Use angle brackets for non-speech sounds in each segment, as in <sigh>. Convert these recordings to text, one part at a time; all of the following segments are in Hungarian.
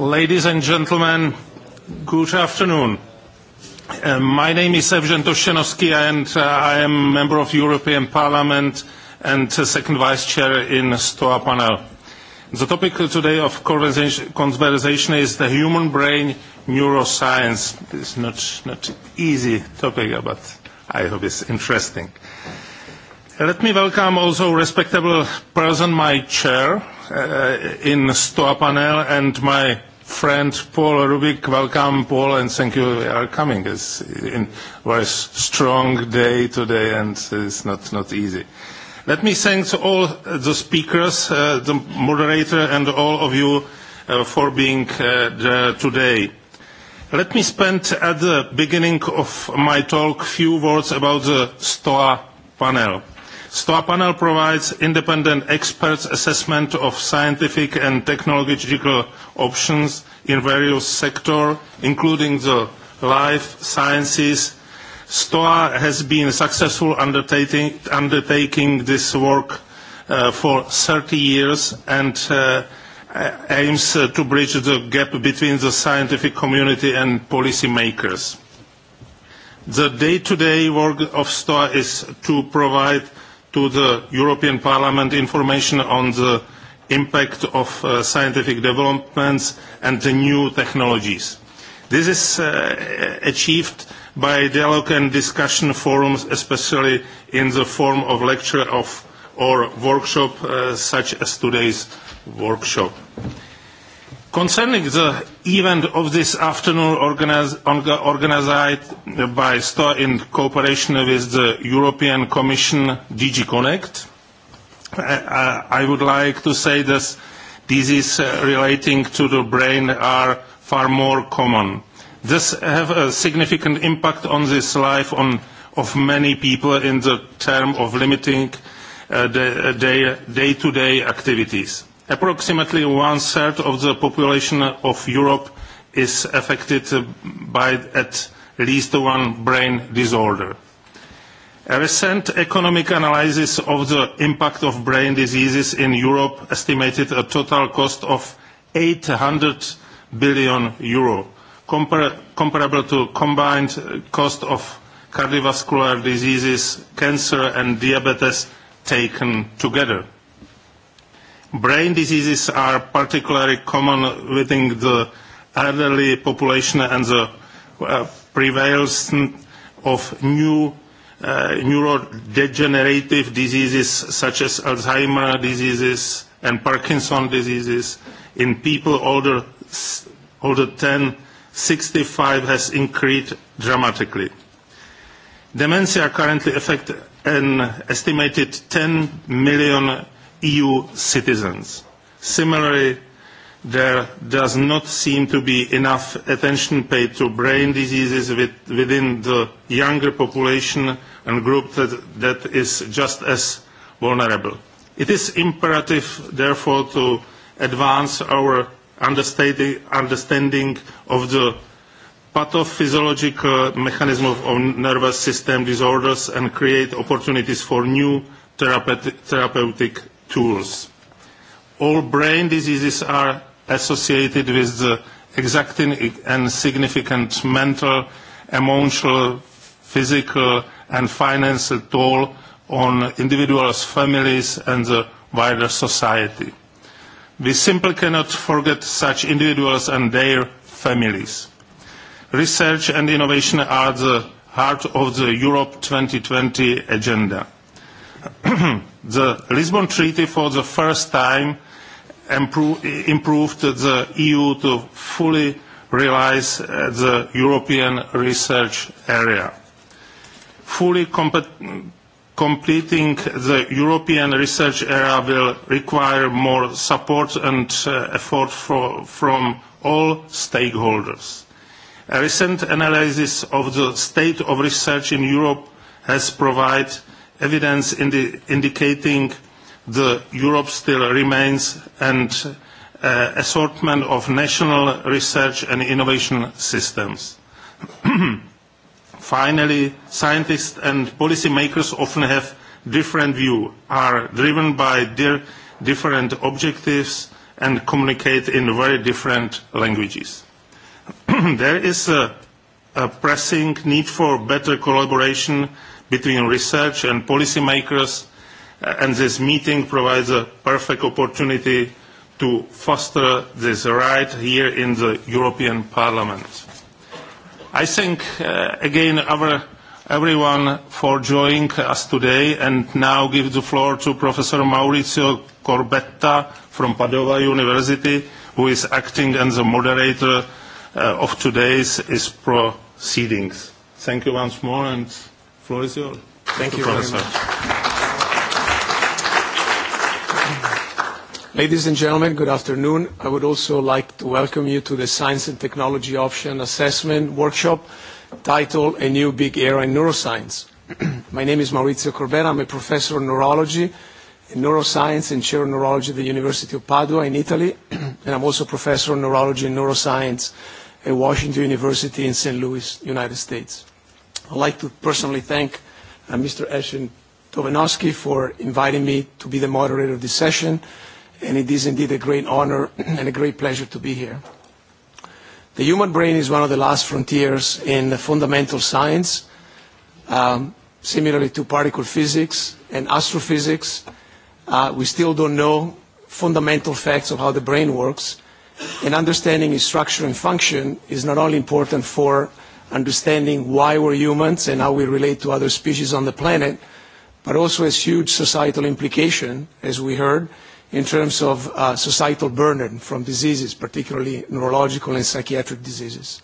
Ladies and gentlemen, good afternoon. Uh, my name is Evgen Toshenovsky and uh, I am member of European Parliament and uh, second vice chair in STOA panel. The topic today of conversation, conversation is the human brain neuroscience. It's not, not easy topic, but I hope it's interesting. Let me welcome also respectable person, my chair uh, in STOA panel, and my friend Paul Rubik. Welcome, Paul, and thank you for coming. It's a very strong day today, and it's not, not easy. Let me thank all the speakers, uh, the moderator, and all of you uh, for being uh, there today. Let me spend at the beginning of my talk few words about the STOA panel. STOA panel provides independent experts assessment of scientific and technological options in various sectors, including the life sciences. STOA has been successful undertaking, undertaking this work uh, for 30 years and uh, aims uh, to bridge the gap between the scientific community and policymakers. The day-to-day -day work of STOA is to provide to the European Parliament information on the impact of uh, scientific developments and the new technologies. This is uh, achieved by dialogue and discussion forums, especially in the form of lecture of, or workshop uh, such as today's workshop. Uh, Concerning the event of this afternoon organized by STOA in cooperation with the European Commission DG Connect, uh, uh, I would like to say that diseases relating to the brain are far more common. This have a significant impact on this life on, of many people in the term of limiting uh, the, their uh, day-to-day -day activities Approximately one-third of the population of Europe is affected by at least one brain disorder. A recent economic analysis of the impact of brain diseases in Europe estimated a total cost of 800 billion euro, compar comparable to combined cost of cardiovascular diseases, cancer and diabetes taken together. Brain diseases are particularly common within the elderly population and the uh, prevalence of new uh, neurodegenerative diseases such as Alzheimer's diseases and Parkinson's diseases in people older, older 65 has increased dramatically. Dementia currently affects an estimated 10 million EU citizens. Similarly, there does not seem to be enough attention paid to brain diseases with, within the younger population and group that, that is just as vulnerable. It is imperative, therefore, to advance our understanding, understanding of the pathophysiological mechanism of, nervous system disorders and create opportunities for new therapeutic, therapeutic tools. All brain diseases are associated with the exacting and significant mental, emotional, physical and financial toll on individuals, families and the wider society. We simply cannot forget such individuals and their families. Research and innovation are the heart of the Europe 2020 agenda. <coughs> the Lisbon Treaty for the first time improved the EU to fully realise uh, the European research area. Fully completing the European research area will require more support and uh, effort for, from all stakeholders. A recent analysis of the state of research in Europe has provided evidence indicating that Europe still remains an uh, assortment of national research and innovation systems. <clears throat> Finally, scientists and policymakers often have different views, are driven by their different objectives, and communicate in very different languages. <clears throat> there is a, a pressing need for better collaboration between research and policymakers, uh, and this meeting provides a perfect opportunity to foster this right here in the European Parliament. I thank uh, again our, everyone for joining us today and now give the floor to Professor Maurizio Corbetta from Padova University, who is acting as the moderator uh, of today's proceedings. Thank you once more and Floor is yours. Thank, Thank you very much. Ladies and gentlemen, good afternoon. I would also like to welcome you to the Science and Technology Option Assessment Workshop titled A New Big Era in Neuroscience. <clears throat> My name is Maurizio Corbera. I'm a professor of neurology and neuroscience and chair of neurology at the University of Padua in Italy. <clears throat> and I'm also professor of neurology and neuroscience at Washington University in St. Louis, United States. I'd like to personally thank uh, Mr. Eshin Tovanovsky for inviting me to be the moderator of this session, and it is indeed a great honor <clears throat> and a great pleasure to be here. The human brain is one of the last frontiers in the fundamental science, um, similarly to particle physics and astrophysics. Uh, we still don't know fundamental facts of how the brain works, and understanding its structure and function is not only important for understanding why we're humans and how we relate to other species on the planet, but also has huge societal implication, as we heard, in terms of uh, societal burden from diseases, particularly neurological and psychiatric diseases.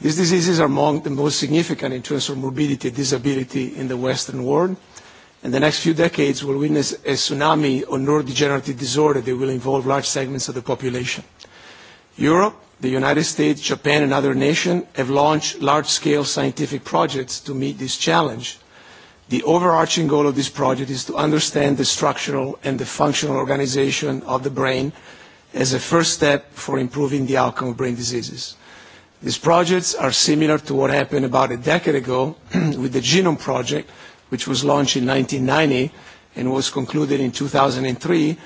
These diseases are among the most significant in terms of morbidity and disability in the Western world. And the next few decades will witness a tsunami of neurodegenerative disorder that will involve large segments of the population. Europe the United States, Japan and other nations have launched large-scale scientific projects to meet this challenge. The overarching goal of this project is to understand the structural and the functional organization of the brain as a first step for improving the outcome of brain diseases. These projects are similar to what happened about a decade ago <clears throat> with the Genome Project, which was launched in 1990 and was concluded in 2003.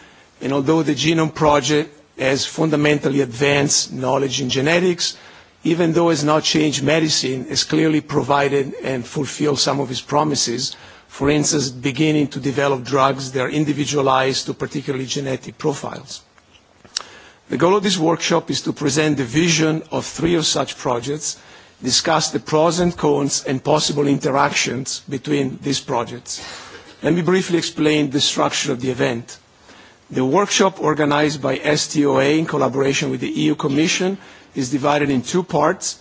And although the Genome Project as fundamentally advanced knowledge in genetics, even though it has not changed medicine, has clearly provided and fulfilled some of its promises. For instance, beginning to develop drugs that are individualized to particularly genetic profiles. The goal of this workshop is to present the vision of three of such projects, discuss the pros and cons and possible interactions between these projects. Let me briefly explain the structure of the event. The workshop organized by STOA in collaboration with the EU Commission is divided in two parts.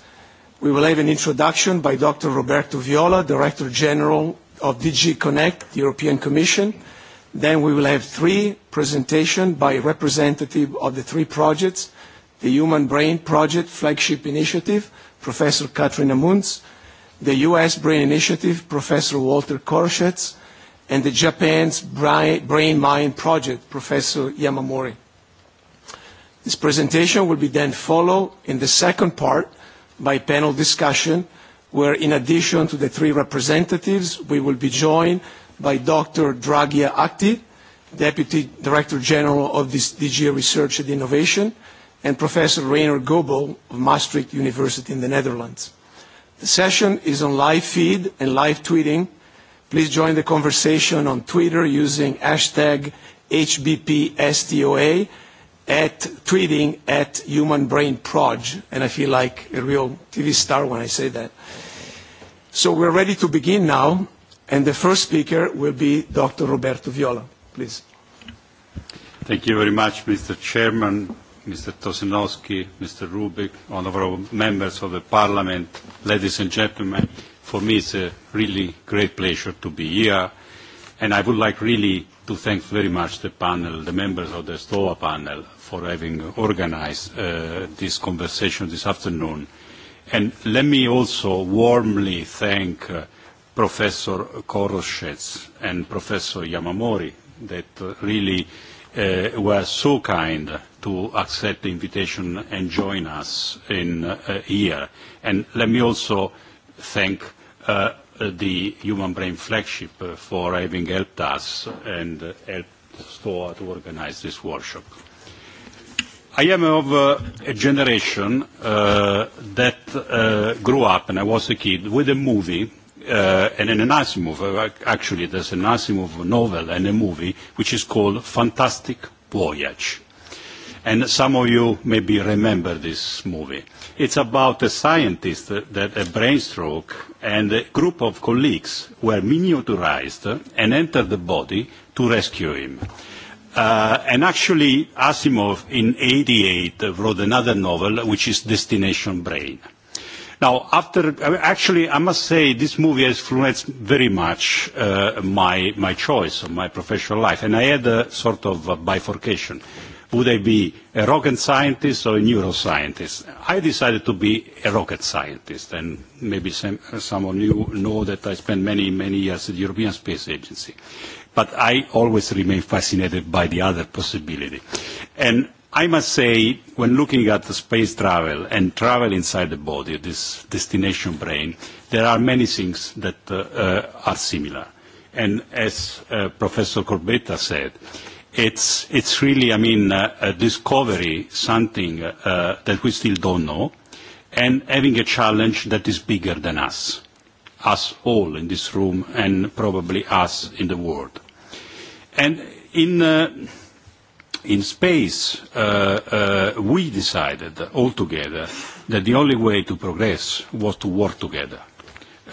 We will have an introduction by Dr. Roberto Viola, Director General of DG Connect, the European Commission. Then we will have three presentations by representative of the three projects, the Human Brain Project Flagship Initiative, Professor Katrina Munz, the US Brain Initiative, Professor Walter Korschetz, and the Japan's Brain Mind Project, Professor Yamamori. This presentation will be then followed in the second part by panel discussion, where in addition to the three representatives, we will be joined by Dr. Dragia Akti, Deputy Director General of this DG Research and Innovation, and Professor Rainer Goebel of Maastricht University in the Netherlands. The session is on live feed and live tweeting Please join the conversation on Twitter using hashtag HBPSTOA at tweeting at humanbrainproj. and I feel like a real TV star when I say that. So we're ready to begin now, and the first speaker will be Dr. Roberto Viola. Please. Thank you very much, Mr. Chairman, Mr. Tosinowski, Mr. Rubik, honorable members of the Parliament, ladies and gentlemen for me it's a really great pleasure to be here. And I would like really to thank very much the panel, the members of the STOA panel, for having organized uh, this conversation this afternoon. And let me also warmly thank uh, Professor Koroshets and Professor Yamamori that uh, really uh, were so kind to accept the invitation and join us in uh, here. And let me also thank Uh, uh, the Human Brain Flagship uh, for having helped us and helped STOA to organize this workshop. I am of uh, a generation uh, that uh, grew up, and I was a kid, with a movie, uh, and an movie. actually there's an movie novel and a movie, which is called Fantastic Voyage. And some of you maybe remember this movie. It's about a scientist that a brain stroke and a group of colleagues were miniaturized and entered the body to rescue him. Uh, and actually, Asimov in 88 wrote another novel, which is Destination Brain. Now, after, actually, I must say this movie has influenced very much uh, my, my choice of my professional life. And I had a sort of a uh, bifurcation. Would I be a rocket scientist or a neuroscientist? I decided to be a rocket scientist, and maybe some, some of you know that I spent many, many years at the European Space Agency. But I always remain fascinated by the other possibility. And I must say, when looking at the space travel and travel inside the body, this destination brain, there are many things that uh, uh, are similar. And as uh, Professor Corbetta said, it's, it's really, I mean, uh, a discovery, something uh, that we still don't know, and having a challenge that is bigger than us, us all in this room, and probably us in the world. And in, uh, in space, uh, uh, we decided all together that the only way to progress was to work together,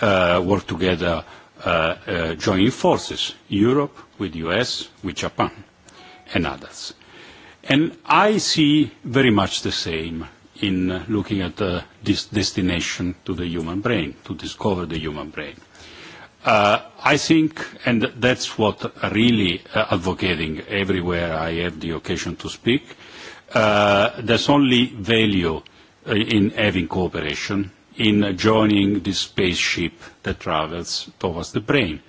uh, work together, uh, uh, joining forces, Europe with US, with Japan and others. And I see very much the same in looking at uh, this destination to the human brain, to discover the human brain. Uh, I think, and that's what really uh, advocating everywhere I have the occasion to speak, uh, there's only value uh, in having cooperation, in joining this spaceship that travels towards the brain.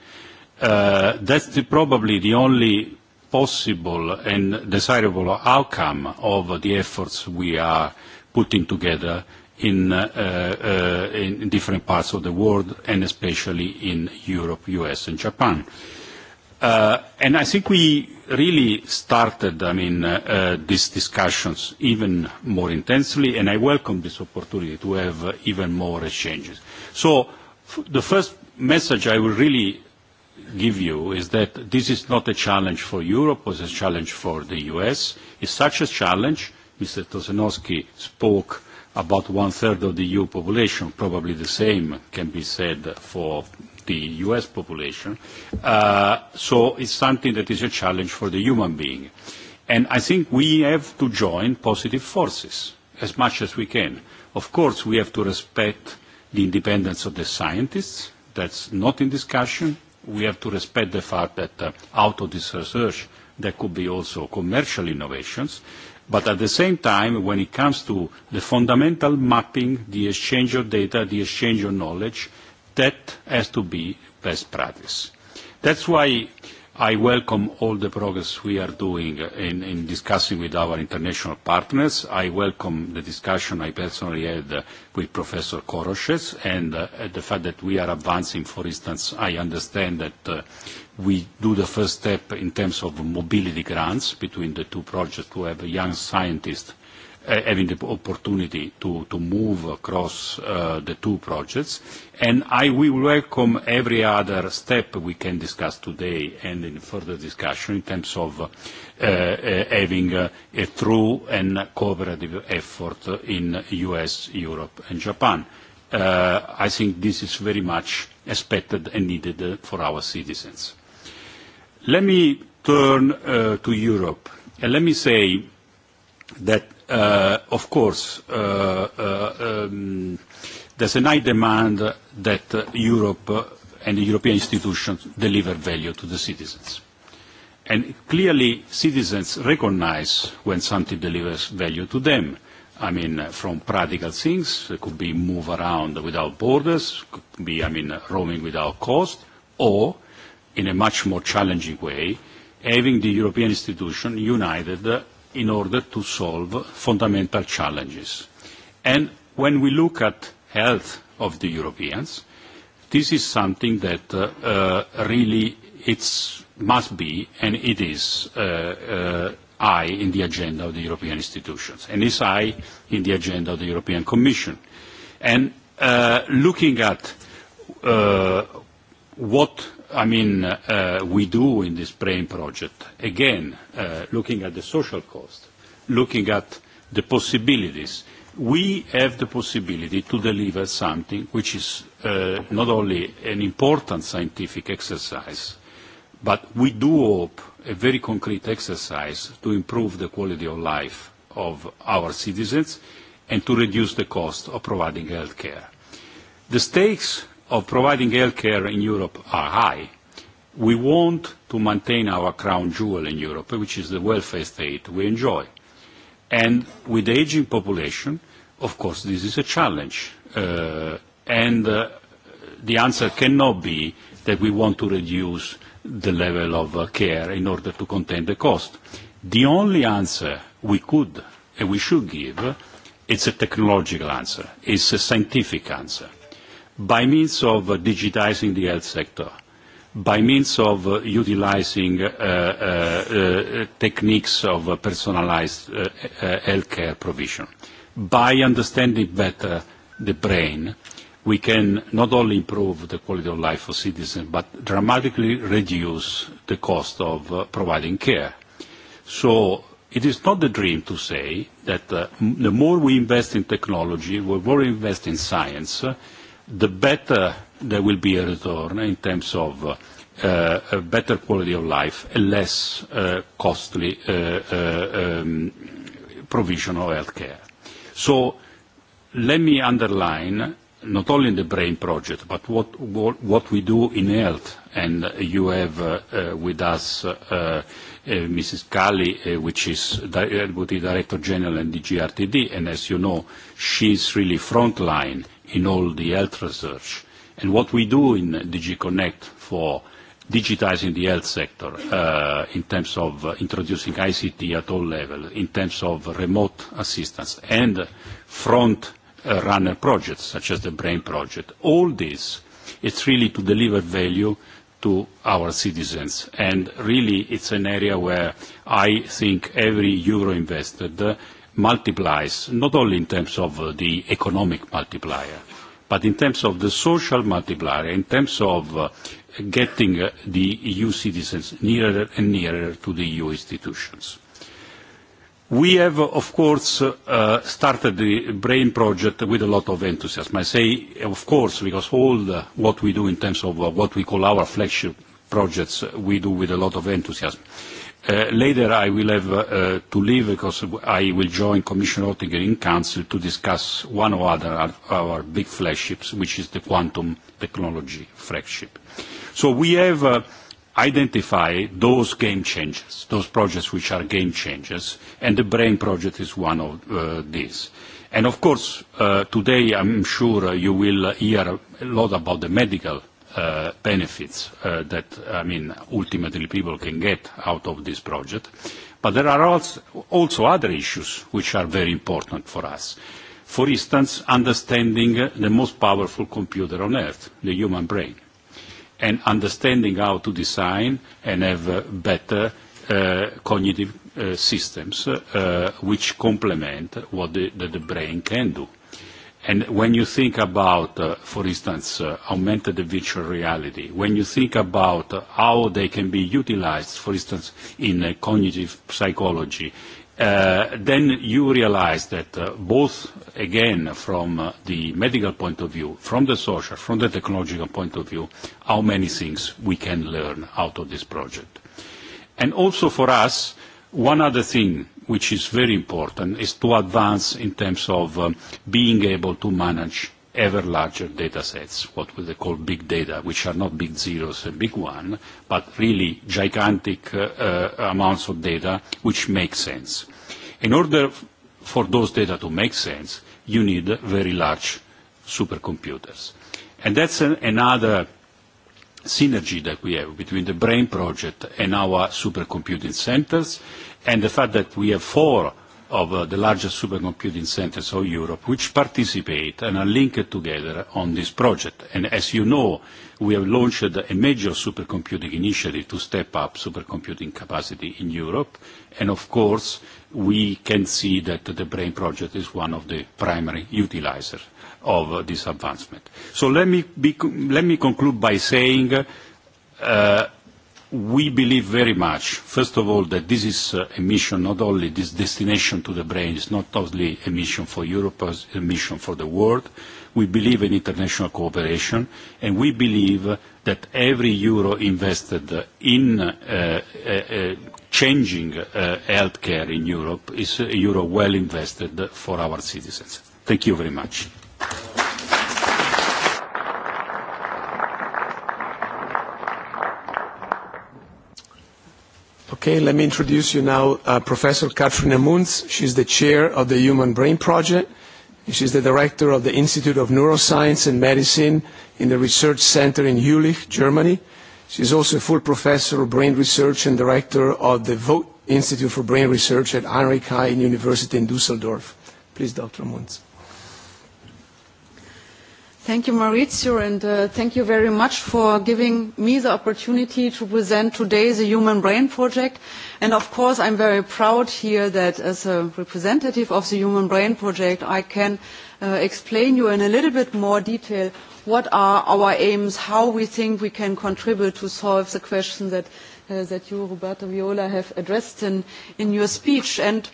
Uh, that's the, probably the only possible and desirable outcome of the efforts we are putting together in, uh, uh, in different parts of the world and especially in Europe, US and Japan. Uh, and I think we really started, I mean, uh, uh, these discussions even more intensely, and I welcome this opportunity to have uh, even more exchanges. So f the first message I would really give you is that this is not a challenge for Europe, it's a challenge for the US. It's such a challenge. Mr. Tosinowski spoke about one-third of the EU population. Probably the same can be said for the US population. Uh, so it's something that is a challenge for the human being. And I think we have to join positive forces as much as we can. Of course, we have to respect the independence of the scientists. That's not in discussion we have to respect the fact that uh, out of this research there could be also commercial innovations. But at the same time, when it comes to the fundamental mapping, the exchange of data, the exchange of knowledge, that has to be best practice. That's why I welcome all the progress we are doing in, in discussing with our international partners. I welcome the discussion I personally had with Professor Koroshes and uh, the fact that we are advancing. For instance, I understand that uh, we do the first step in terms of mobility grants between the two projects to have young scientists Uh, having the opportunity to, to move across uh, the two projects. And I will welcome every other step we can discuss today and in further discussion in terms of uh, uh, having uh, a true and cooperative effort in US, Europe and Japan. Uh, I think this is very much expected and needed for our citizens. Let me turn uh, to Europe. And let me say that Uh, of course, uh, uh, um, there's a high demand that Europe and the European institutions deliver value to the citizens. And clearly, citizens recognize when something delivers value to them. I mean, from practical things, it could be move around without borders, could be, I mean, roaming without cost, or, in a much more challenging way, having the European institution united in order to solve fundamental challenges. And when we look at health of the Europeans, this is something that uh, uh, really it must be, and it is, uh, uh, high in the agenda of the European institutions, and is high in the agenda of the European Commission. And uh, looking at uh, what I mean, uh, we do in this BRAIN project. Again, uh, looking at the social cost, looking at the possibilities, we have the possibility to deliver something which is uh, not only an important scientific exercise, but we do hope a very concrete exercise to improve the quality of life of our citizens and to reduce the cost of providing health care. The stakes of providing healthcare in Europe are high, we want to maintain our crown jewel in Europe, which is the welfare state we enjoy. And with the aging population, of course, this is a challenge. Uh, and uh, the answer cannot be that we want to reduce the level of uh, care in order to contain the cost. The only answer we could and we should give uh, it's a technological answer, It's a scientific answer by means of uh, digitizing the health sector, by means of uh, utilizing uh, uh, uh, techniques of uh, personalized uh, uh, healthcare provision, by understanding better the brain, we can not only improve the quality of life for citizens, but dramatically reduce the cost of uh, providing care. So it is not a dream to say that uh, the more we invest in technology, the more we invest in science, uh, the better there will be a return in terms of uh, a better quality of life, a less uh, costly uh, uh, um, provision of healthcare. So let me underline, not only in the BRAIN project, but what, what, we do in health, and you have uh, uh, with us uh, uh, Mrs. Kali, uh, which is uh, Deputy Director General and DGRTD, and as you know, she's really frontline in all the health research. And what we do in DigiConnect Connect for digitizing the health sector uh, in terms of uh, introducing ICT at all levels, in terms of remote assistance and front uh, runner projects such as the BRAIN project. All this, it's really to deliver value to our citizens. And really, it's an area where I think every euro invested uh, multiplies, not only in terms of uh, the economic multiplier, but in terms of the social multiplier, in terms of uh, getting uh, the EU citizens nearer and nearer to the EU institutions. We have, of course, uh, started the BRAIN project with a lot of enthusiasm. I say, of course, because all the, what we do in terms of what we call our flagship projects, we do with a lot of enthusiasm. Uh, Uh, later I will have uh, uh, to leave because I will join Commissioner Oettinger in Council to discuss one or other of our big flagships, which is the quantum technology flagship. So we have uh, identified those game changers, those projects which are game changers, and the BRAIN project is one of uh, these. And of course, uh, today I'm sure you will hear a lot about the medical uh, benefits uh, that, I mean, ultimately people can get out of this project. But there are also other issues which are very important for us. For instance, understanding the most powerful computer on earth, the human brain, and understanding how to design and have uh, better uh, cognitive uh, systems uh, which complement what the, the, the brain can do And when you think about, uh, for instance, uh, augmented virtual reality, when you think about uh, how they can be utilized, for instance, in uh, cognitive psychology, uh, then you realize that uh, both, again, from uh, the medical point of view, from the social, from the technological point of view, how many things we can learn out of this project. And also for us, one other thing which is very important, is to advance in terms of um, being able to manage ever larger data sets, what we call big data, which are not big zeros and big one, but really gigantic uh, uh, amounts of data which make sense. In order for those data to make sense, you need very large supercomputers. And that's an, another synergy that we have between the BRAIN project and our supercomputing centers, and the fact that we have four of uh, the largest supercomputing centers of Europe, which participate and are linked together on this project. And as you know, we have launched a major supercomputing initiative to step up supercomputing capacity in Europe. And of course, we can see that the BRAIN project is one of the primary utilizers of uh, this advancement. So let me, be, let me conclude by saying uh, we believe very much, first of all, that this is uh, a mission, not only this destination to the brain, it's not only a mission for Europe, it's a mission for the world. We believe in international cooperation, and we believe that every euro invested in uh, uh, uh changing uh, healthcare in Europe is a euro well invested for our citizens. Thank you very much. Okay, let me introduce you now uh, Professor Katrina Munz. She's the chair of the Human Brain Project. she's the director of the Institute of Neuroscience and Medicine in the Research Center in Jülich, Germany. She's also a full professor of brain research and director of the Vogt Institute for Brain Research at Heinrich Heine University in Dusseldorf. Please, Dr. Munz. Thank you, Maurizio, and uh, thank you very much for giving me the opportunity to present today the Human Brain Project. And of course, I'm very proud here that as a representative of the Human Brain Project, I can uh, explain you in a little bit more detail what are our aims, how we think we can contribute to solve the question that, uh, that you, Roberto Viola, have addressed in, in your speech. And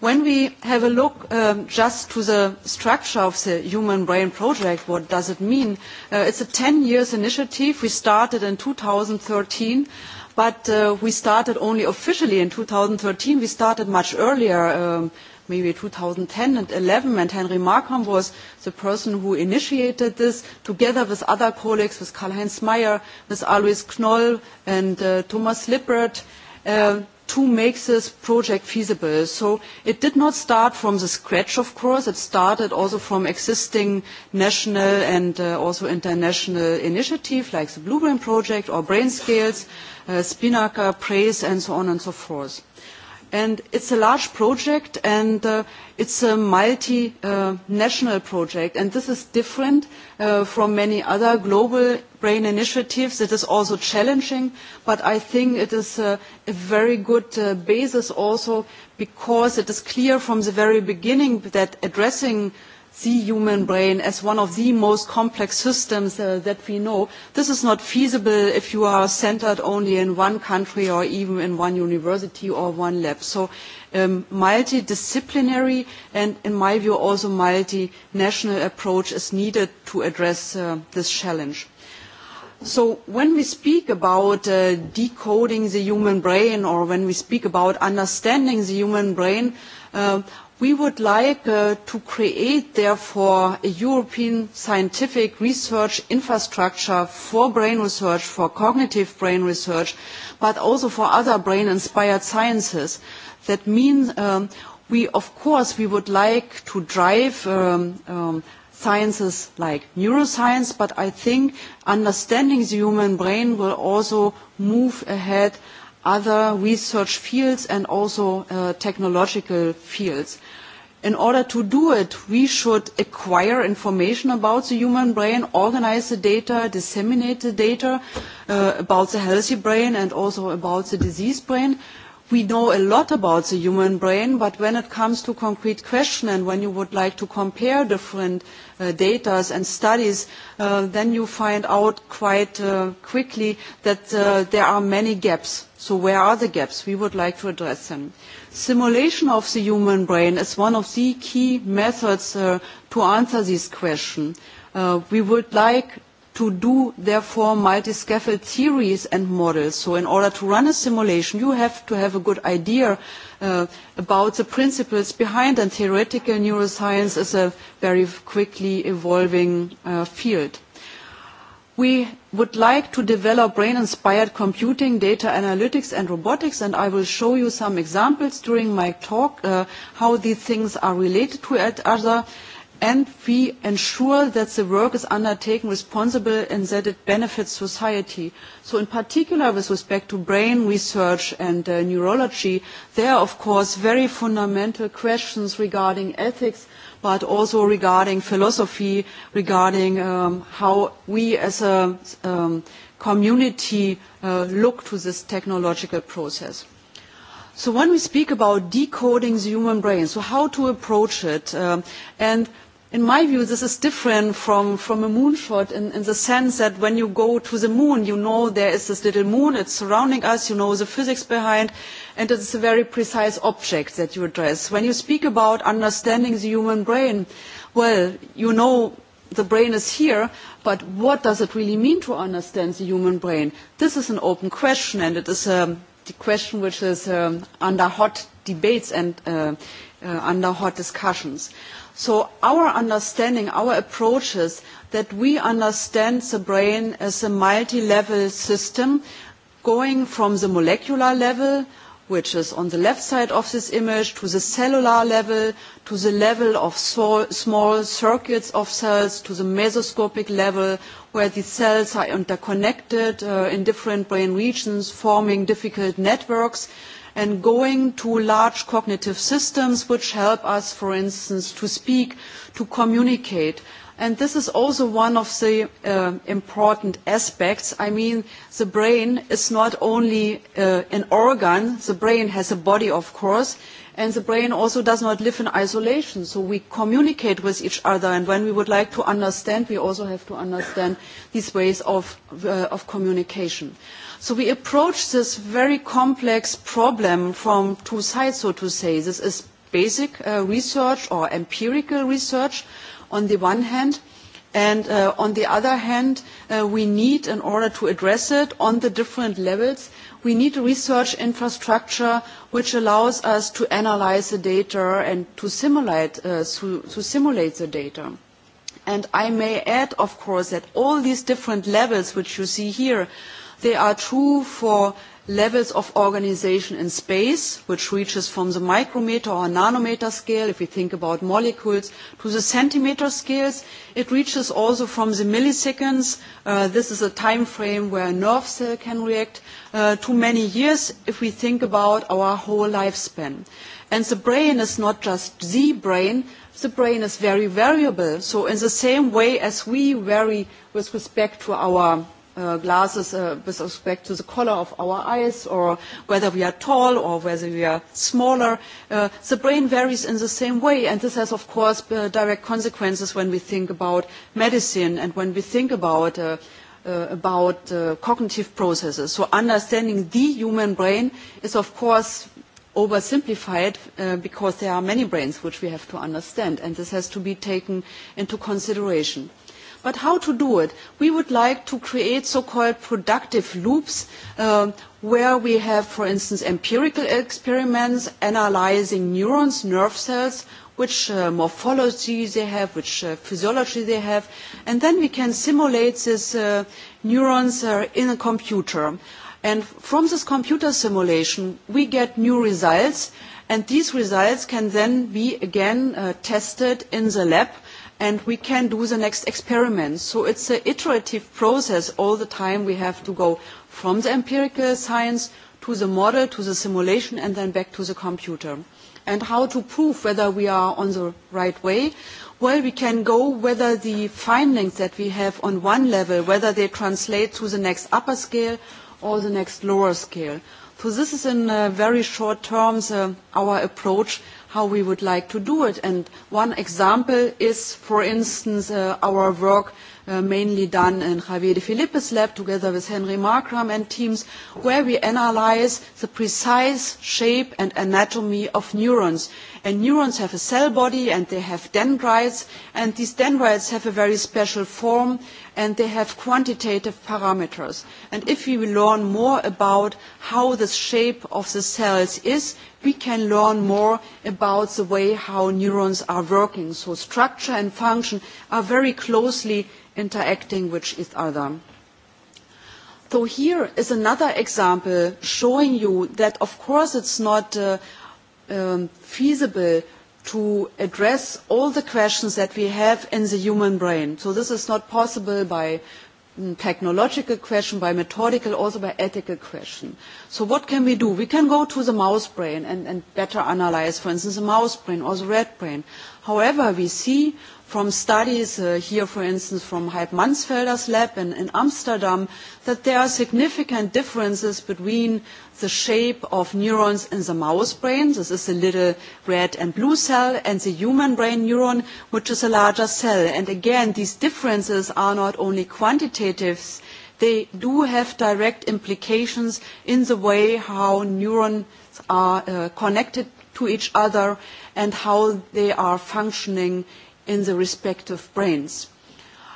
When we have a look um, just to the structure of the Human Brain Project, what does it mean? Uh, it's a 10 years initiative. We started in 2013, but uh, we started only officially in 2013. We started much earlier, um, maybe 2010 and 11, and Henry Markham was the person who initiated this, together with other colleagues, with Karl-Heinz Meyer, with Alois Knoll and uh, Thomas Lippert. Uh, to make this project feasible. So it did not start from the scratch, of course. It started also from existing national and uh, also international initiatives like the Blue Brain Project or Brain Scales, uh, Spinnaker, Praise, and so on and so forth. And it's a large project and uh, it's a multinational uh, project. And this is different uh, from many other global brain initiatives. It is also challenging, but I think it is a, a very good uh, basis also because it is clear from the very beginning that addressing uh, the human brain as one of the most complex systems uh, that we know. This is not feasible if you are centered only in one country or even in one university or one lab. So um, multidisciplinary and, in my view, also multinational approach is needed to address uh, this challenge. So when we speak about uh, decoding the human brain or when we speak about understanding the human brain, uh, We would like uh, to create, therefore, a European scientific research infrastructure for brain research, for cognitive brain research, but also for other brain-inspired sciences. That means um, we, of course, we would like to drive um, um, sciences like neuroscience, but I think understanding the human brain will also move ahead other research fields and also uh, technological fields. In order to do it, we should acquire information about the human brain, organize the data, disseminate the data uh, about the healthy brain and also about the diseased brain. We know a lot about the human brain, but when it comes to concrete question and when you would like to compare different uh, Uh, data and studies, uh, then you find out quite uh, quickly that uh, there are many gaps. So where are the gaps? We would like to address them. Simulation of the human brain is one of the key methods uh, to answer this question. Uh, we would like to do therefore multi-scaffold theories and models. So in order to run a simulation, you have to have a good idea uh, about the principles behind and theoretical neuroscience is a very quickly evolving uh, field. We would like to develop brain-inspired computing, data analytics and robotics, and I will show you some examples during my talk uh, how these things are related to each other and we ensure that the work is undertaken responsibly and that it benefits society. So in particular with respect to brain research and uh, neurology, there are of course very fundamental questions regarding ethics but also regarding philosophy, regarding um, how we as a um, community uh, look to this technological process. So when we speak about decoding the human brain, so how to approach it, um, and in my view, this is different from, from a moonshot in, in the sense that when you go to the moon, you know there is this little moon, it's surrounding us, you know the physics behind, and it's a very precise object that you address. When you speak about understanding the human brain, well, you know the brain is here, but what does it really mean to understand the human brain? This is an open question, and it is um, the question which is um, under hot debates and uh, uh, under hot discussions. So our understanding, our approach is that we understand the brain as a multi-level system going from the molecular level, which is on the left side of this image, to the cellular level, to the level of small circuits of cells, to the mesoscopic level, where the cells are interconnected uh, in different brain regions, forming difficult networks and going to large cognitive systems which help us, for instance, to speak, to communicate. And this is also one of the uh, important aspects. I mean, the brain is not only uh, an organ, the brain has a body, of course, and the brain also does not live in isolation. So we communicate with each other, and when we would like to understand, we also have to understand these ways of, uh, of communication. So we approach this very complex problem from two sides, so to say. This is basic uh, research or empirical research on the one hand, and uh, on the other hand, uh, we need, in order to address it on the different levels, we need a research infrastructure which allows us to analyze the data and to simulate, uh, to, to simulate the data. And I may add, of course, that all these different levels which you see here They are true for levels of organisation in space, which reaches from the micrometer or nanometer scale, if we think about molecules, to the centimeter scales. It reaches also from the milliseconds. Uh, this is a time frame where a nerve cell can react uh, to many years if we think about our whole lifespan. And the brain is not just the brain, the brain is very variable. So in the same way as we vary with respect to our uh, glasses uh, with respect to the color of our eyes or whether we are tall or whether we are smaller. Uh, the brain varies in the same way and this has of course uh, direct consequences when we think about medicine and when we think about uh, Uh, about uh, cognitive processes. So understanding the human brain is of course oversimplified uh, because there are many brains which we have to understand and this has to be taken into consideration. But how to do it? We would like to create so-called productive loops uh, where we have, for instance, empirical experiments analyzing neurons, nerve cells, which uh, morphology they have, which uh, physiology they have, and then we can simulate these uh, neurons uh, in a computer. And from this computer simulation, we get new results, and these results can then be again uh, tested in the lab and we can do the next experiment. So it's an iterative process all the time. We have to go from the empirical science to the model, to the simulation, and then back to the computer. And how to prove whether we are on the right way? Well, we can go whether the findings that we have on one level, whether they translate to the next upper scale or the next lower scale. So this is in uh, very short terms uh, our approach how we would like to do it. And one example is, for instance, uh, our work Uh, mainly done in Javier de Filippis lab together with Henry Markram and teams, where we analyze the precise shape and anatomy of neurons. And neurons have a cell body and they have dendrites, and these dendrites have a very special form and they have quantitative parameters. And if we learn more about how the shape of the cells is, we can learn more about the way how neurons are working. So structure and function are very closely interacting with each other. So here is another example showing you that of course it's not uh, um, feasible to address all the questions that we have in the human brain. So this is not possible by mm, technological question, by methodical, also by ethical question. So what can we do? We can go to the mouse brain and, and better analyze, for instance, the mouse brain or the rat brain. However, we see from studies uh, here, for instance, from Hype Mansfelder's lab in, in Amsterdam, that there are significant differences between the shape of neurons in the mouse brain, this is a little red and blue cell, and the human brain neuron, which is a larger cell. And again, these differences are not only quantitative, they do have direct implications in the way how neurons are uh, connected to each other and how they are functioning in the respective brains.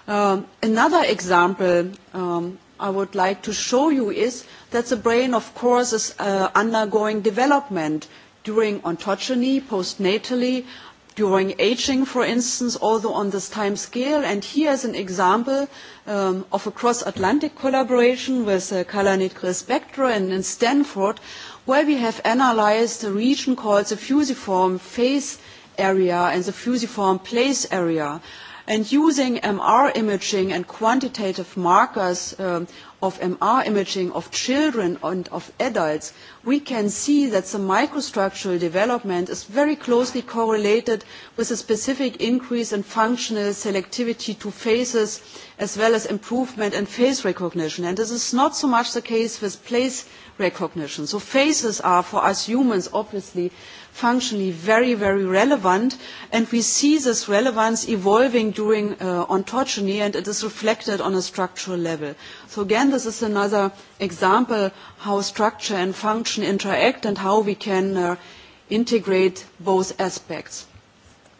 Um, another example um, I would like to show you is that the brain, of course, is uh, undergoing development during ontogeny, postnatally, during aging, for instance, also on this time scale. And here is an example um, of a cross-Atlantic collaboration with uh, Kalanit Spectra and in Stanford, where we have analyzed a region called the fusiform phase area and the fusiform place area. And using MR imaging and quantitative markers um, of MR imaging of children and of adults, we can see that the microstructural development is very closely correlated with a specific increase in functional selectivity to faces as well as improvement in face recognition. And this is not so much the case with place recognition. So faces are for us humans obviously functionally very, very relevant, and we see this relevance evolving during uh, ontogeny, and it is reflected on a structural level. So again, this is another example how structure and function interact and how we can uh, integrate both aspects.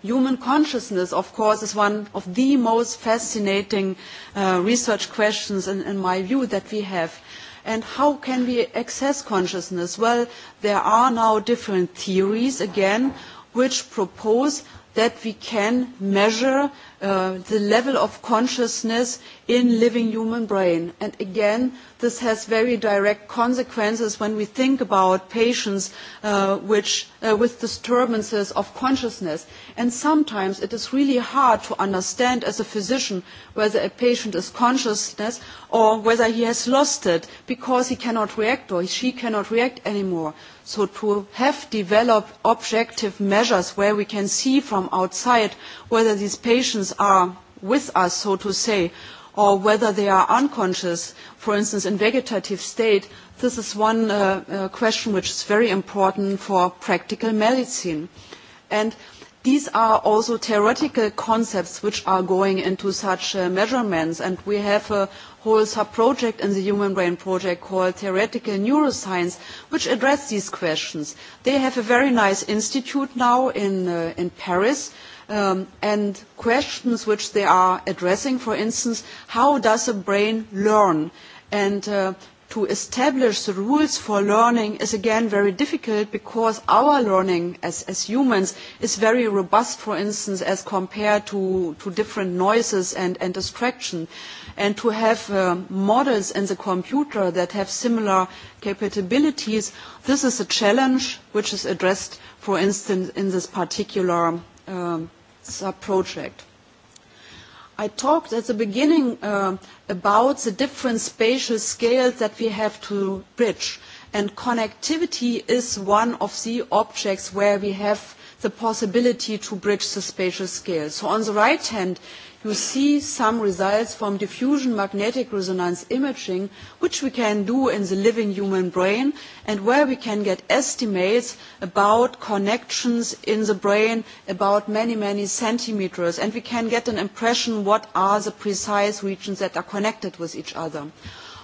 Human consciousness, of course, is one of the most fascinating uh, research questions, in, in my view, that we have And how can we access consciousness? Well, there are now different theories, again, which propose that we can measure Uh, the level of consciousness in living human brain. And again, this has very direct consequences when we think about patients uh, which, uh, with disturbances of consciousness. And sometimes it is really hard to understand as a physician whether a patient is consciousness or whether he has lost it because he cannot react or she cannot react anymore. So to have developed objective measures where we can see from outside whether these patients are with us, so to say, or whether they are unconscious, for instance, in vegetative state, this is one uh, uh, question which is very important for practical medicine. And these are also theoretical concepts which are going into such uh, measurements and we have a whole sub-project in the Human Brain Project called Theoretical Neuroscience which address these questions. They have a very nice institute now in, uh, in Paris um, and questions which they are addressing, for instance, how does a brain learn? And uh, to establish the rules for learning is again very difficult because our learning as, as humans is very robust, for instance, as compared to, to different noises and, and distraction. And to have uh, models in the computer that have similar capabilities, this is a challenge which is addressed, for instance, in this particular um, sub-project. I talked at the beginning uh, about the different spatial scales that we have to bridge. And connectivity is one of the objects where we have the possibility to bridge the spatial scale. So on the right hand, you see some results from diffusion magnetic resonance imaging, which we can do in the living human brain, and where we can get estimates about connections in the brain about many, many centimeters, and we can get an impression what are the precise regions that are connected with each other.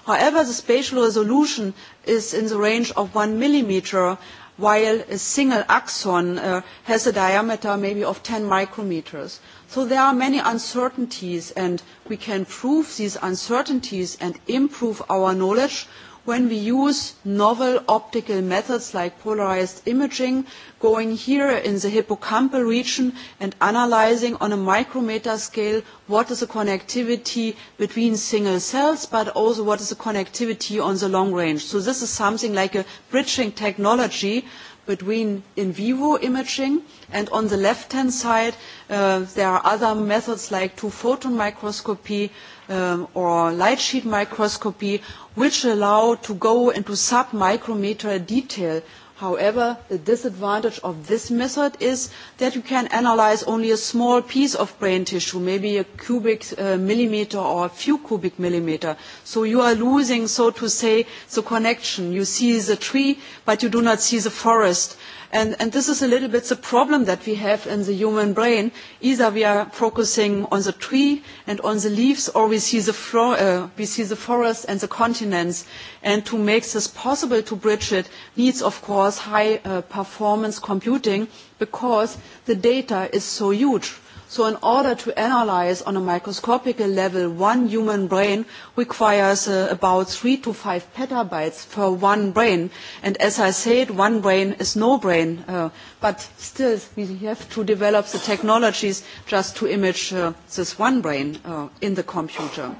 However, the spatial resolution is in the range of one millimeter, while a single axon uh, has a diameter maybe of 10 micrometers. So there are many uncertainties and we can prove these uncertainties and improve our knowledge when we use novel optical methods like polarized imaging, going here in the hippocampal region and analyzing on a micrometer scale what is the connectivity between single cells, but also what is the connectivity on the long range. So this is something like a bridging technology between in vivo imaging and on the left hand side uh, there are other methods like two photon microscopy um, or light sheet microscopy which allow to go into sub micrometer detail However, the disadvantage of this method is that you can analyze only a small piece of brain tissue, maybe a cubic uh, millimeter or a few cubic millimeter. So you are losing, so to say, the connection. You see the tree, but you do not see the forest And, and this is a little bit the problem that we have in the human brain. Either we are focusing on the tree and on the leaves, or we see the, fro- uh, we see the forest and the continents. And to make this possible to bridge it needs, of course, high uh, performance computing because the data is so huge So in order to analyse on a microscopic level one human brain requires uh, about three to five petabytes for one brain. And as I said, one brain is no brain. Uh, but still, we have to develop the technologies just to image uh, this one brain uh, in the computer.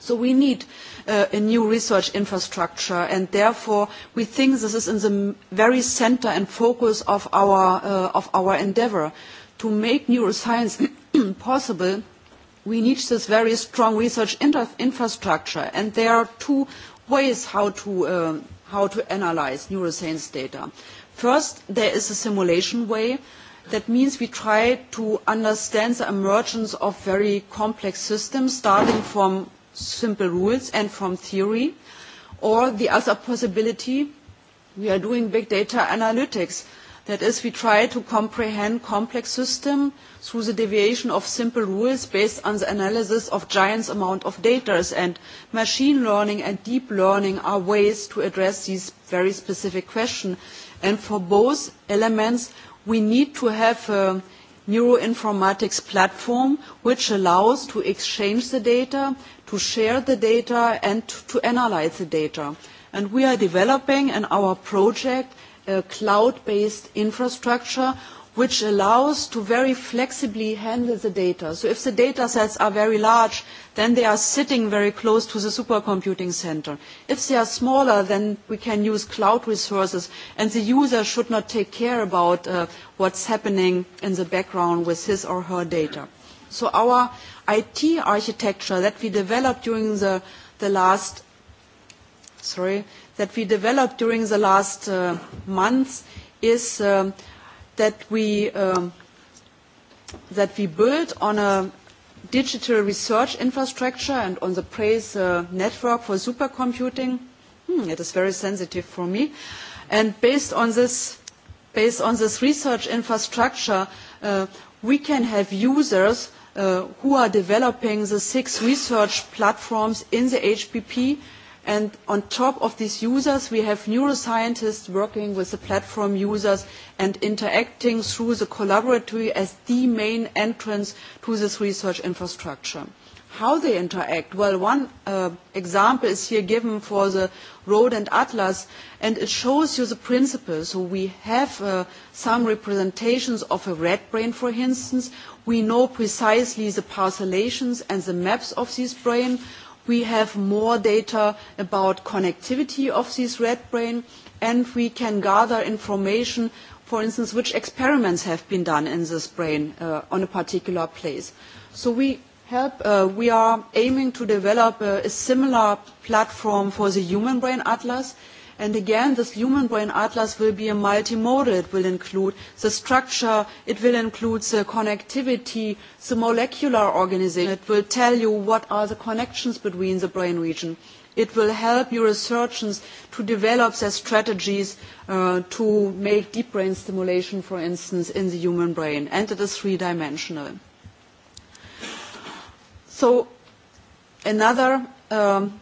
So we need uh, a new research infrastructure and therefore we think this is in the very centre and focus of our, uh, of our endeavour to make neuroscience <clears throat> possible, we need this very strong research infrastructure. And there are two ways how to, uh, how to analyze neuroscience data. First, there is a simulation way. That means we try to understand the emergence of very complex systems, starting from simple rules and from theory. Or the other possibility, we are doing big data analytics That is, we try to comprehend complex systems through the deviation of simple rules based on the analysis of giant amount of data. And machine learning and deep learning are ways to address these very specific questions. And for both elements, we need to have a neuroinformatics platform which allows to exchange the data, to share the data and to, to analyze the data. And we are developing in our project cloud-based infrastructure which allows to very flexibly handle the data. So if the data sets are very large, then they are sitting very close to the supercomputing center. If they are smaller, then we can use cloud resources, and the user should not take care about uh, what's happening in the background with his or her data. So our IT architecture that we developed during the, the last, sorry, that we developed during the last uh, months is um, that we um, that we build on a digital research infrastructure and on the PRAISE uh, network for supercomputing. Hmm, it is very sensitive for me. And based on this, based on this research infrastructure, uh, we can have users uh, who are developing the six research platforms in the HPP And on top of these users, we have neuroscientists working with the platform users and interacting through the collaboratory as the main entrance to this research infrastructure. How they interact? Well, one uh, example is here given for the Road and Atlas, and it shows you the principles. So we have uh, some representations of a red brain, for instance. We know precisely the parcellations and the maps of this brain we have more data about connectivity of this red brain and we can gather information for instance which experiments have been done in this brain uh, on a particular place. So we help uh, we are aiming to develop a, uh, a similar platform for the human brain atlas And again, this human brain atlas will be a multimodal. It will include the structure, it will include the connectivity, the molecular organization. It will tell you what are the connections between the brain region. It will help your researchers to develop their strategies uh, to make deep brain stimulation, for instance, in the human brain. And it is three-dimensional. So another um,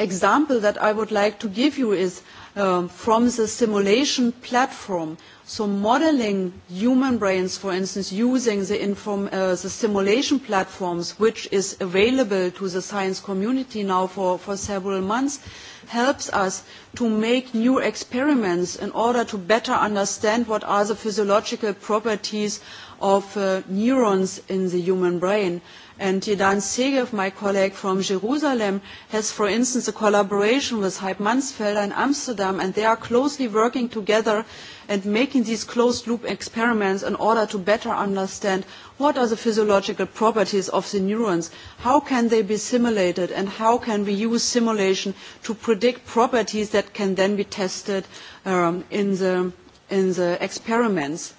example that I would like to give you is um, from the simulation platform. So modeling human brains, for instance, using the, inform, uh, the simulation platforms, which is available to the science community now for, for several months, helps us to make new experiments in order to better understand what are the physiological properties of uh, neurons in the human brain. And Jedan Segev, my colleague from Jerusalem, has, for instance, a collaboration with Hype Mansfelder in Amsterdam, and they are closely working together and making these closed-loop experiments in order to better understand what are the physiological properties of the neurons, how can they be simulated, and how can we use simulation to predict properties that can then be tested um, in, the, in the experiments.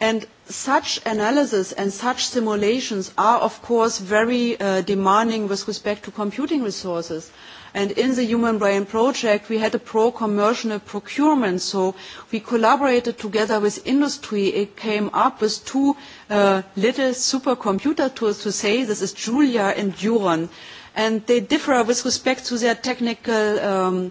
And such analysis and such simulations are, of course, very uh, demanding with respect to computing resources. And in the Human Brain Project, we had a pro-commercial procurement, so we collaborated together with industry. It came up with two uh, little supercomputer tools to say this is Julia and Duran. And they differ with respect to their technical um, uh,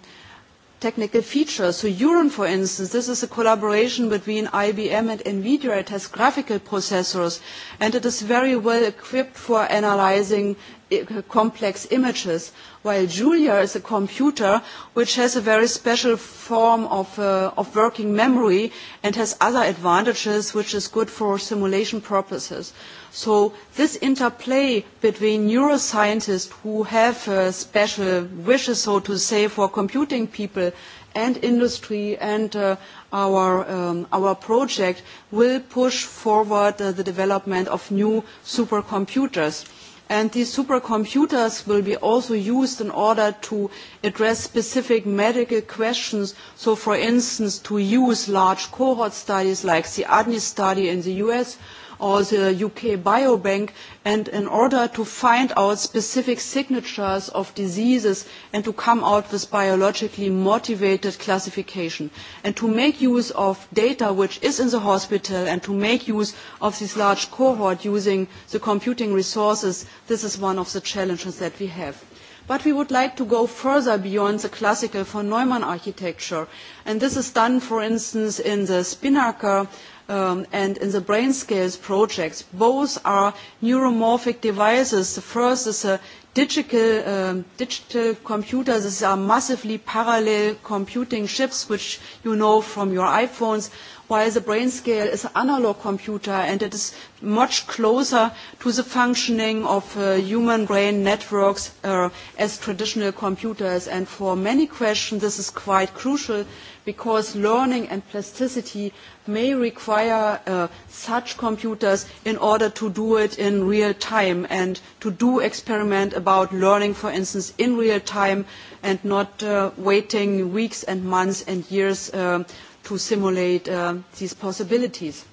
technical features. So Urin, for instance, this is a collaboration between IBM and NVIDIA. It has graphical processors, and it is very well equipped for analyzing eh, complex images, while Julia is a computer which has a very special form of, uh, of working memory and has other advantages, which is good for simulation purposes. So this interplay between neuroscientists who have uh, special wishes, so to say, for computing people and industry and uh, our, um, our project will push forward uh, the development of new supercomputers and these supercomputers will be also used in order to address specific medical questions. So, for instance, to use large cohort studies like the ADNI study in the US or the UK uh, Biobank, and in order to find out specific signatures of diseases and to come out with biologically motivated classification, and to make use of data which is in the hospital, and to make use of this large cohort using the computing resources, this is one of the challenges that we have but we would like to go further beyond the classical von Neumann architecture. And this is done, for instance, in the Spinnaker um, and in the brain scales projects. Both are neuromorphic devices. The first is a digital, um, digital computers. These are massively parallel computing chips, which you know from your iPhones, while the brain scale is an analog computer and it is much closer to the functioning of uh, human brain networks uh, as traditional computers. And for many questions, this is quite crucial because learning and plasticity may require uh, such computers in order to do it in real time and to do experiment about learning, for instance, in real time and not uh, waiting weeks and months and years uh, to simulate uh, these possibilities.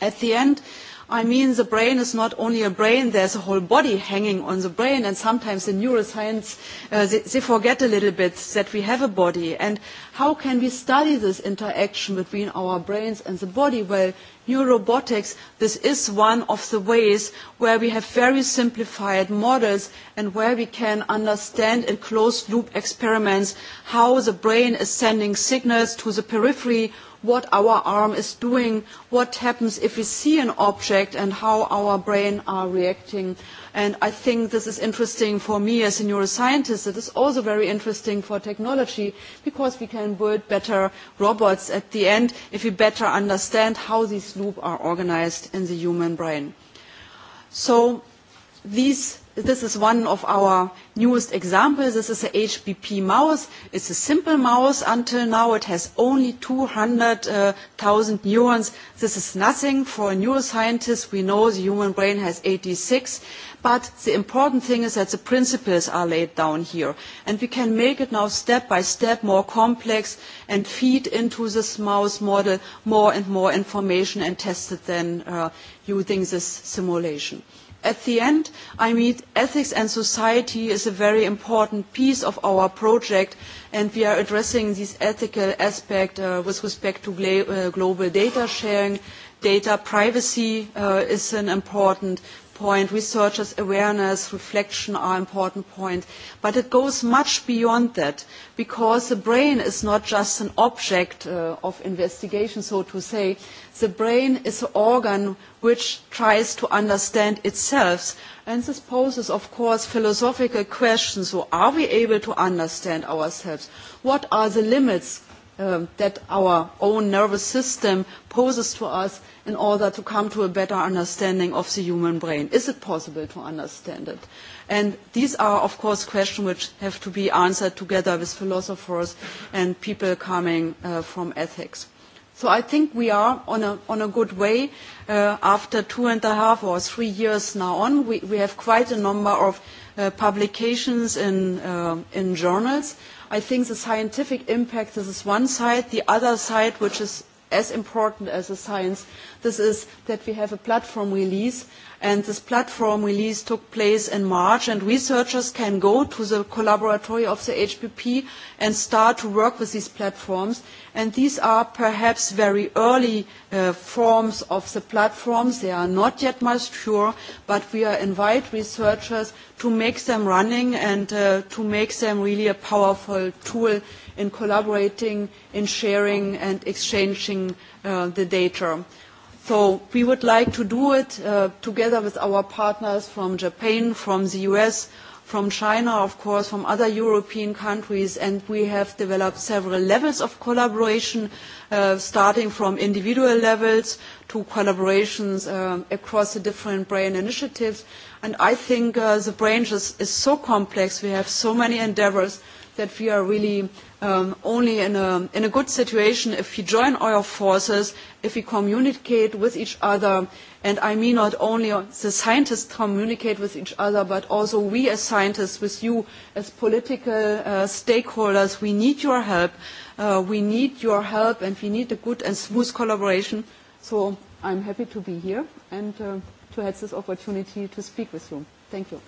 At the end, I mean, the brain is not only a brain, there's a whole body hanging on the brain, and sometimes in neuroscience, uh, they, they forget a little bit that we have a body. And how can we study this interaction between our brains and the body? Well, New robotics, this is one of the ways where we have very simplified models and where we can understand in closed-loop experiments how the brain is sending signals to the periphery, what our arm is doing, what happens if we see an object and how our brain are reacting. And I think this is interesting for me as a neuroscientist. It is also very interesting for technology because we can build better robots at the end if we better understand how these loops are organized in the human brain. So these this is one of our newest examples. This is a HBP mouse. It's a simple mouse until now. It has only 200,000 uh, neurons. This is nothing for a neuroscientist. We know the human brain has 86 but the important thing is that the principles are laid down here and we can make it now step by step more complex and feed into this mouse model more and more information and test it then uh, using this simulation. At the end, I mean, ethics and society is a very important piece of our project, and we are addressing this ethical aspect uh, with respect to gla- uh, global data sharing. Data privacy uh, is an important point. Researchers' awareness, reflection are important points. But it goes much beyond that because the brain is not just an object uh, of investigation, so to say. The brain is an organ which tries to understand itself. And this poses, of course, philosophical questions. So are we able to understand ourselves? What are the limits uh, that our own nervous system poses to us in order to come to a better understanding of the human brain. Is it possible to understand it? And these are, of course, questions which have to be answered together with philosophers and people coming uh, from ethics. So I think we are on a, on a good way. Uh, after two and a half or three years now on, we, we have quite a number of uh, publications in, uh, in journals I think the scientific impact, this is one side. The other side, which is as important as the science, this is that we have a platform release. And this platform release took place in March, and researchers can go to the collaboratory of the HPP and start to work with these platforms and these are perhaps very early uh, forms of the platforms. They are not yet mature, but we are invite researchers to make them running and uh, to make them really a powerful tool in collaborating, in sharing and exchanging uh, the data. So we would like to do it uh, together with our partners from Japan, from the US, from China, of course, from other European countries, and we have developed several levels of collaboration, uh, starting from individual levels to collaborations uh, across the different brain initiatives. And I think uh, the brain is, is so complex, we have so many endeavors that we are really um, only in a, in a good situation if we join our forces, if we communicate with each other, and i mean not only the scientists communicate with each other but also we as scientists with you as political uh, stakeholders we need your help uh, we need your help and we need a good and smooth collaboration so i'm happy to be here and uh, to have this opportunity to speak with you thank you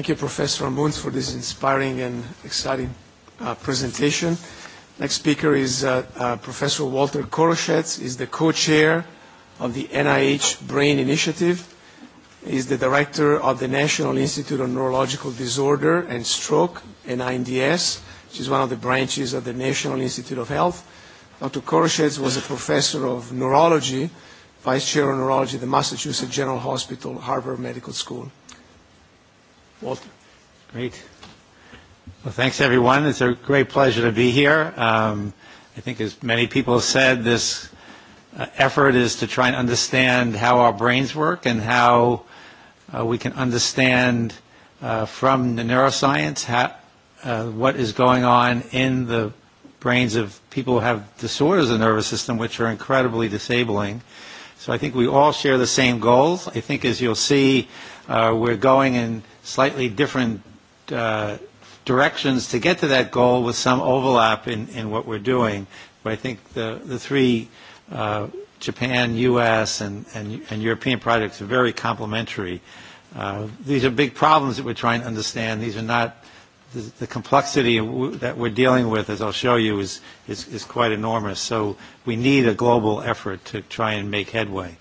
Thank you, Professor Amunds, for this inspiring and exciting uh, presentation. Next speaker is uh, uh, Professor Walter Koroshetz. is the co-chair of the NIH Brain Initiative. He's the director of the National Institute on Neurological Disorder and Stroke, NINDS, which is one of the branches of the National Institute of Health. Dr. Koroshetz was a professor of neurology, vice chair of neurology at the Massachusetts General Hospital, Harvard Medical School. Walter. Great. Well, thanks everyone. It's a great pleasure to be here. Um, I think as many people have said, this uh, effort is to try and understand how our brains work and how uh, we can understand uh, from the neuroscience how, uh, what is going on in the brains of people who have disorders of the nervous system, which are incredibly disabling. So I think we all share the same goals. I think as you'll see, uh, we're going in slightly different uh, directions to get to that goal with some overlap in, in what we're doing. But I think the, the three, uh, Japan, U.S., and, and, and European projects are very complementary. Uh, these are big problems that we're trying to understand. These are not the, the complexity w that we're dealing with, as I'll show you, is, is, is quite enormous. So we need a global effort to try and make headway.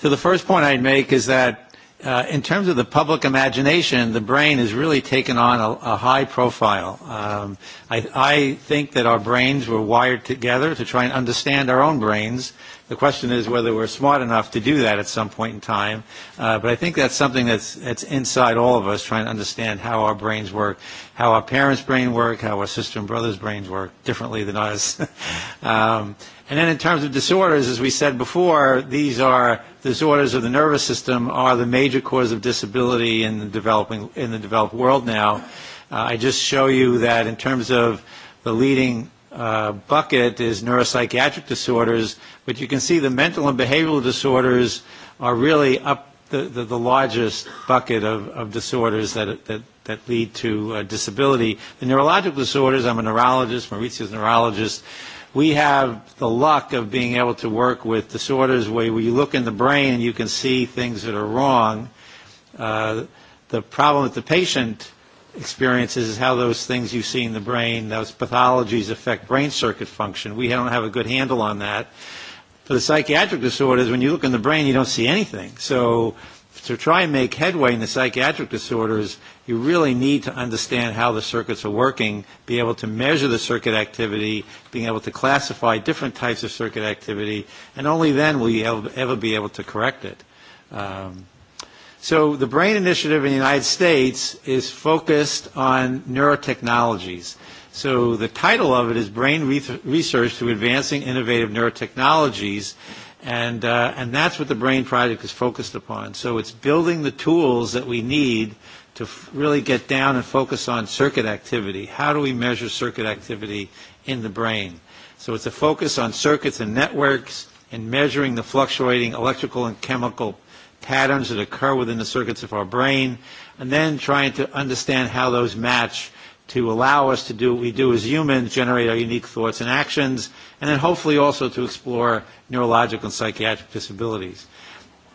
So the first point I'd make is that Uh, in terms of the public imagination, the brain has really taken on a, a high profile. Um, I, I think that our brains were wired together to try and understand our own brains. The question is whether we're smart enough to do that at some point in time. Uh, but I think that's something that's, that's inside all of us, trying to understand how our brains work, how our parents' brain work, how our sister and brother's brains work differently than us. <laughs> um, And then in terms of disorders, as we said before, these are disorders of the nervous system are the major cause of disability in the developing in the developed world now. Uh, I just show you that in terms of the leading uh, bucket is neuropsychiatric disorders, but you can see the mental and behavioral disorders are really up the, the, the largest bucket of, of disorders that, that, that lead to uh, disability. The neurological disorders, I'm a neurologist, Maurizio's a neurologist, we have the luck of being able to work with disorders where when you look in the brain, you can see things that are wrong. Uh, the problem that the patient experiences is how those things you see in the brain, those pathologies affect brain circuit function. We don't have a good handle on that. For the psychiatric disorders, when you look in the brain, you don't see anything. So to try and make headway in the psychiatric disorders, you really need to understand how the circuits are working, be able to measure the circuit activity, being able to classify different types of circuit activity, and only then will you ever be able to correct it. Um, so the BRAIN Initiative in the United States is focused on neurotechnologies. So the title of it is Brain Re- Research to Advancing Innovative Neurotechnologies. And, uh, and that's what the BRAIN project is focused upon. So it's building the tools that we need to f- really get down and focus on circuit activity. How do we measure circuit activity in the brain? So it's a focus on circuits and networks and measuring the fluctuating electrical and chemical patterns that occur within the circuits of our brain, and then trying to understand how those match to allow us to do what we do as humans, generate our unique thoughts and actions, and then hopefully also to explore neurological and psychiatric disabilities.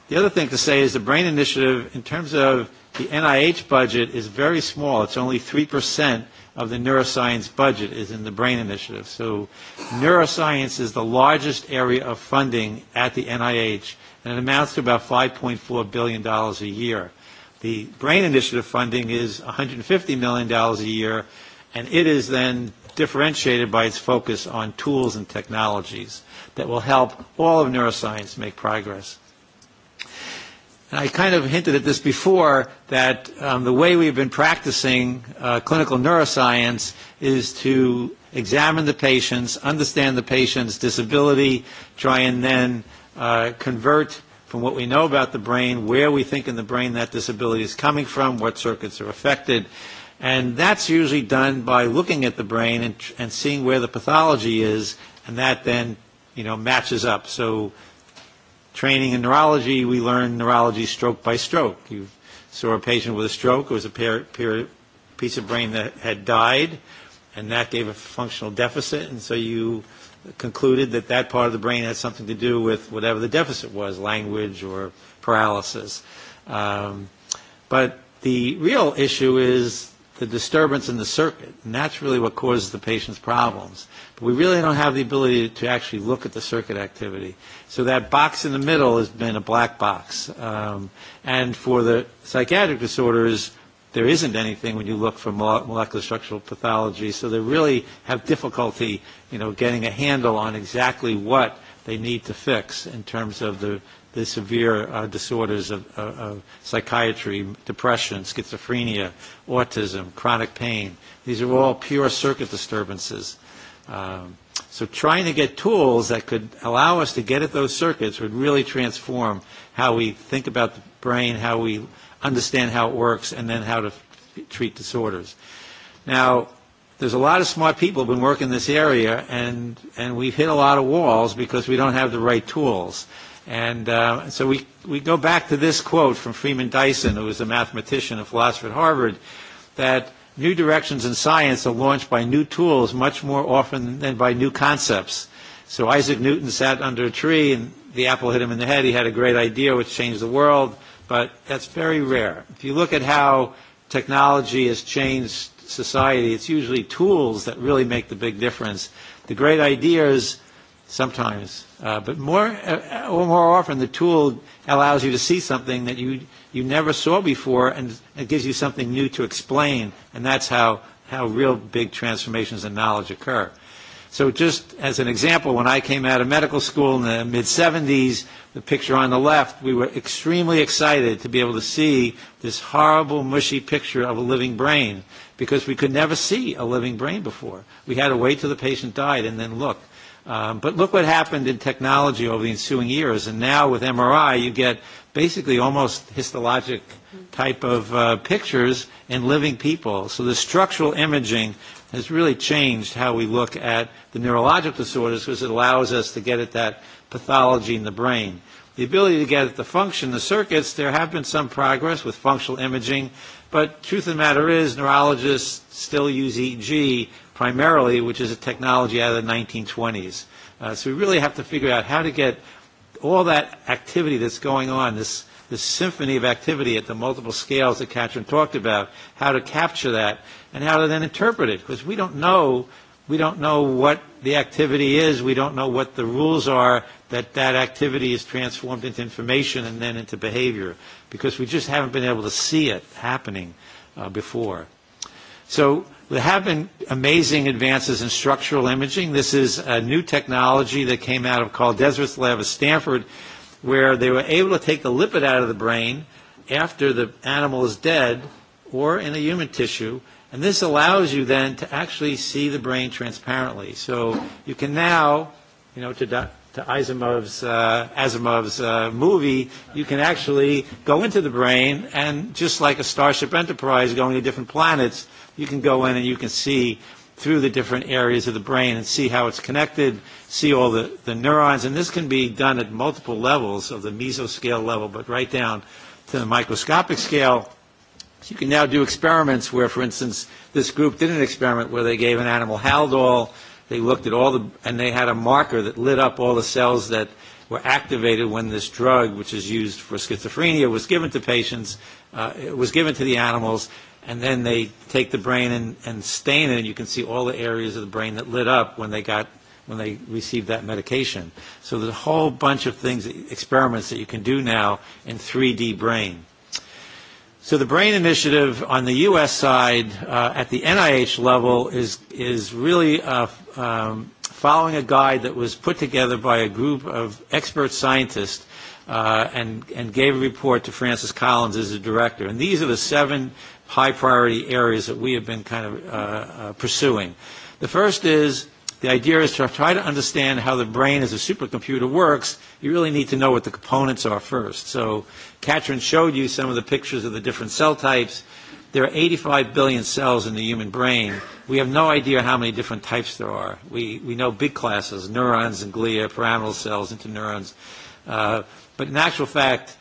The other thing to say is the BRAIN Initiative, in terms of the NIH budget, is very small. It's only 3% of the neuroscience budget is in the BRAIN Initiative. So neuroscience is the largest area of funding at the NIH, and it amounts to about $5.4 billion a year. The BRAIN initiative funding is $150 million a year, and it is then differentiated by its focus on tools and technologies that will help all of neuroscience make progress. And I kind of hinted at this before, that um, the way we've been practicing uh, clinical neuroscience is to examine the patients, understand the patient's disability, try and then uh, convert uh, from what we know about the brain, where we think in the brain that disability is coming from, what circuits are affected. And that's usually done by looking at the brain and, and seeing where the pathology is, and that then, you know, matches up. So training in neurology, we learn neurology stroke by stroke. You saw a patient with a stroke. It was a pair, pair, piece of brain that had died, and that gave a functional deficit. And so you concluded that that part of the brain had something to do with whatever the deficit was, language or paralysis. Um, but the real issue is the disturbance in the circuit, and that's really what causes the patient's problems. But we really don't have the ability to actually look at the circuit activity. So that box in the middle has been a black box. Um, and for the psychiatric disorders, there isn't anything when you look for molecular structural pathology. So they really have difficulty, you know, getting a handle on exactly what they need to fix in terms of the, the severe uh, disorders of, of, uh, of psychiatry, depression, schizophrenia, autism, chronic pain. These are all pure circuit disturbances. Um, so trying to get tools that could allow us to get at those circuits would really transform how we think about the brain, how we understand how it works and then how to treat disorders. Now, there's a lot of smart people who've been working in this area, and, and we've hit a lot of walls because we don't have the right tools. And uh, so we, we go back to this quote from Freeman Dyson, who was a mathematician and philosopher at Harvard, that new directions in science are launched by new tools much more often than by new concepts. So Isaac Newton sat under a tree and the apple hit him in the head. He had a great idea which changed the world but that's very rare. If you look at how technology has changed society, it's usually tools that really make the big difference. The great ideas sometimes, uh, but more, uh, or uh, more often the tool allows you to see something that you, you never saw before and it gives you something new to explain, and that's how, how real big transformations in knowledge occur. So just as an example, when I came out of medical school in the mid-70s, the picture on the left, we were extremely excited to be able to see this horrible, mushy picture of a living brain because we could never see a living brain before. We had to wait till the patient died and then look. Um, but look what happened in technology over the ensuing years. And now with MRI, you get basically almost histologic type of uh, pictures in living people. So the structural imaging has really changed how we look at the neurological disorders because it allows us to get at that pathology in the brain. The ability to get at the function, the circuits, there have been some progress with functional imaging, but truth of the matter is neurologists still use EEG primarily, which is a technology out of the 1920s. Uh, so we really have to figure out how to get all that activity that's going on, this the symphony of activity at the multiple scales that Catherine talked about, how to capture that, and how to then interpret it, because we don't know we don't know what the activity is. We don't know what the rules are that that activity is transformed into information and then into behavior because we just haven't been able to see it happening uh, before. So there have been amazing advances in structural imaging. This is a new technology that came out of Carl Desert's lab at Stanford where they were able to take the lipid out of the brain after the animal is dead or in a human tissue. And this allows you then to actually see the brain transparently. So you can now, you know, to, to Asimov's, uh, Asimov's uh, movie, you can actually go into the brain and just like a Starship Enterprise going to different planets, you can go in and you can see through the different areas of the brain and see how it's connected, see all the, the neurons. And this can be done at multiple levels of the mesoscale level, but right down to the microscopic scale. So you can now do experiments where, for instance, this group did an experiment where they gave an animal Haldol. They looked at all the, and they had a marker that lit up all the cells that were activated when this drug, which is used for schizophrenia, was given to patients, uh, it was given to the animals and then they take the brain and, and stain it, and you can see all the areas of the brain that lit up when they got when they received that medication. So there's a whole bunch of things, experiments that you can do now in 3D brain. So the Brain Initiative on the U.S. side uh, at the NIH level is is really uh, um, following a guide that was put together by a group of expert scientists uh, and, and gave a report to Francis Collins as a director. And these are the seven high priority areas that we have been kind of uh, uh, pursuing. The first is the idea is to try to understand how the brain as a supercomputer works. You really need to know what the components are first. So Katrin showed you some of the pictures of the different cell types. There are 85 billion cells in the human brain. We have no idea how many different types there are. We, we know big classes, neurons and glia, pyramidal cells, interneurons. Uh, But in actual fact,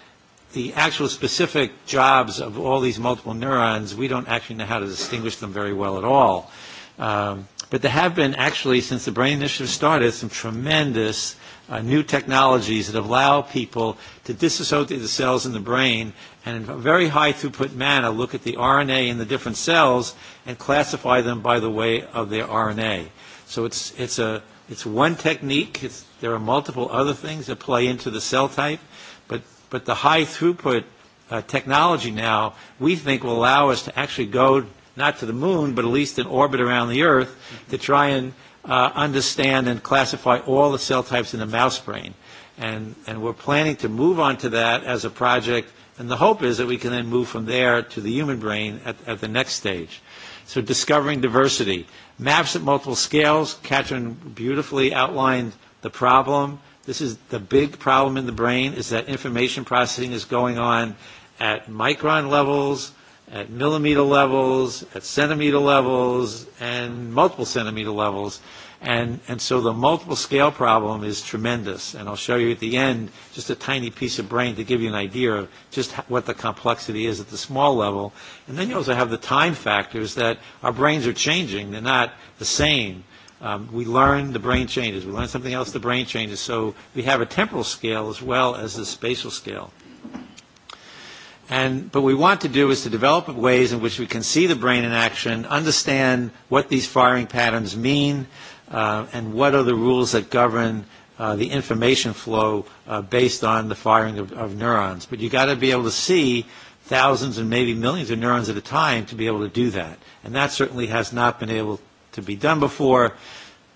the actual specific jobs of all these multiple neurons, we don't actually know how to distinguish them very well at all. Um, but there have been actually, since the Brain Initiative started, some tremendous uh, new technologies that allow people to disassociate the cells in the brain and in a very high throughput manner look at the RNA in the different cells and classify them by the way of their RNA. So it's, it's a It's one technique. It's, there are multiple other things that play into the cell type, but, but the high throughput uh, technology now we think will allow us to actually go not to the moon, but at least in orbit around the Earth to try and uh, understand and classify all the cell types in the mouse brain. And, and we're planning to move on to that as a project, and the hope is that we can then move from there to the human brain at, at the next stage. So discovering diversity. Maps at multiple scales. Catherine beautifully outlined the problem. This is the big problem in the brain is that information processing is going on at micron levels, at millimeter levels, at centimeter levels, and multiple centimeter levels. And, and so the multiple scale problem is tremendous. And I'll show you at the end just a tiny piece of brain to give you an idea of just what the complexity is at the small level. And then you also have the time factors that our brains are changing. They're not the same. Um, we learn the brain changes. We learn something else, the brain changes. So we have a temporal scale as well as the spatial scale. And what we want to do is to develop ways in which we can see the brain in action, understand what these firing patterns mean, uh, and what are the rules that govern uh, the information flow uh, based on the firing of, of neurons. But you've got to be able to see thousands and maybe millions of neurons at a time to be able to do that. And that certainly has not been able to be done before.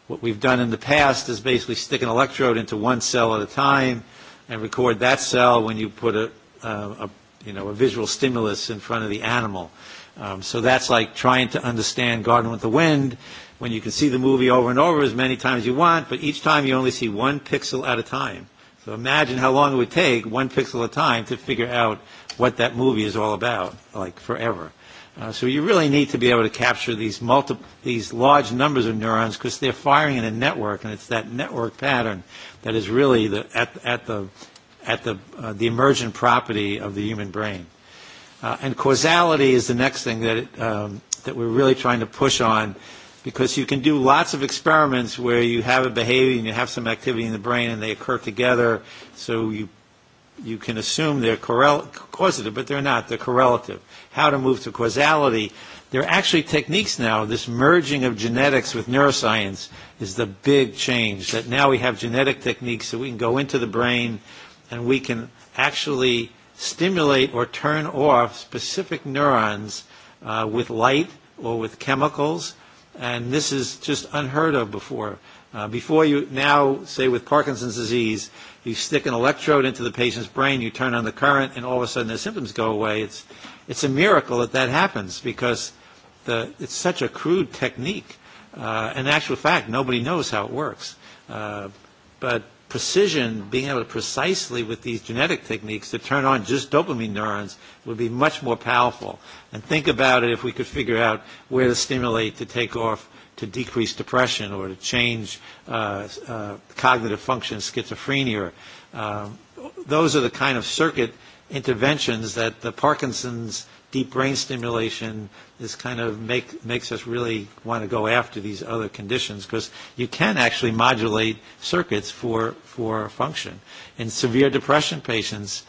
What we've done in the past is basically stick an electrode into one cell at a time and record that cell when you put a, a, a, you know, a visual stimulus in front of the animal. Um, so that's like trying to understand Garden with the Wind when you can see the movie over and over as many times as you want, but each time you only see one pixel at a time. So imagine how long it would take, one pixel at a time, to figure out what that movie is all about, like forever. Uh, so you really need to be able to capture these, multi- these large numbers of neurons because they're firing in a network, and it's that network pattern that is really the, at, at the, at the, uh, the emergent property of the human brain. Uh, and causality is the next thing that, it, um, that we're really trying to push on because you can do lots of experiments where you have a behavior and you have some activity in the brain and they occur together, so you you can assume they're correl- causative, but they're not. They're correlative. How to move to causality. There are actually techniques now. This merging of genetics with neuroscience is the big change. That now we have genetic techniques that we can go into the brain and we can actually stimulate or turn off specific neurons uh, with light or with chemicals and this is just unheard of before. Uh, before you now, say with Parkinson's disease, you stick an electrode into the patient's brain, you turn on the current, and all of a sudden their symptoms go away. It's, it's a miracle that that happens because the, it's such a crude technique. Uh, in actual fact, nobody knows how it works. Uh, but precision, being able to precisely with these genetic techniques to turn on just dopamine neurons would be much more powerful. And think about it if we could figure out where to stimulate to take off to decrease depression or to change uh, uh, cognitive function, schizophrenia. Um, those are the kind of circuit interventions that the Parkinson's deep brain stimulation this kind of make, makes us really want to go after these other conditions because you can actually modulate circuits for, for function. In severe depression patients,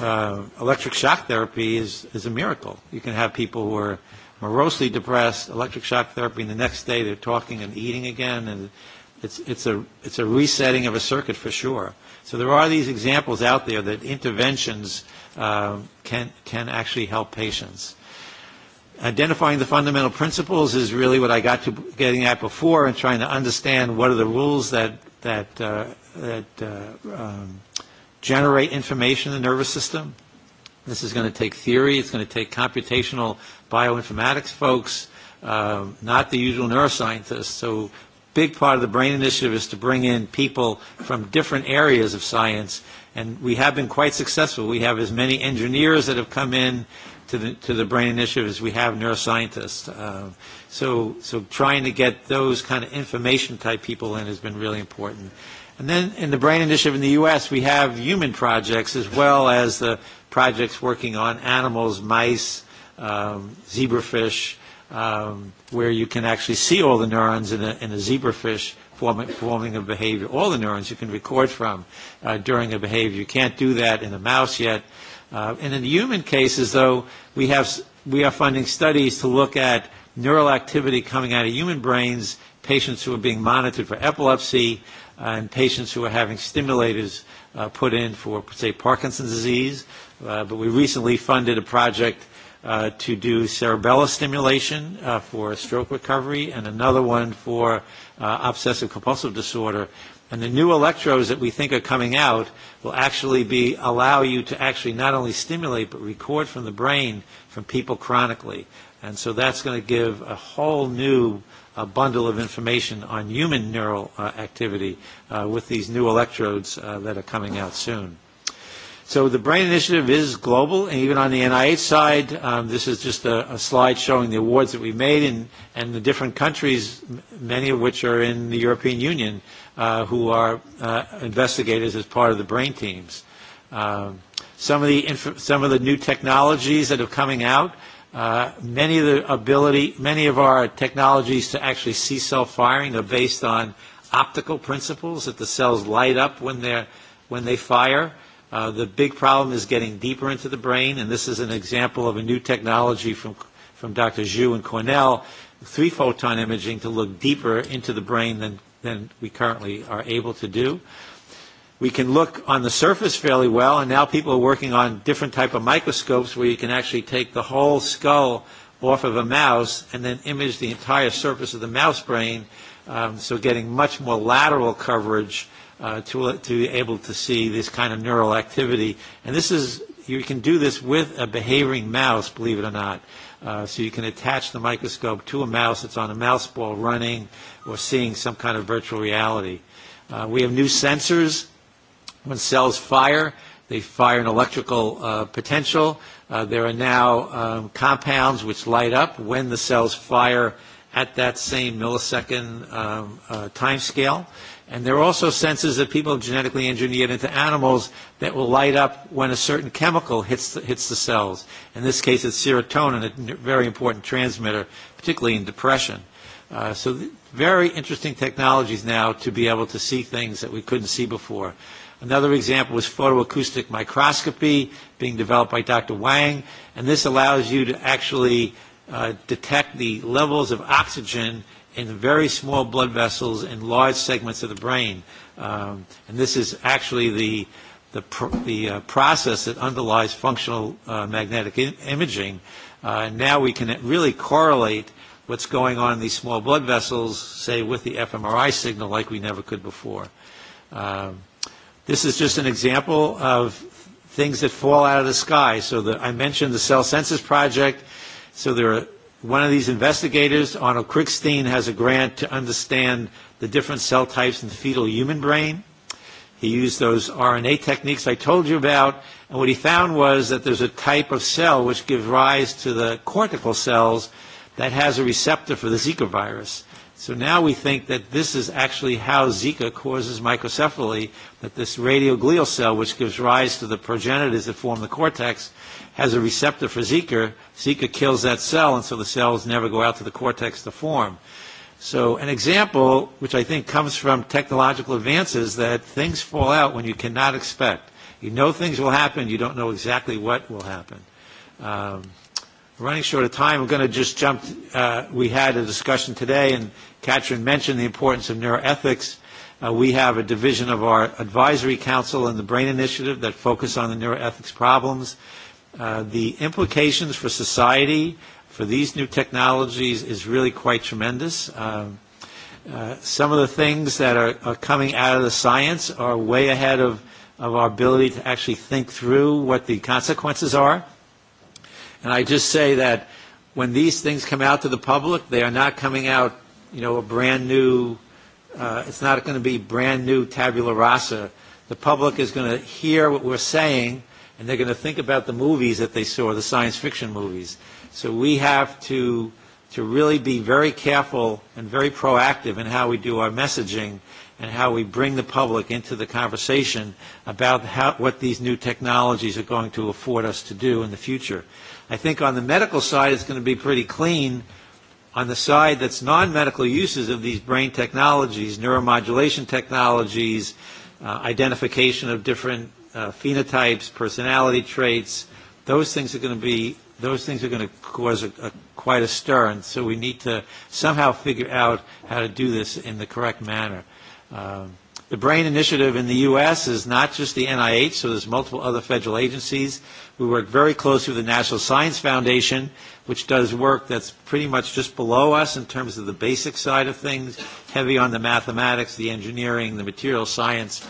uh, electric shock therapy is, is a miracle. You can have people who are morosely depressed, electric shock therapy, and the next day they're talking and eating again, and it's, it's, a, it's a resetting of a circuit for sure. So there are these examples out there that interventions uh, can, can actually help patients identifying the fundamental principles is really what I got to getting at before and trying to understand what are the rules that, that, uh, that uh, um, generate information in the nervous system. This is going to take theory. It's going to take computational bioinformatics folks, uh, not the usual neuroscientists. So big part of the Brain Initiative is to bring in people from different areas of science. And we have been quite successful. We have as many engineers that have come in to the, to the brain initiatives, we have neuroscientists. Um, so, so trying to get those kind of information type people in has been really important. And then in the Brain Initiative in the U.S., we have human projects as well as the projects working on animals, mice, um, zebrafish, um, where you can actually see all the neurons in a, in a zebrafish form, forming a behavior. All the neurons you can record from uh, during a behavior. You can't do that in a mouse yet. Uh, and in the human cases, though, we, have, we are funding studies to look at neural activity coming out of human brains, patients who are being monitored for epilepsy, uh, and patients who are having stimulators uh, put in for, say, Parkinson's disease. Uh, but we recently funded a project uh, to do cerebellar stimulation uh, for stroke recovery and another one for uh, obsessive compulsive disorder And the new electrodes that we think are coming out will actually be allow you to actually not only stimulate but record from the brain from people chronically. And so that's going to give a whole new uh, bundle of information on human neural uh, activity uh, with these new electrodes uh, that are coming out soon. So the Brain Initiative is global, and even on the NIH side, um, this is just a, a slide showing the awards that we've made and, and the different countries, many of which are in the European Union, Uh, who are uh, investigators as part of the brain teams. Um, some of the inf- some of the new technologies that are coming out, uh, many of the ability, many of our technologies to actually see cell firing are based on optical principles that the cells light up when they when they fire. Uh, the big problem is getting deeper into the brain, and this is an example of a new technology from from Dr. Zhu and Cornell, three photon imaging to look deeper into the brain than than we currently are able to do. We can look on the surface fairly well, and now people are working on different type of microscopes where you can actually take the whole skull off of a mouse and then image the entire surface of the mouse brain, um, so getting much more lateral coverage uh, to, to be able to see this kind of neural activity. And this is, you can do this with a behaving mouse, believe it or not. Uh, so you can attach the microscope to a mouse that's on a mouse ball running or seeing some kind of virtual reality. Uh, we have new sensors. When cells fire, they fire an electrical uh, potential. Uh, there are now um, compounds which light up when the cells fire at that same millisecond um, uh, time scale. And there are also sensors that people have genetically engineered into animals that will light up when a certain chemical hits the, hits the cells. In this case, it's serotonin, a very important transmitter, particularly in depression. Uh, so th- very interesting technologies now to be able to see things that we couldn't see before. Another example was photoacoustic microscopy being developed by Dr. Wang, and this allows you to actually uh, detect the levels of oxygen in very small blood vessels in large segments of the brain. Um, and this is actually the, the, pr the uh, process that underlies functional uh, magnetic I- imaging. Uh, now we can really correlate what's going on in these small blood vessels, say, with the fMRI signal like we never could before. Um, this is just an example of things that fall out of the sky. So the, I mentioned the Cell Census Project. So there are one of these investigators, Arnold Krickstein, has a grant to understand the different cell types in the fetal human brain. He used those RNA techniques I told you about, and what he found was that there's a type of cell which gives rise to the cortical cells that has a receptor for the Zika virus. So now we think that this is actually how Zika causes microcephaly, that this radioglial cell, which gives rise to the progenitors that form the cortex, has a receptor for Zika, Zika kills that cell, and so the cells never go out to the cortex to form. So an example, which I think comes from technological advances, that things fall out when you cannot expect. You know things will happen, you don't know exactly what will happen. Um, running short of time, I'm going to just jump. Uh, we had a discussion today, and Katrin mentioned the importance of neuroethics. Uh, we have a division of our advisory council and the Brain Initiative that focus on the neuroethics problems. Uh, the implications for society for these new technologies is really quite tremendous. Um, uh, some of the things that are, are coming out of the science are way ahead of, of our ability to actually think through what the consequences are. And I just say that when these things come out to the public, they are not coming out, you know, a brand new, uh, it's not going to be brand new tabula rasa. The public is going to hear what we're saying and they're going to think about the movies that they saw, the science fiction movies. So we have to, to really be very careful and very proactive in how we do our messaging and how we bring the public into the conversation about how, what these new technologies are going to afford us to do in the future. I think on the medical side, it's going to be pretty clean. On the side that's non-medical uses of these brain technologies, neuromodulation technologies, uh, identification of different uh, phenotypes, personality traits, those things are going to be those things are going to cause a, a, quite a stir, and so we need to somehow figure out how to do this in the correct manner. Um, the BRAIN initiative in the U.S. is not just the NIH, so there's multiple other federal agencies. We work very closely with the National Science Foundation, which does work that's pretty much just below us in terms of the basic side of things, heavy on the mathematics, the engineering, the material science,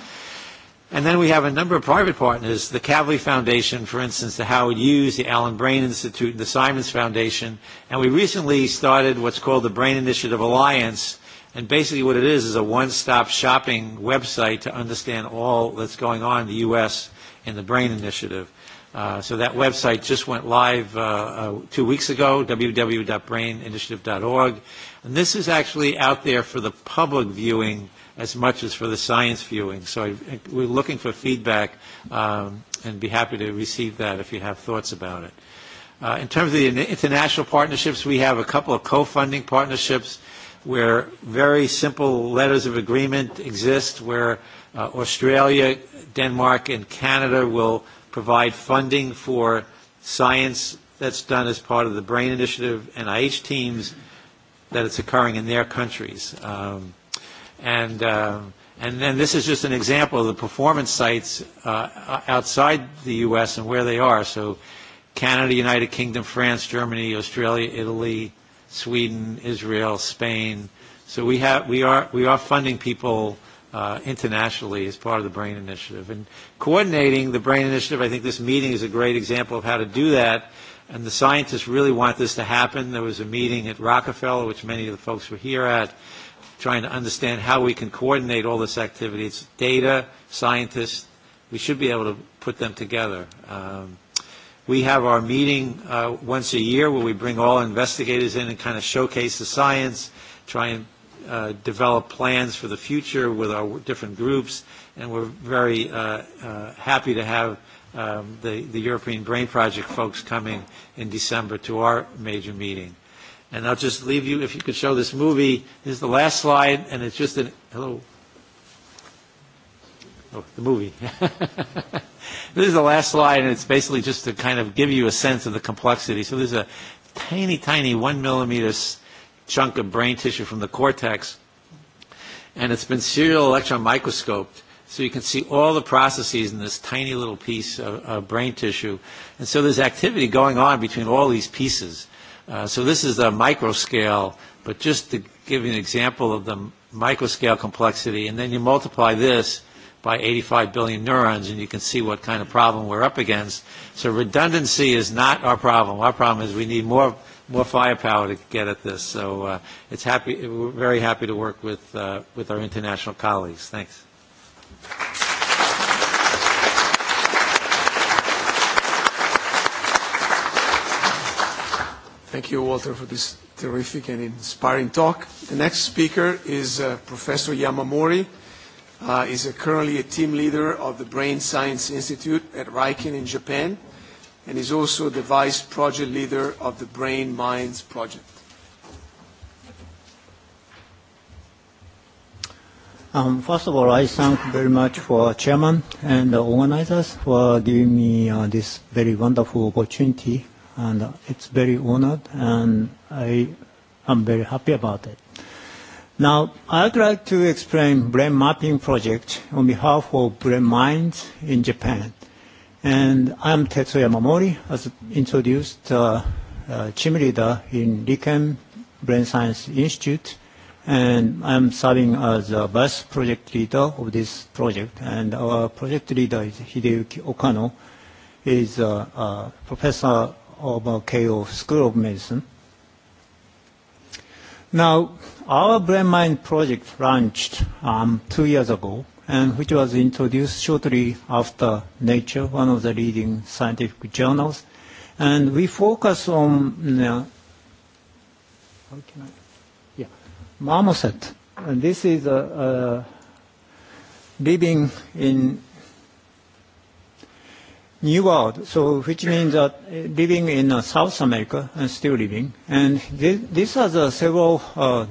And then we have a number of private partners, the Kavli Foundation, for instance, the Howard Hughes, the Alan Brain Institute, and the Simons Foundation. And we recently started what's called the Brain Initiative Alliance. And basically what it is is a one-stop shopping website to understand all that's going on in the U.S. in the Brain Initiative. Uh, so that website just went live uh, uh, two weeks ago, www.braininitiative.org. And this is actually out there for the public viewing as much as for the science viewing. So I, we're looking for feedback um, and be happy to receive that if you have thoughts about it. Uh, in terms of the international partnerships, we have a couple of co-funding partnerships where very simple letters of agreement exist where uh, Australia, Denmark, and Canada will provide funding for science that's done as part of the BRAIN Initiative and IH teams that it's occurring in their countries. Um, And, uh, and then this is just an example of the performance sites uh, outside the U.S. and where they are. So Canada, United Kingdom, France, Germany, Australia, Italy, Sweden, Israel, Spain. So we, have, we, are, we are funding people uh, internationally as part of the BRAIN Initiative. And coordinating the BRAIN Initiative, I think this meeting is a great example of how to do that. And the scientists really want this to happen. There was a meeting at Rockefeller, which many of the folks were here at, trying to understand how we can coordinate all this activity. It's data, scientists. We should be able to put them together. Um, we have our meeting uh, once a year where we bring all investigators in and kind of showcase the science, try and uh, develop plans for the future with our different groups, and we're very uh, uh, happy to have um, the, the European Brain Project folks coming in December to our major meeting. And I'll just leave you, if you could show this movie. This is the last slide, and it's just a hello. Oh, the movie. <laughs> this is the last slide, and it's basically just to kind of give you a sense of the complexity. So there's a tiny, tiny one millimeter chunk of brain tissue from the cortex, and it's been serial electron microscoped. So you can see all the processes in this tiny little piece of, of brain tissue. And so there's activity going on between all these pieces. Uh, so this is a micro scale, but just to give you an example of the micro scale complexity, and then you multiply this by 85 billion neurons, and you can see what kind of problem we're up against. So redundancy is not our problem. Our problem is we need more more firepower to get at this. So uh, it's happy. We're very happy to work with uh, with our international colleagues. Thanks. Thank you, Walter, for this terrific and inspiring talk. The next speaker is uh, Professor Yamamori. Uh, is a, currently a team leader of the Brain Science Institute at Riken in Japan, and is also the vice project leader of the Brain Minds Project. Um, first of all, I thank very much for chairman and the organizers for giving me uh, this very wonderful opportunity and it's very honored, and I am very happy about it. Now, I'd like to explain brain mapping project on behalf of Brain Minds in Japan. And I'm Tetsuya Mamori, as introduced, uh, uh, team leader in Riken Brain Science Institute, and I'm serving as a vice project leader of this project. And our project leader is Hideyuki Okano, is a, a professor of KO School of Medicine. Now, our Brain Mind project launched um, two years ago, and which was introduced shortly after Nature, one of the leading scientific journals. And we focus on uh, how can I, yeah, marmoset. And this is a, a living in new world, so which means that uh, living in uh, South America and still living. And this, these are the several uh,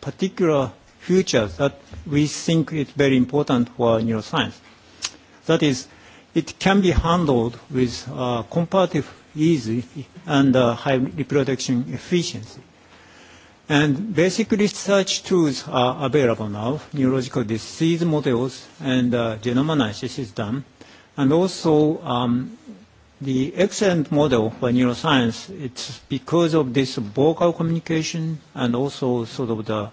particular futures that we think is very important for neuroscience. That is, it can be handled with uh, comparative ease and uh, high reproduction efficiency. And basic research tools are available now, neurological disease models and uh, genome analysis is done And also, um, the excellent model for neuroscience, it's because of this vocal communication and also sort of the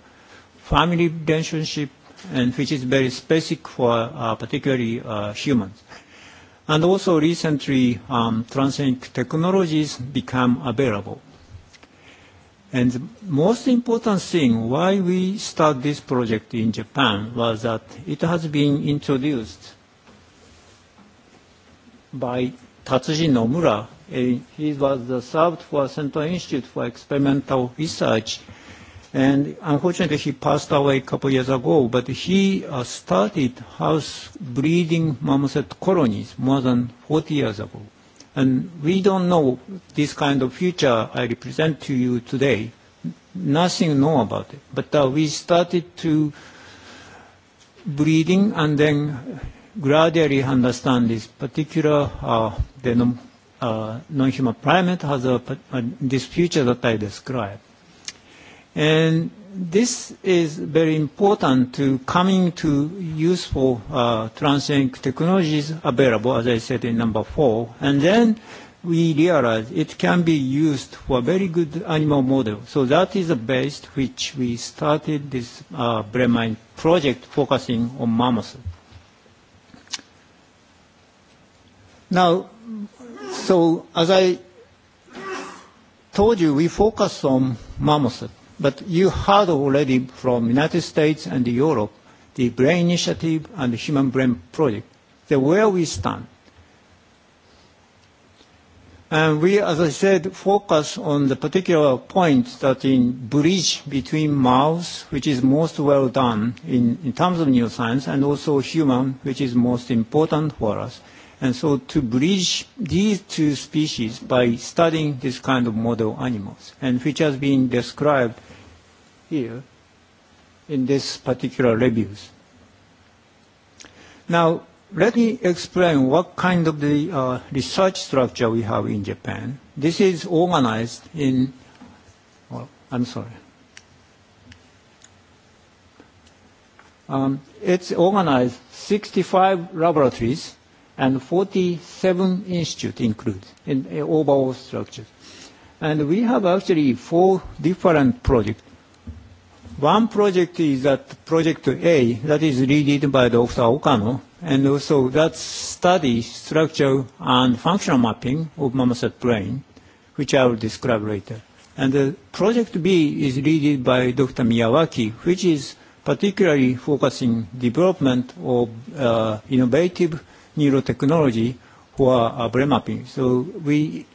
family relationship, and which is very specific for uh, particularly uh, humans. And also recently, um, transgenic technologies become available. And the most important thing why we start this project in Japan was that it has been introduced by Tatsuji Nomura. he was uh, served for Central Institute for Experimental Research. And unfortunately, he passed away a couple years ago, but he uh, started house breeding marmoset colonies more than 40 years ago. And we don't know this kind of future I represent to you today. Nothing know about it. But uh, we started to breeding and then gradually understand this particular uh, the non, uh, non-human primate has a, uh, this feature that I described. And this is very important to coming to useful uh, transgenic technologies available, as I said in number four. And then we realize it can be used for a very good animal model. So that is the base which we started this uh, brain mind project focusing on mammoths. Now, so as I told you, we focus on marmoset, but you heard already from United States and Europe the Brain Initiative and the Human Brain Project, the where we stand. And we, as I said, focus on the particular point that in bridge between mouse, which is most well done in, in terms of neuroscience, and also human, which is most important for us. And so to bridge these two species by studying this kind of model animals, and which has been described here in this particular reviews. Now, let me explain what kind of the uh, research structure we have in Japan. This is organized in, well, I'm sorry. Um, it's organized 65 laboratories and 47 institutes include in overall structures. And we have actually four different projects. One project is that project A that is led by Dr. Okano, and also that study structure and functional mapping of marmoset brain, which I will describe later. And the project B is led by Dr. Miyawaki, which is particularly focusing development of uh, innovative neurotechnology for uh, brain mapping. So we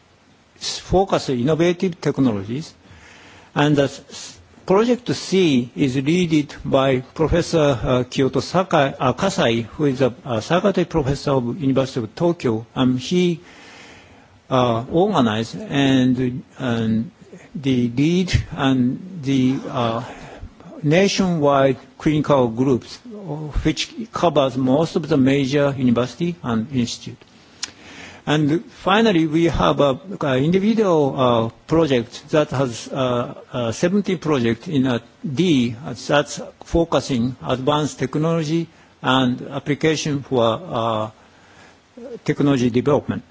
focus on innovative technologies. And the project C is led by Professor uh, Kyoto Sakai, uh, Kasai, who is a, a faculty professor of University of Tokyo. Um, he uh, organized and, and the lead and the uh, nationwide clinical groups which covers most of the major university and institute. And finally, we have a individual uh, project that has uh, uh, 70 projects in a D that's focusing advanced technology and application for uh, technology development.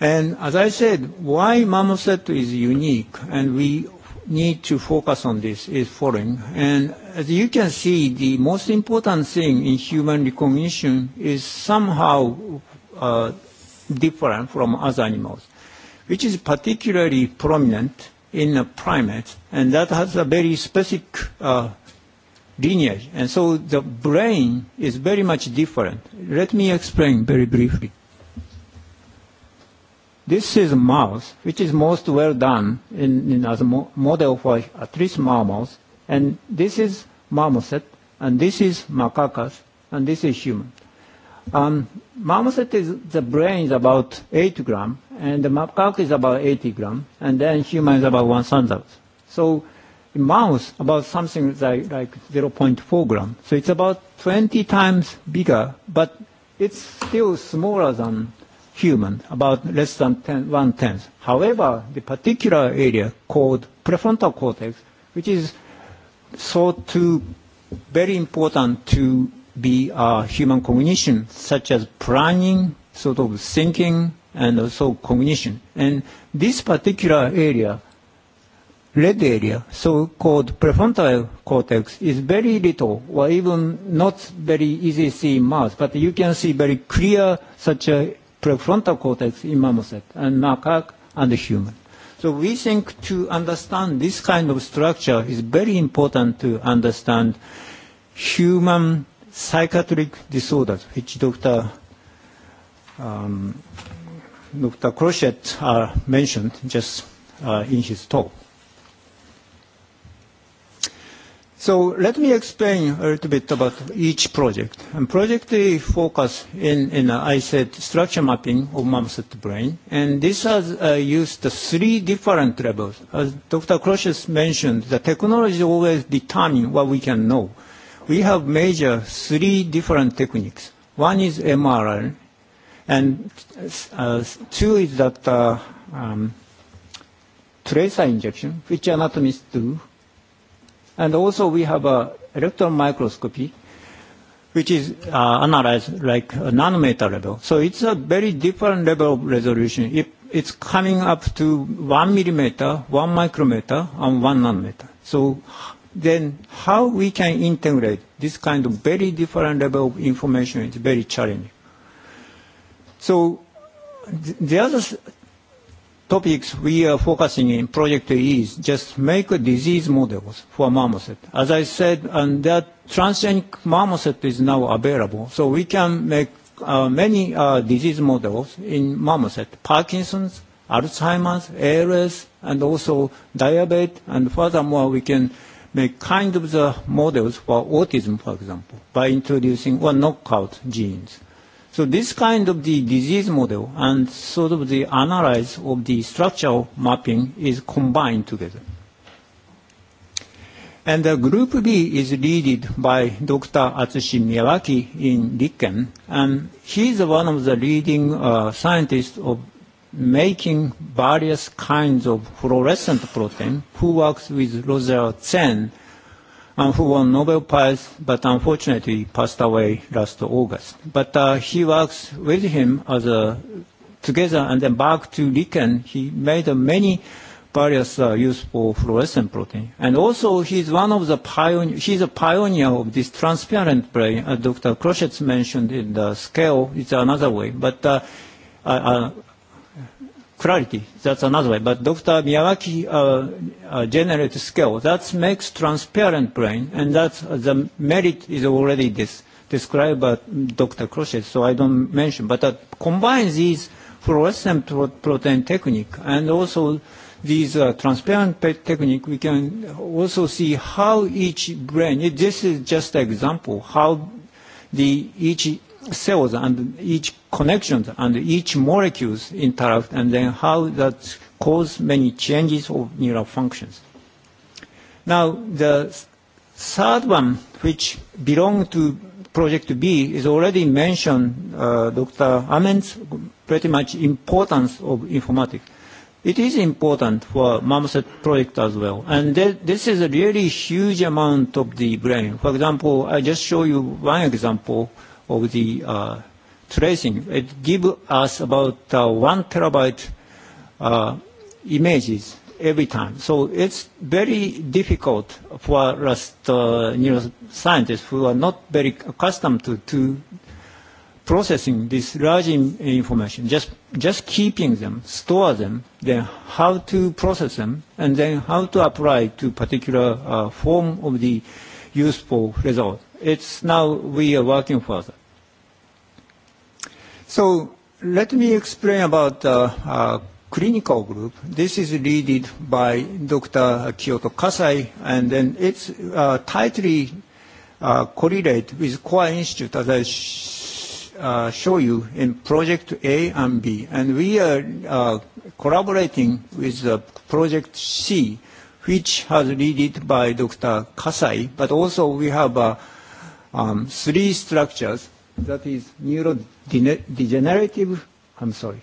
And as I said, why marmoset is unique, and we need to focus on this is following. And as you can see, the most important thing in human recognition is somehow uh, different from other animals, which is particularly prominent in a primates, and that has a very specific uh, lineage. And so the brain is very much different. Let me explain very briefly. This is a mouse, which is most well done in, in as a mo model for at least mammals. And this is marmoset, and this is macacus, and this is human. Um, marmoset is the brain is about 8 gram, and the macaque is about 80 gram, and then human is about 1,000. So in mouse, about something like, like 0.4 gram. So it's about 20 times bigger, but it's still smaller than human, about less than ten, one-tenth. However, the particular area called prefrontal cortex, which is thought to very important to be uh, human cognition, such as planning, sort of thinking, and also cognition. And this particular area, red area, so-called prefrontal cortex, is very little, or even not very easy to see in mouse, but you can see very clear such a prefrontal cortex in marmoset and macaque and human. So we think to understand this kind of structure is very important to understand human psychiatric disorders, which Dr. Um, Dr. Crochet uh, mentioned just uh, in his talk. So let me explain a little bit about each project. And project A focus in, in uh, I said structure mapping of marmoset brain. And this has uh, used the three different levels. As Dr. Crocius mentioned, the technology always determine what we can know. We have major three different techniques. One is MRI, and uh, two is that uh, um, tracer injection, which anatomists do And also we have a electron microscopy, which is uh, analyzed like a nanometer level. So it's a very different level of resolution. It, it's coming up to one millimeter, one micrometer, and one nanometer. So then how we can integrate this kind of very different level of information is very challenging. So the other topics we are focusing in Project is just make disease models for marmoset. As I said, and that transgenic marmoset is now available, so we can make uh, many uh, disease models in marmoset, Parkinson's, Alzheimer's, ALS, and also diabetes, and furthermore we can make kind of the models for autism, for example, by introducing or knockout genes. So this kind of the disease model and sort of the analysis of the structural mapping is combined together. And the group B is led by Dr. Atsushi Miyawaki in Riken, and he's one of the leading uh, scientists of making various kinds of fluorescent protein who works with Roger Chen and who won Nobel Prize, but unfortunately passed away last August. But uh, he works with him as a, together, and then back to Riken, he made uh, many various uh, useful fluorescent protein. And also, he's one of the pioneer, he's a pioneer of this transparent brain, as Dr. Crochet mentioned in the scale, it's another way. But uh, uh, uh clarity. That's another way. But Dr. Miyawaki uh, uh, generates scale. That makes transparent brain, and that's uh, the merit is already this described by Dr. Crochet, so I don't mention. But that combines these fluorescent pro protein technique and also these uh, transparent technique, we can also see how each brain, this is just an example, how the each cells and each connections and each molecules interact and then how that cause many changes of neural functions. Now the third one which belong to project B is already mentioned uh, Dr. Amen's pretty much importance of informatics. It is important for marmoset project as well. And th this is a really huge amount of the brain. For example, I just show you one example of the uh, tracing. It gives us about uh, one terabyte uh, images every time. So it's very difficult for us uh, neuroscientists who are not very accustomed to, to processing this large in information, just, just keeping them, store them, then how to process them, and then how to apply to particular uh, form of the useful result. It's now we are working further. So let me explain about the uh, uh, clinical group. This is led by Dr. Kyoto Kasai, and then it's uh, tightly uh, with Core Institute, as I sh uh, show you in Project A and B. And we are uh, collaborating with uh, Project C, which has led by Dr. Kasai, but also we have uh, um, three structures that is neurodegenerative, I'm sorry,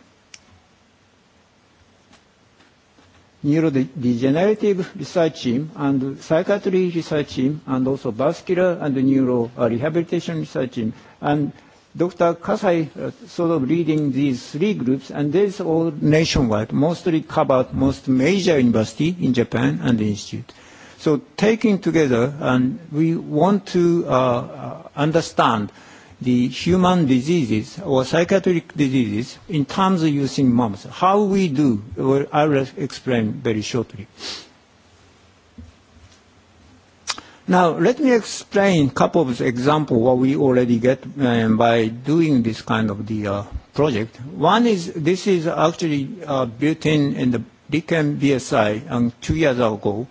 neurodegenerative research team and psychiatry research team and also vascular and neuro rehabilitation research team. And Dr. Kasai uh, sort of leading these three groups and this all nationwide, mostly covered most major university in Japan and the institute. So taking together and we want to uh, uh understand the human diseases or psychiatric diseases in terms of using MAMS. How we do, well, I will explain very shortly. Now, let me explain a couple of examples what we already get um, by doing this kind of the uh, project. One is, this is actually uh, built in in the DKM BSI um, two years ago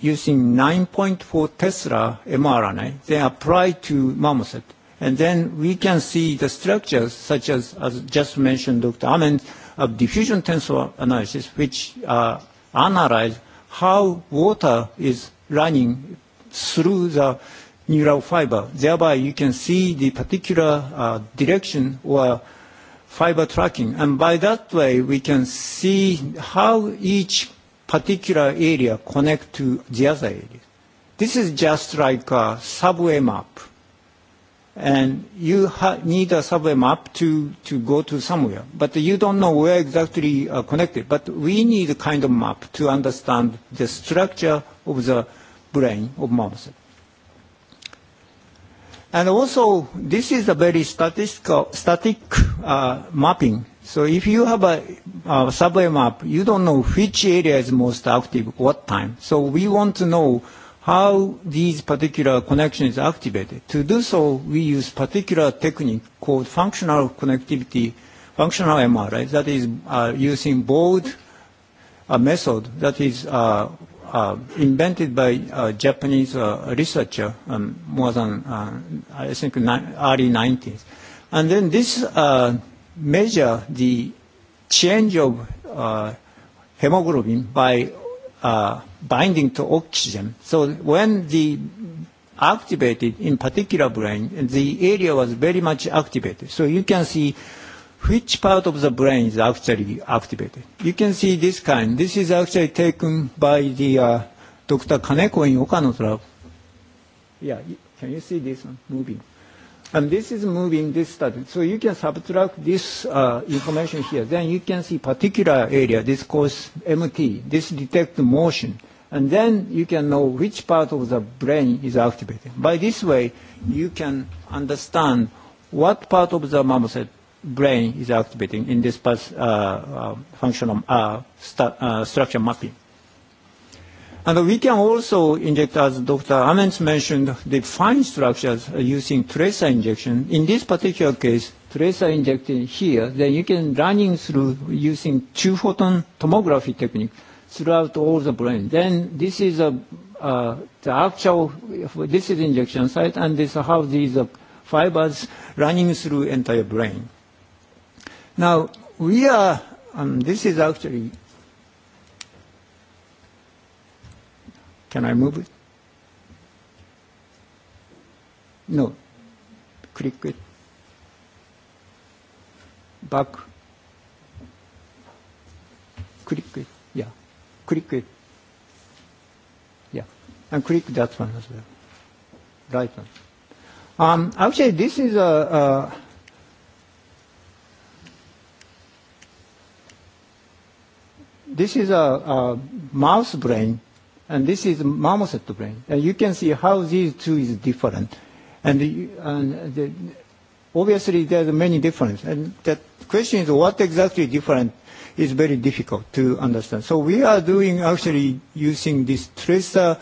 using 9.4 Tesla mRNA, they applied to marmoset And then we can see the structures, such as, as just mentioned Dr. Ament, of diffusion tensor analysis, which uh, analyze how water is running through the neural fiber. Thereby, you can see the particular uh, direction or fiber tracking. And by that way, we can see how each particular area connect to the other area. This is just like a subway map and you ha need a subway map to, to go to somewhere. But you don't know where exactly uh, connected. But we need a kind of map to understand the structure of the brain of marmoset. And also, this is a very statistical, static uh, mapping. So if you have a, a subway map, you don't know which area is most active, what time. So we want to know how these particular connections are activated. To do so, we use particular technique called functional connectivity, functional MRI, that is uh, using both a method that is uh, uh, invented by a Japanese uh, researcher um, more than, uh, I think, early 90s. And then this uh, measure the change of uh, hemoglobin by Uh, binding to oxygen. So when the activated, in particular brain, the area was very much activated. So you can see which part of the brain is actually activated. You can see this kind. This is actually taken by the uh, Dr. Kaneko in Okano's lab. Yeah, can you see this one moving? And this is moving this study. So you can subtract this uh, information here. Then you can see particular area, this cause MT, this detect motion. And then you can know which part of the brain is activated. By this way, you can understand what part of the marmoset brain is activating in this uh, uh, functional uh, stu uh, structure mapping. And we can also inject, as Dr. Amens mentioned, the fine structures using tracer injection. In this particular case, tracer injected here, then you can running through using two-photon tomography technique throughout all the brain. Then this is a, uh, the actual, this is injection site, and this is how these uh, fibers running through entire brain. Now, we are, um, this is actually Can I move it? No. Click it. Back. Click it. Yeah. Click it. Yeah. And click that one as well. Right one. Um, I would say this is a, a this is a, a mouse brain And this is marmoset brain. And you can see how these two is different. And, the, and the, obviously there's many differences. And the question is what exactly different is very difficult to understand. So we are doing actually using this tracer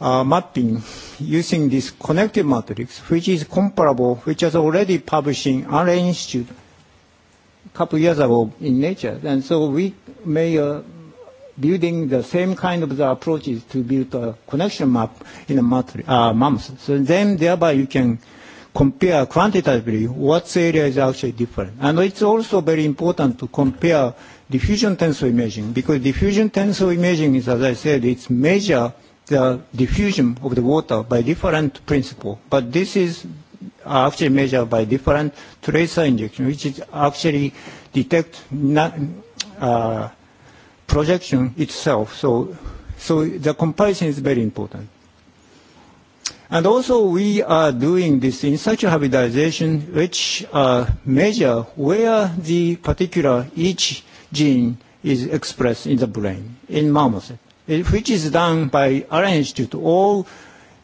uh, mapping using this connective matrix, which is comparable, which is already publishing RA Institute a couple years ago in Nature. And so we may uh, building the same kind of the approaches to build a connection map in a month, uh, MAMS. So then thereby you can compare quantitatively what area is actually different. And it's also very important to compare diffusion tensor imaging because diffusion tensor imaging is, as I said, it's measure the diffusion of the water by different principle. But this is actually measured by different tracer injection, which is actually detect not, uh, projection itself. So, so the comparison is very important. And also we are doing this in such a hybridization which uh, measure where the particular each gene is expressed in the brain, in marmoset, eh, which is done by our institute. All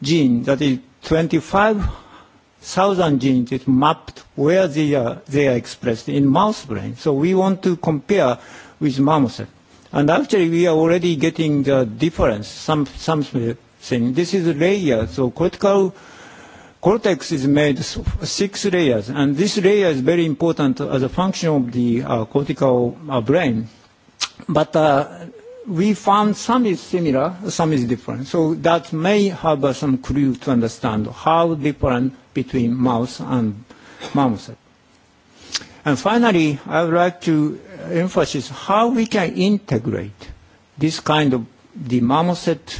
gene, that is 25,000 genes, is mapped where they are, they are expressed in mouse brain. So we want to compare with marmoset. And actually, we are already getting the difference, some, something. This is a layer, so cortical cortex is made six layers, and this layer is very important as a function of the uh, cortical uh, brain. But uh, we found some is similar, some is different. So that may have uh, some clue to understand how different between mouse and marmoset. And finally, I would like to emphasize how we can integrate this kind of the marmoset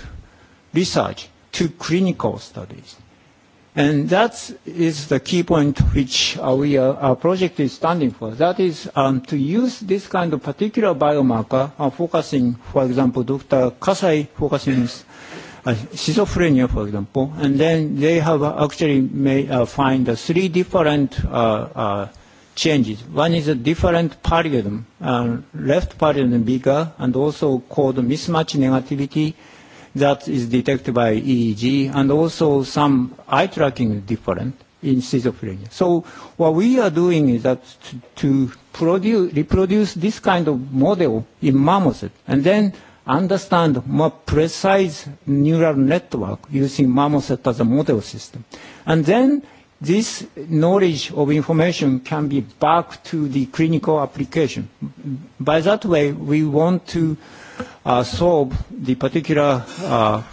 research to clinical studies. And that is the key point which we, are, our project is standing for. That is um, to use this kind of particular biomarker, uh, focusing, for example, Dr. Kasai focusing uh, schizophrenia, for example, and then they have actually made, uh, find uh, three different uh, uh, changes. One is a different paradigm, uh, left paradigm bigger, and also called mismatch negativity that is detected by EEG, and also some eye tracking is different in schizophrenia. So what we are doing is that to, to produce, reproduce this kind of model in marmoset, and then understand more precise neural network using marmoset as a model system. And then this knowledge of information can be back to the clinical application. By that way, we want to uh, solve the particular uh,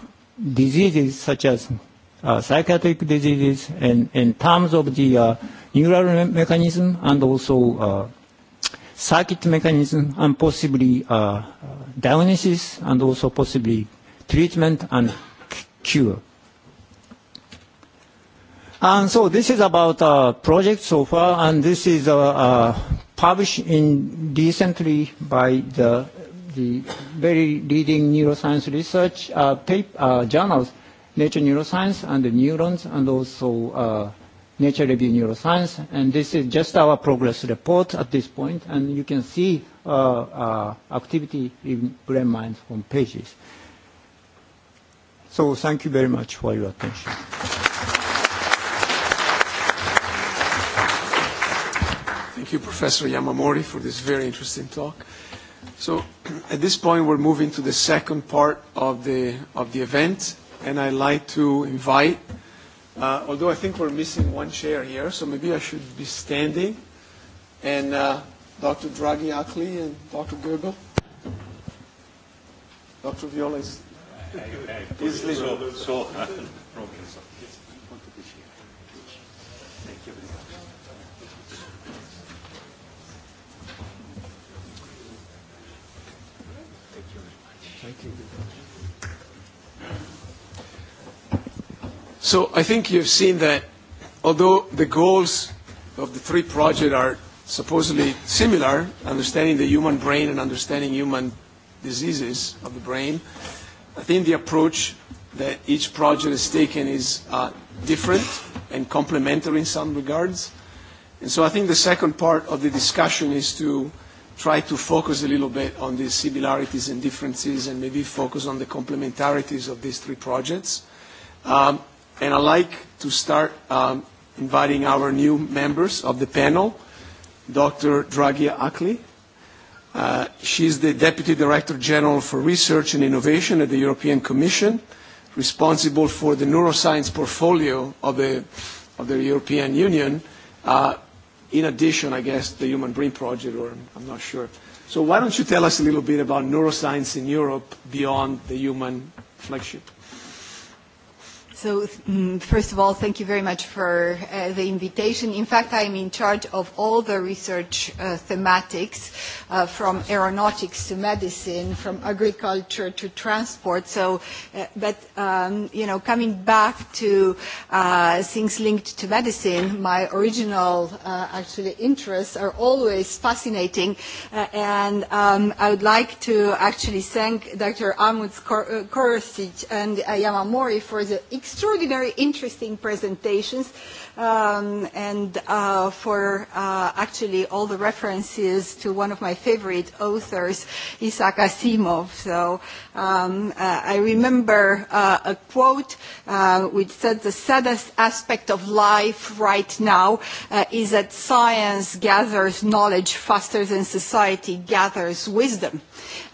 diseases such as uh, psychiatric diseases and in terms of the uh, neural mechanism and also uh, circuit mechanism and possibly uh, uh, diagnosis and also possibly treatment and cure. And so this is about a project so far, and this is uh, uh, published in recently by the, the very leading neuroscience research uh, paper, uh, journals, Nature Neuroscience and the Neurons, and also uh, Nature Review Neuroscience. And this is just our progress report at this point, and you can see uh, uh, activity in brain minds from pages. So thank you very much for your attention. Thank you, Professor Yamamori, for this very interesting talk. So <clears throat> at this point, we're moving to the second part of the, of the event, and I'd like to invite, uh, although I think we're missing one chair here, so maybe I should be standing, and uh, Dr. Draghi Akli and Dr. Goebel. Dr. Viola is, is So, so, uh, <laughs> Thank you. So I think you've seen that although the goals of the three projects are supposedly similar, understanding the human brain and understanding human diseases of the brain, I think the approach that each project has taken is uh, different and complementary in some regards. And so I think the second part of the discussion is to try to focus a little bit on the similarities and differences and maybe focus on the complementarities of these three projects. Um, and I'd like to start um, inviting our new members of the panel, Dr. Dragia Akli. Uh, she's the Deputy Director General for Research and Innovation at the European Commission, responsible for the neuroscience portfolio of the, of the European Union. Uh, in addition, I guess, the Human Brain Project, or I'm not sure. So why don't you tell us a little bit about neuroscience in Europe beyond the human flagship? So mm, first of all, thank you very much for uh, the invitation. In fact, I'm in charge of all the research uh, thematics, uh, from aeronautics to medicine, from agriculture to transport. So, uh, but um, you know, coming back to uh, things linked to medicine, my original uh, actually interests are always fascinating, uh, and um, I would like to actually thank Dr. Amut Korosic and Yamamori for the extraordinary interesting presentations um, and uh, for uh, actually all the references to one of my favorite authors, Isaac Asimov. So um, uh, I remember uh, a quote uh, which said the saddest aspect of life right now uh, is that science gathers knowledge faster than society gathers wisdom.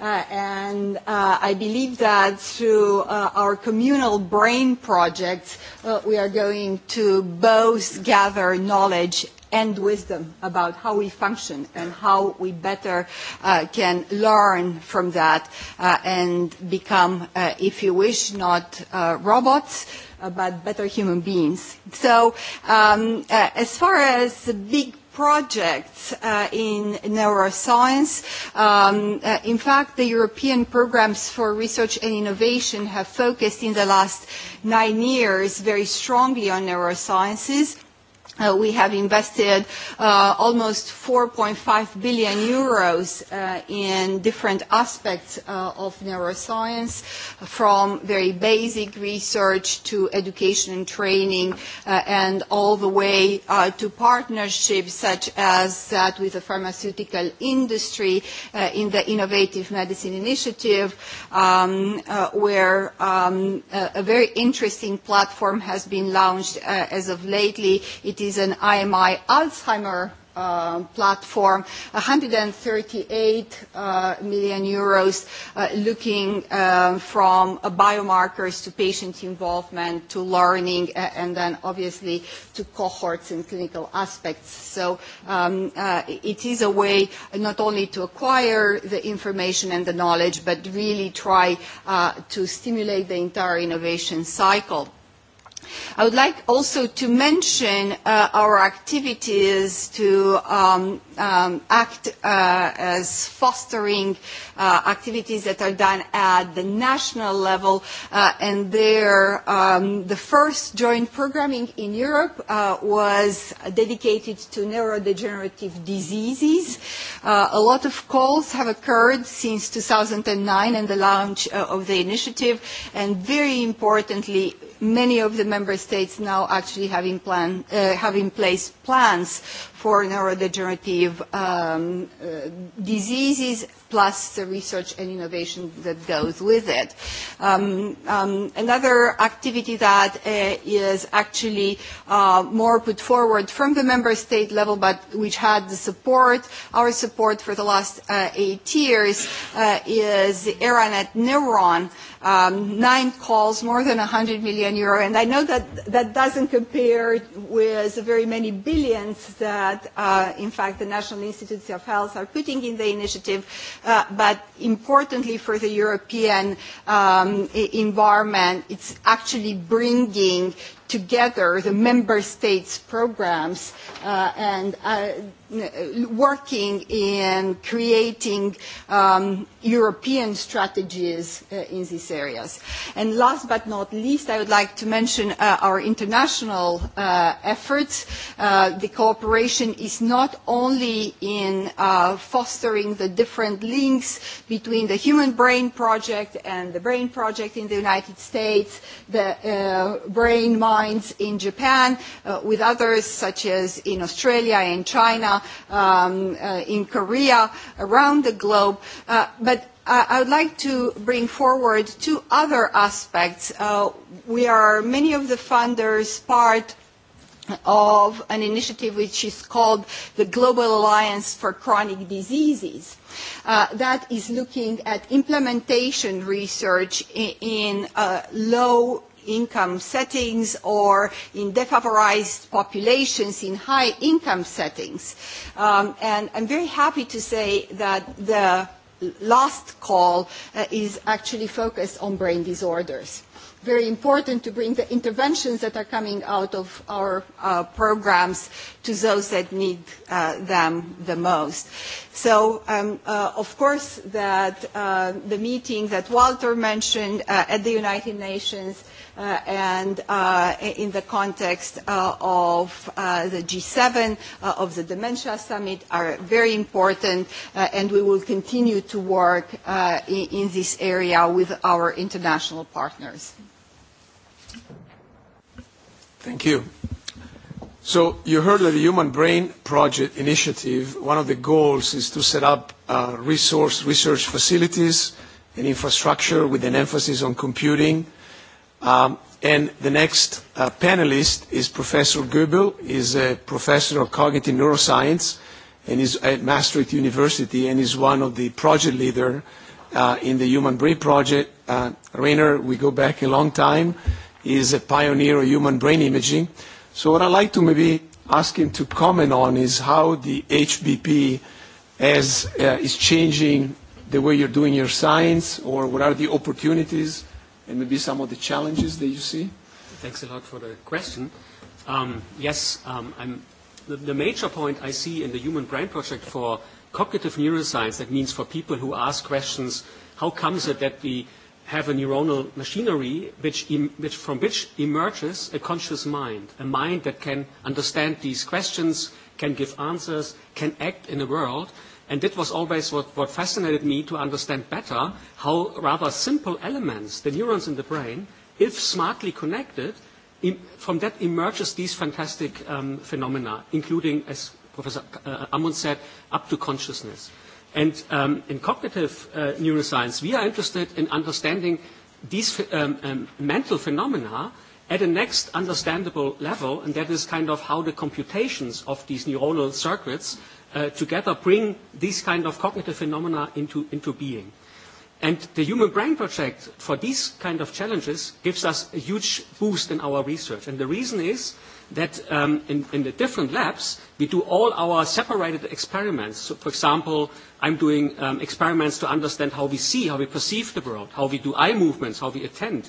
Uh, and uh, I believe that through uh, our communal brain projects, uh, we are going to both gather knowledge and wisdom about how we function and how we better uh, can learn from that uh, and become, uh, if you wish, not uh, robots, uh, but better human beings. So um, uh, as far as the big projects uh, in neuroscience. Um, uh, in fact, the European programs for research and innovation have focused in the last nine years very strongly on neurosciences Uh, we have invested uh, almost 4.5 billion euros uh, in different aspects uh, of neuroscience, from very basic research to education and training, and all the way to partnerships such as that with the pharmaceutical industry in the Innovative Medicine Initiative, um, where um, a very interesting platform has been launched as of lately. It is is an IMI Alzheimer Uh, platform, 138 uh, million euros, uh, looking uh, from biomarkers to patient involvement to learning, and then obviously to cohorts and clinical aspects. So um, uh, it is a way not only to acquire the information and the knowledge, but really try uh, to stimulate the entire innovation cycle. I would like also to mention uh, our activities to um, um, act uh, as fostering uh, activities that are done at the national level. Uh, and there, um, the first joint programming in Europe uh, was dedicated to neurodegenerative diseases. Uh, a lot of calls have occurred since 2009 and the launch uh, of the initiative. And very importantly, many of the member states now actually have in, plan, uh, have in place plans for neurodegenerative um, uh, diseases, plus the research and innovation that goes with it. Um, um, another activity that uh, is actually uh, more put forward from the member state level, but which had the support, our support for the last uh, eight years, uh, is Aeronet Neuron. Um, nine calls, more than 100 million euro, and I know that that doesn't compare with the very many billions that that, uh, in fact, the National Institutes of Health are putting in the initiative, uh, but importantly for the European um, e-, environment, it's actually bringing together the member states' programs uh, and uh, working in creating um, European strategies uh, in these areas. And last but not least, I would like to mention uh, our international uh, efforts. Uh, the cooperation is not only in uh, fostering the different links between the Human Brain Project and the Brain Project in the United States, the uh, Brain Minds in Japan, uh, with others such as in Australia and China, um, uh, in Korea, around the globe. Uh, but I would like to bring forward two other aspects. Uh, we are many of the funders part of an initiative which is called the Global Alliance for Chronic Diseases. Uh, that is looking at implementation research in, in uh, low income settings or in defavorized populations in high income settings. Um, and I'm very happy to say that the last call uh, is actually focused on brain disorders very important to bring the interventions that are coming out of our uh, programs to those that need uh, them the most. So, um, uh, of course, that uh, the meeting that Walter mentioned uh, at the United Nations uh, and uh, in the context uh, of uh, the G7, uh, of the Dementia Summit are very important, uh, and we will continue to work uh, in, in this area with our international partners. Thank you. So you heard that the Human Brain Project initiative, one of the goals is to set up uh, resource research facilities and infrastructure with an emphasis on computing, Um, and the next uh, panelist is Professor Goebel. He's a professor of cognitive neuroscience and is at Maastricht University and is one of the project leader uh, in the Human Brain Project. Uh, Rainer, we go back a long time, is a pioneer of human brain imaging. So what I'd like to maybe ask him to comment on is how the HBP has, uh, is changing the way you're doing your science or what are the opportunities and maybe some of the challenges that you see? Thanks a lot for the question. Um, yes, um, I'm, the, the major point I see in the Human Brain Project for cognitive neuroscience, that means for people who ask questions, how comes it that we have a neuronal machinery which, em, which, from which emerges a conscious mind, a mind that can understand these questions, can give answers, can act in the world, And that was always what, what fascinated me to understand better how rather simple elements, the neurons in the brain, if smartly connected, in, from that emerges these fantastic um, phenomena, including, as Professor uh, Amund said, up to consciousness. And um, in cognitive uh, neuroscience, we are interested in understanding these um, um, mental phenomena at a next understandable level, and that is kind of how the computations of these neuronal circuits uh, together bring these kind of cognitive phenomena into, into being. And the Human Brain Project for these kind of challenges gives us a huge boost in our research. And the reason is that um, in, in the different labs, we do all our separated experiments. So, for example, I'm doing um, experiments to understand how we see, how we perceive the world, how we do eye movements, how we attend.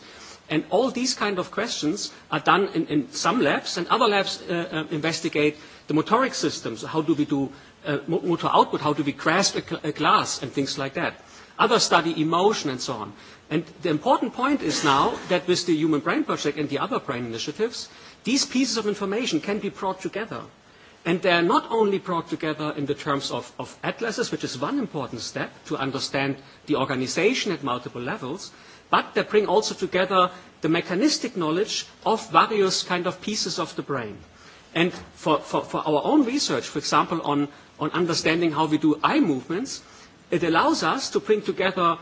And all these kind of questions are done in, in some labs, and other labs uh, uh, investigate the motoric systems. How do we do uh, motor output, how do we grasp a, a glass and things like that. Others study emotion and so on. And the important point is now that with the Human Brain Project and the other brain initiatives, these pieces of information can be brought together. And they are not only brought together in the terms of, of atlases, which is one important step to understand the organization at multiple levels, but they bring also together the mechanistic knowledge of various kind of pieces of the brain. And for, for, for our own research, for example, on, on understanding how we do eye movements, it allows us to bring together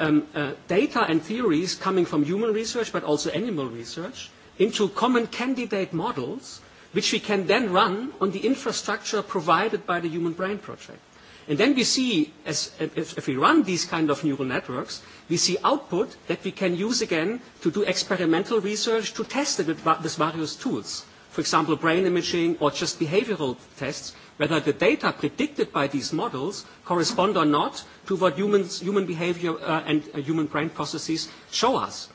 um, uh, data and theories coming from human research but also animal research into common candidate models which we can then run on the infrastructure provided by the Human Brain Project. And then we see, as, if, if we run these kind of neural networks, we see output that we can use again to do experimental research to test it with, with various tools for example, brain imaging or just behavioral tests, whether the data predicted by these models correspond or not to what humans, human behavior uh, and uh, human brain processes show us.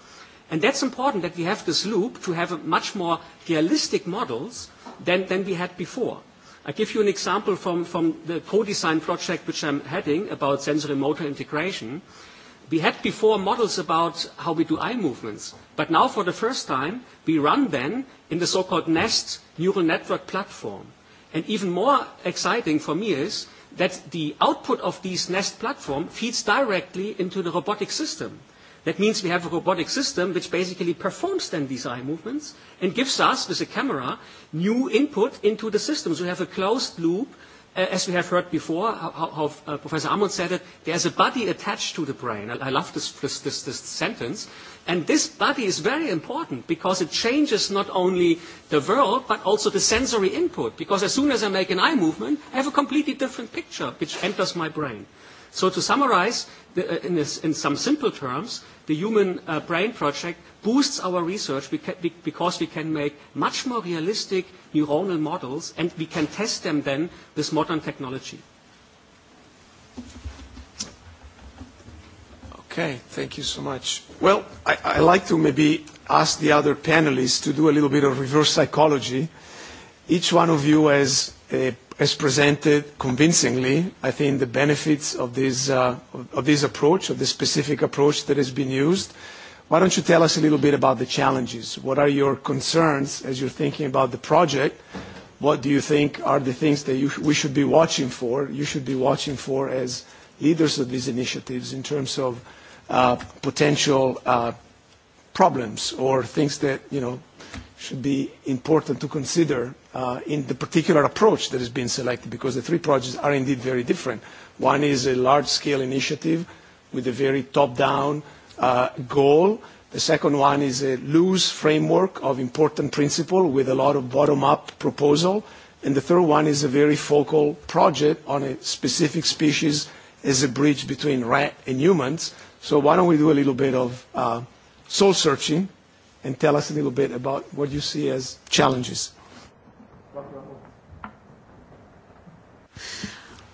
And that's important that we have this loop to have much more realistic models than, than we had before. I give you an example from, from the co-design project which I'm heading about sensory-motor integration. We had before models about how we do eye movements, but now for the first time, we run then in the so-called NEST neural network platform. And even more exciting for me is that the output of these NEST platform feeds directly into the robotic system. That means we have a robotic system which basically performs then these eye movements and gives us, with a camera, new input into the system. So we have a closed loop. Uh, as we have heard before, how, how uh, Professor Amund said it, there's a body attached to the brain. I, I love this, this, this, this sentence And this body is very important because it changes not only the world but also the sensory input. Because as soon as I make an eye movement, I have a completely different picture which enters my brain. So to summarize, the, uh, in, this, in some simple terms, the Human uh, Brain Project boosts our research because we can make much more realistic neuronal models and we can test them then with modern technology. Okay, thank you so much. Well, I, I like to maybe ask the other panelists to do a little bit of reverse psychology. Each one of you has, uh, has presented convincingly, I think, the benefits of this, uh, of this approach, of the specific approach that has been used. Why don't you tell us a little bit about the challenges? What are your concerns as you're thinking about the project? What do you think are the things that you sh we should be watching for, you should be watching for as leaders of these initiatives in terms of Uh, potential uh, problems or things that you know should be important to consider uh, in the particular approach that has been selected because the three projects are indeed very different. One is a large-scale initiative with a very top-down uh, goal. The second one is a loose framework of important principle with a lot of bottom-up proposal. And the third one is a very focal project on a specific species is a bridge between rat and humans. So why don't we do a little bit of uh, soul searching and tell us a little bit about what you see as challenges.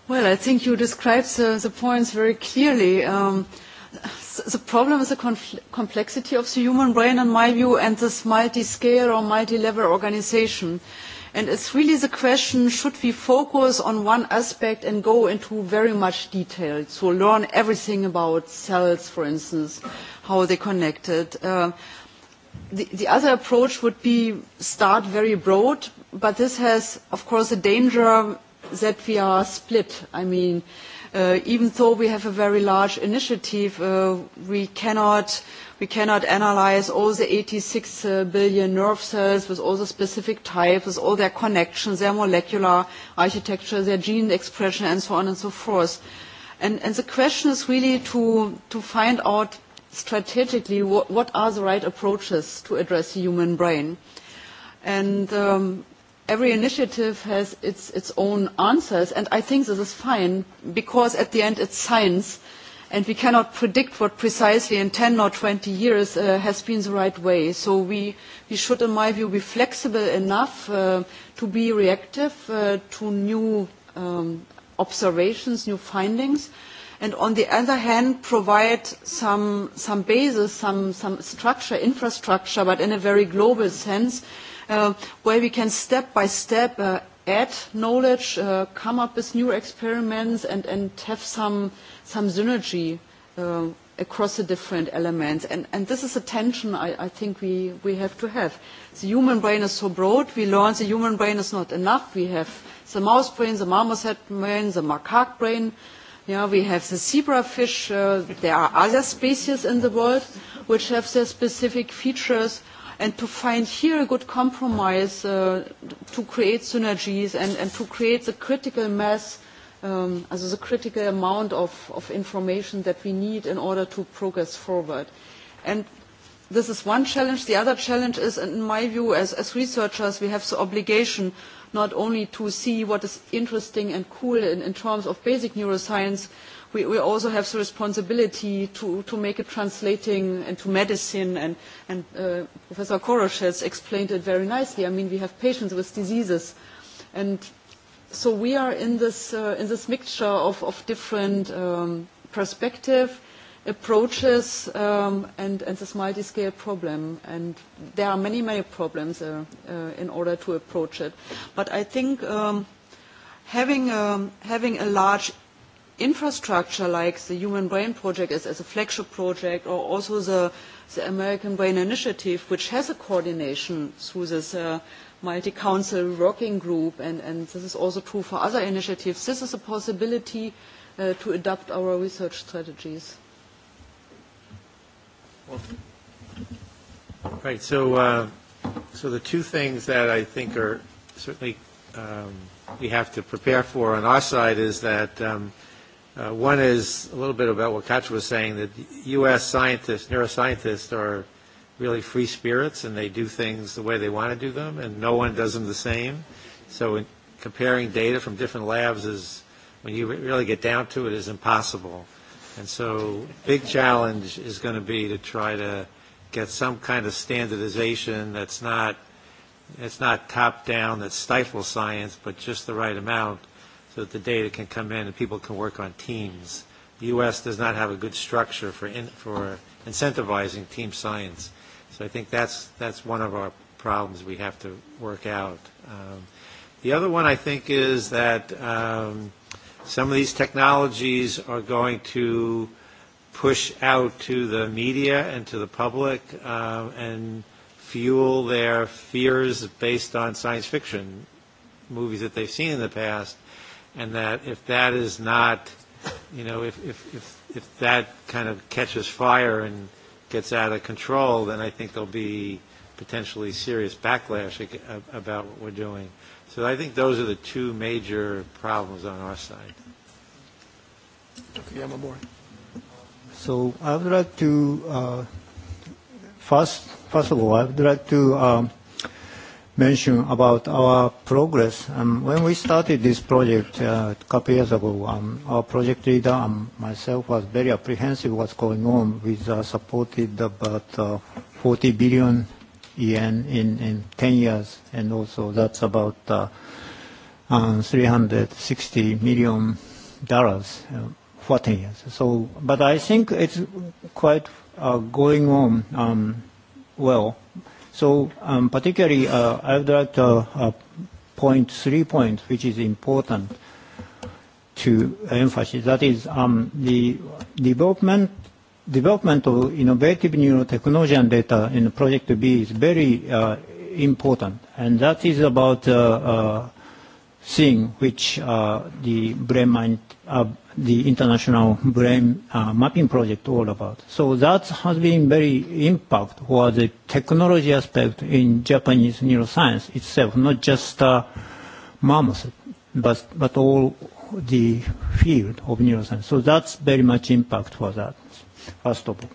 Well, I think you described the, the points very clearly. Um, the problem is the complexity of the human brain, in my view, and this multi-scale or multi-level organization. Uh, And it's really the question, should we focus on one aspect and go into very much detail to learn everything about cells, for instance, how they're connected. Uh, the, the other approach would be start very broad, but this has, of course, a danger that we are split. I mean, uh, Uh, even though we have a very large initiative, uh, we cannot we cannot analyze all the 86 uh, billion nerve cells with all the specific types, with all their connections, their molecular architecture, their gene expression, and so on and so forth. And, and the question is really to, to find out strategically what, what are the right approaches to address the human brain. And um, every initiative has its, its own answers, and I think this is fine because at the end it's science, and we cannot predict what precisely in 10 or 20 years uh, has been the right way. So we, we should, in my view, be flexible enough uh, to be reactive uh, to new um, observations, new findings, and on the other hand, provide some, some basis, some, some structure, infrastructure, but in a very global sense, Uh, where we can step by step uh, add knowledge, uh, come up with new experiments, and, and have some, some synergy uh, across the different elements. And, and this is a tension I, I think we, we have to have. The human brain is so broad, we learn the human brain is not enough. We have the mouse brain, the marmoset brain, the macaque brain. Yeah, we have the zebrafish. Uh, there are other species in the world which have their specific features and to find here a good compromise uh, to create synergies and, and to create the critical mass, um, also the critical amount of, of information that we need in order to progress forward. And this is one challenge. The other challenge is, in my view, as, as researchers, we have the obligation not only to see what is interesting and cool in, in terms of basic neuroscience, we, we also have the responsibility to, to make it translating into medicine, and, and uh, Professor Korosh has explained it very nicely. I mean, we have patients with diseases, and so we are in this, uh, in this mixture of, of different um, perspective, approaches um, and, and this multi-scale problem. And there are many, many problems uh, uh, in order to approach it. But I think um, having, um, having a large infrastructure like the Human Brain Project is as a flagship project or also the, the American Brain Initiative, which has a coordination through this uh, multi-council working group, and, and this is also true for other initiatives. This is a possibility uh, to adapt our research strategies. Right, so, uh, so the two things that I think are certainly um, we have to prepare for on our side is that um, – Uh, one is a little bit about what Katja was saying, that U.S. scientists, neuroscientists are really free spirits and they do things the way they want to do them and no one does them the same. So in comparing data from different labs is, when you really get down to it, is impossible. And so big challenge is going to be to try to get some kind of standardization that's not, that's not top down, that stifles science, but just the right amount so that the data can come in and people can work on teams. The U.S. does not have a good structure for, in, for incentivizing team science. So I think that's, that's one of our problems we have to work out. Um, the other one I think is that um, some of these technologies are going to push out to the media and to the public uh, and fuel their fears based on science fiction movies that they've seen in the past and that if that is not, you know, if, if, if, if that kind of catches fire and gets out of control, then I think there'll be potentially serious backlash about what we're doing. So I think those are the two major problems on our side. Dr. Yamamori. So I would like to, uh, first, first of all, I would like to um, mention about our progress. Um, when we started this project uh, a couple years ago, um, our project leader and um, myself was very apprehensive what's going on. We uh, supported about uh, 40 billion yen in, in 10 years, and also that's about uh, um, uh, 360 million dollars uh, for 10 years. So, but I think it's quite uh, going on um, well So um, particularly, uh, I would like to uh, point three points, which is important to emphasize. That is um, the development development of innovative neurotechnology and data in Project B is very uh, important, and that is about uh, uh, thing which uh, the brain mind uh, the international brain uh, mapping project all about. So that has been very impact for the technology aspect in Japanese neuroscience itself, not just uh, mammoth, but, but all the field of neuroscience. So that's very much impact for that, first of all.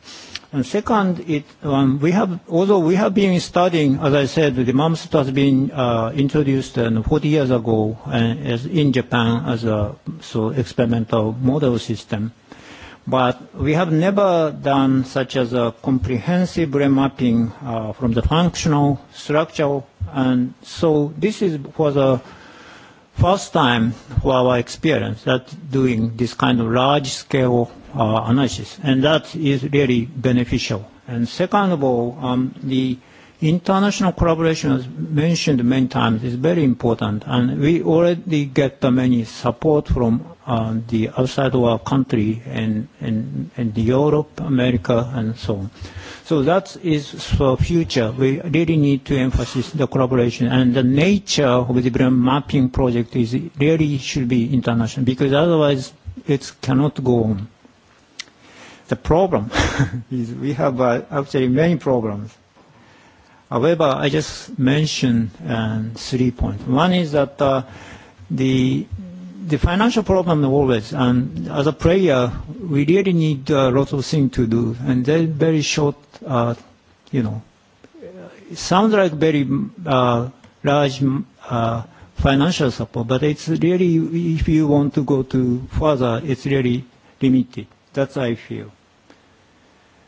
And second, it, um, we have, although we have been studying, as I said, the MAMST has been uh, introduced um, 40 years ago uh, as in Japan as a so experimental model system. But we have never done such as a comprehensive brain mapping uh, from the functional, structural, and so this is for the first time for our experience that doing this kind of large scale uh, analysis, and that is really beneficial. And second of all, um, the international collaboration, as mentioned many times, is very important, and we already get uh, many support from uh, the outside of our country and, and, and Europe, America, and so on. So that is for future. We really need to emphasize the collaboration and the nature of the brain mapping project is really should be international because otherwise it cannot go on. The problem <laughs> is we have uh, actually many problems. However, I just mentioned um, three points. One is that uh, the the financial problem always, and as a player, we really need a uh, lot of things to do, and they're very short, uh, you know, it sounds like very uh, large uh, financial support, but it's really, if you want to go to further, it's really limited. That's how I feel.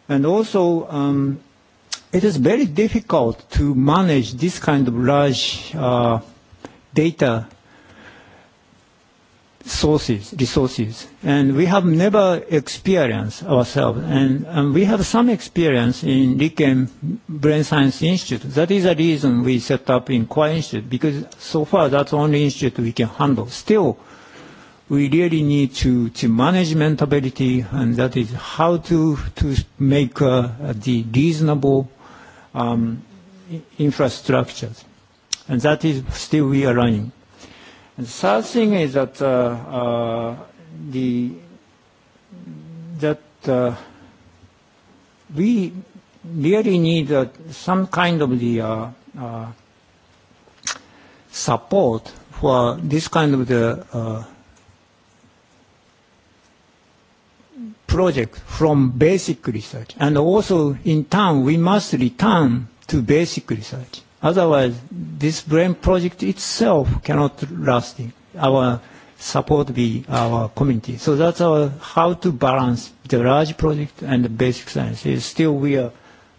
And also, um, it is very difficult to manage this kind of large uh, data sources, resources. And we have never experienced ourselves. And, and we have some experience in Riken Brain Science Institute. That is the reason we set up in Quai Institute, because so far that's the only institute we can handle. Still, we really need to, to management ability, and that is how to, to make uh, the reasonable um, infrastructures. And that is still we are running. And third thing is that uh, uh, the that uh, we really need uh, some kind of the uh, uh, support for this kind of the uh, project from basic research. And also in time, we must return to basic research. Otherwise, this brain project itself cannot last. Our support be our community. So that's our, how to balance the large project and the basic science. It's still we are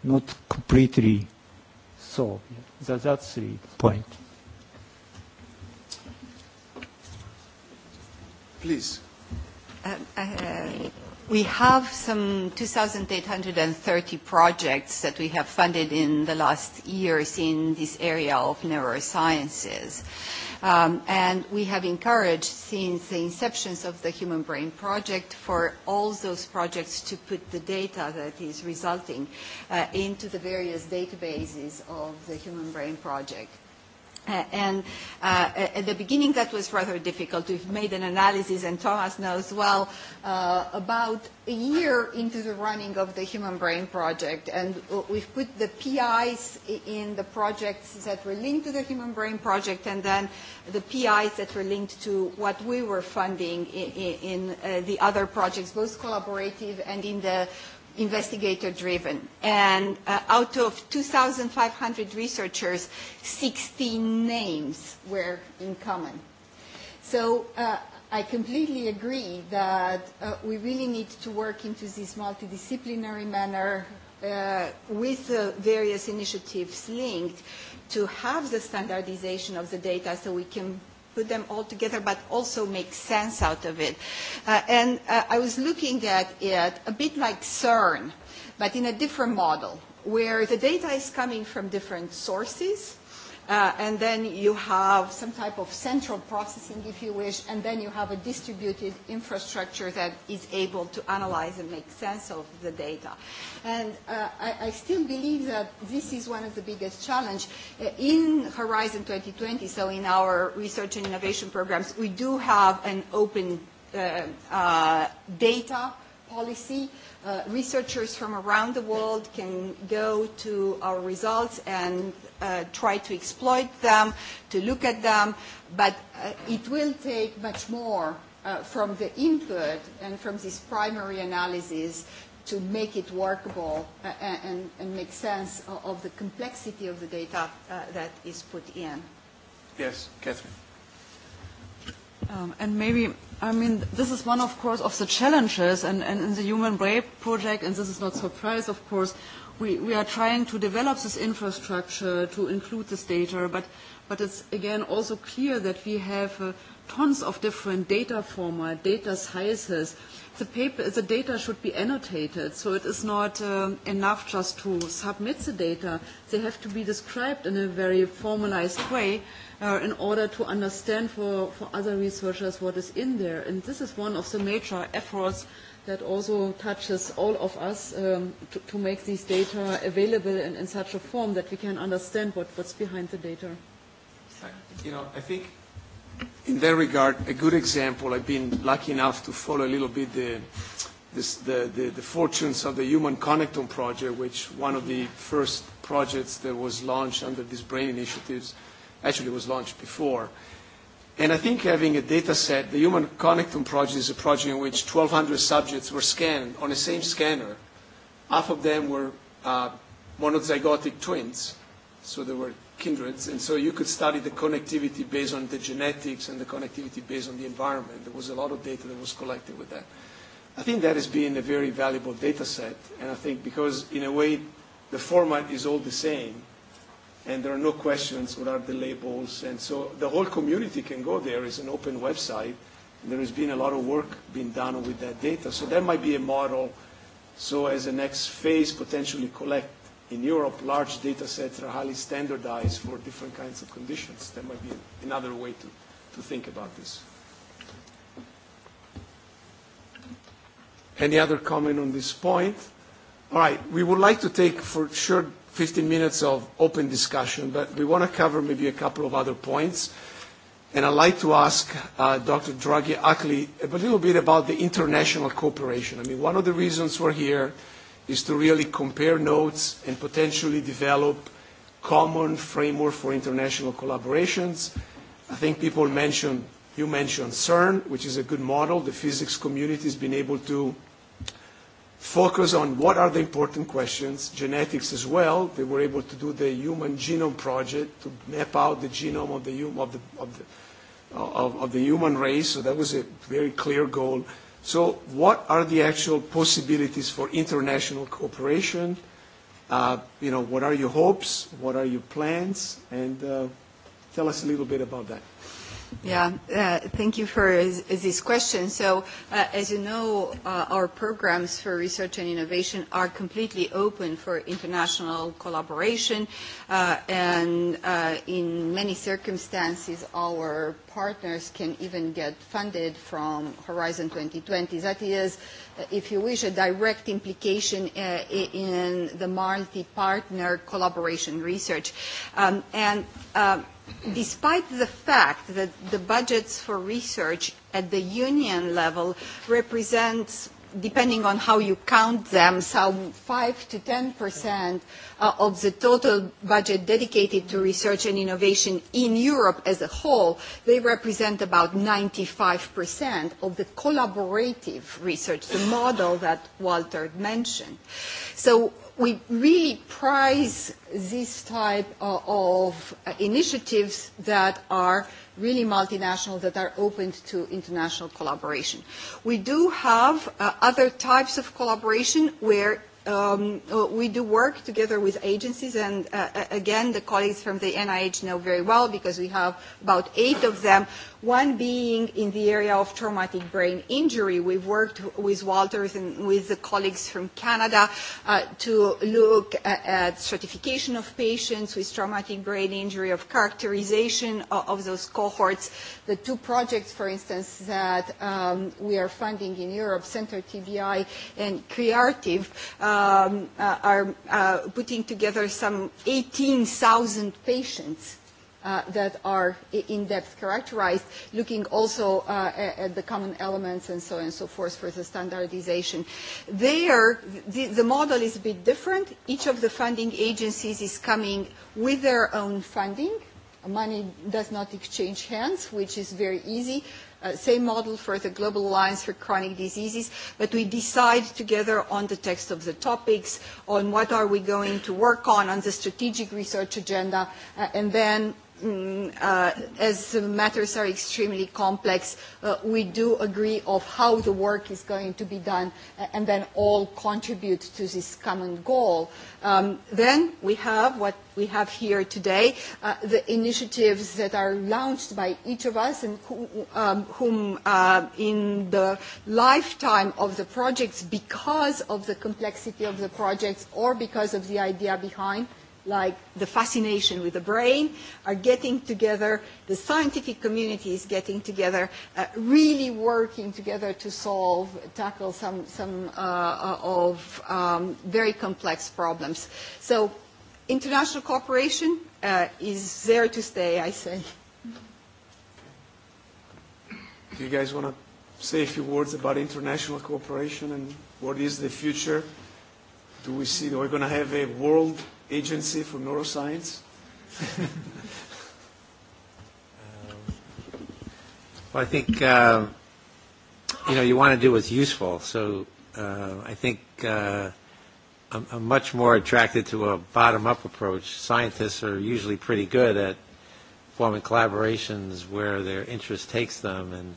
not completely solved. That, that's the point. Please. Um, uh, uh, We have some 2,830 projects that we have funded in the last years in this area of neurosciences. Um, and we have encouraged since the inception of the Human Brain Project for all those projects to put the data that is resulting uh, into the various databases of the Human Brain Project and uh, at the beginning that was rather difficult. We've made an analysis, and Thomas knows well, uh, about a year into the running of the Human Brain Project, and we've put the PIs in the projects that were linked to the Human Brain Project, and then the PIs that were linked to what we were funding in, in in uh, the other projects, both collaborative and in the uh, investigator driven. And uh, out of 2,500 researchers, 16 names were in common. So uh, I completely agree that uh, we really need to work into this multidisciplinary manner uh, with the various initiatives linked to have the standardization of the data so we can put them all together, but also make sense out of it. Uh, and uh, I was looking at it a bit like CERN, but in a different model, where the data is coming from different sources, Uh, and then you have some type of central processing, if you wish, and then you have a distributed infrastructure that is able to analyze and make sense of the data. And uh, I, I still believe that this is one of the biggest challenges. Uh, in Horizon 2020, so in our research and innovation programs, we do have an open uh, uh, data policy. Uh, researchers from around the world can go to our results and uh, try to exploit them, to look at them, but uh, it will take much more uh, from the input and from this primary analysis to make it workable uh, and, and make sense of the complexity of the data uh, that is put in. Yes, Catherine. Um, and maybe, I mean, this is one, of course, of the challenges, and, and in the Human Brain Project, and this is not surprise, of course, we, we are trying to develop this infrastructure to include this data, but, but it's again also clear that we have uh, tons of different data format, data sizes. The, paper, the data should be annotated, so it is not uh, enough just to submit the data. They have to be described in a very formalized way uh, in order to understand for, for other researchers what is in there. And this is one of the major efforts that also touches all of us um, to, to make these data available in, in such a form that we can understand what, what's behind the data. You know, I think in that regard, a good example, I've been lucky enough to follow a little bit the, this, the, the, the fortunes of the Human Connectome Project, which one of the first projects that was launched under these brain initiatives actually was launched before. And I think having a data set, the Human Connectome project is a project in which 1,200 subjects were scanned on the same scanner. Half of them were uh, monozygotic twins, so they were kindreds. And so you could study the connectivity based on the genetics and the connectivity based on the environment. There was a lot of data that was collected with that. I think that has been a very valuable data set. And I think because, in a way, the format is all the same, and there are no questions what are the labels and so the whole community can go there it's an open website and there has been a lot of work being done with that data so that might be a model so as a next phase potentially collect in Europe large data sets are highly standardized for different kinds of conditions that might be another way to, to think about this any other comment on this point all right we would like to take for sure 15 minutes of open discussion, but we want to cover maybe a couple of other points. I'd like to ask uh, Dr. Draghi Akli a little bit about the international cooperation. I mean, one of the reasons we're here is to really compare notes and potentially develop common framework for international collaborations. I think people mentioned, you mentioned CERN, which is a good model. The physics community has been able to focus on what are the important questions, genetics as well. They were able to do the Human Genome Project to map out the genome of the, of the, of the, of, of the human race, so that was a very clear goal. So what are the actual possibilities for international cooperation? Uh, you know, what are your hopes? What are your plans? And uh, tell us a little bit about that. Yeah, uh, thank you for this question. So, uh, as you know, uh, our programs for research and innovation are completely open for international collaboration, uh, and uh, in many circumstances, our partners can even get funded from Horizon 2020. That is, uh, if you wish, a direct implication uh, in the multi-partner collaboration research. Um, and um, despite the fact that the budgets for research at the union level represents depending on how you count them, some 5 to 10 percent uh, of the total budget dedicated to research and innovation in Europe as a whole, they represent about 95 percent of the collaborative research, the model that Walter mentioned. So we really prize this type uh, of uh, initiatives that are really multinational, that are open to international collaboration. We do have uh, other types of collaboration where um, uh, we do work together with agencies, and uh, again, the colleagues from the NIH know very well because we have about eight of them One being in the area of traumatic brain injury. We've worked with Walters and with the colleagues from Canada uh, to look at, at stratification of patients with traumatic brain injury, of characterization of, of those cohorts. The two projects, for instance, that um, we are funding in Europe, Center TBI and Creative, um, uh, are uh, putting together some 18,000 patients uh, that are in depth characterized, looking also uh, at the common elements and so on and so forth for the standardization. There, the, the model is a bit different. Each of the funding agencies is coming with their own funding. Money does not exchange hands, which is very easy. Uh, same model for the Global Alliance for Chronic Diseases, but we decide together on the text of the topics, on what are we going to work on, on the strategic research agenda, uh, and then Mm, uh, as matters are extremely complex, uh, we do agree of how the work is going to be done and then all contribute to this common goal. Um, then we have what we have here today, uh, the initiatives that are launched by each of us and who, um, whom uh, in the lifetime of the projects, because of the complexity of the projects or because of the idea behind, uh, like the fascination with the brain are getting together, the scientific community is getting together, uh, really working together to solve, tackle some, some uh, uh of um, very complex problems. So international cooperation uh, is there to stay, I say. Do you guys want to say a few words about international cooperation and what is the future? Do we see, are we going to have a world agency for neuroscience? um, <laughs> well, I think uh, you know you want to do what's useful. So uh, I think uh, I'm, I'm much more attracted to a bottom-up approach. Scientists are usually pretty good at forming collaborations where their interest takes them, and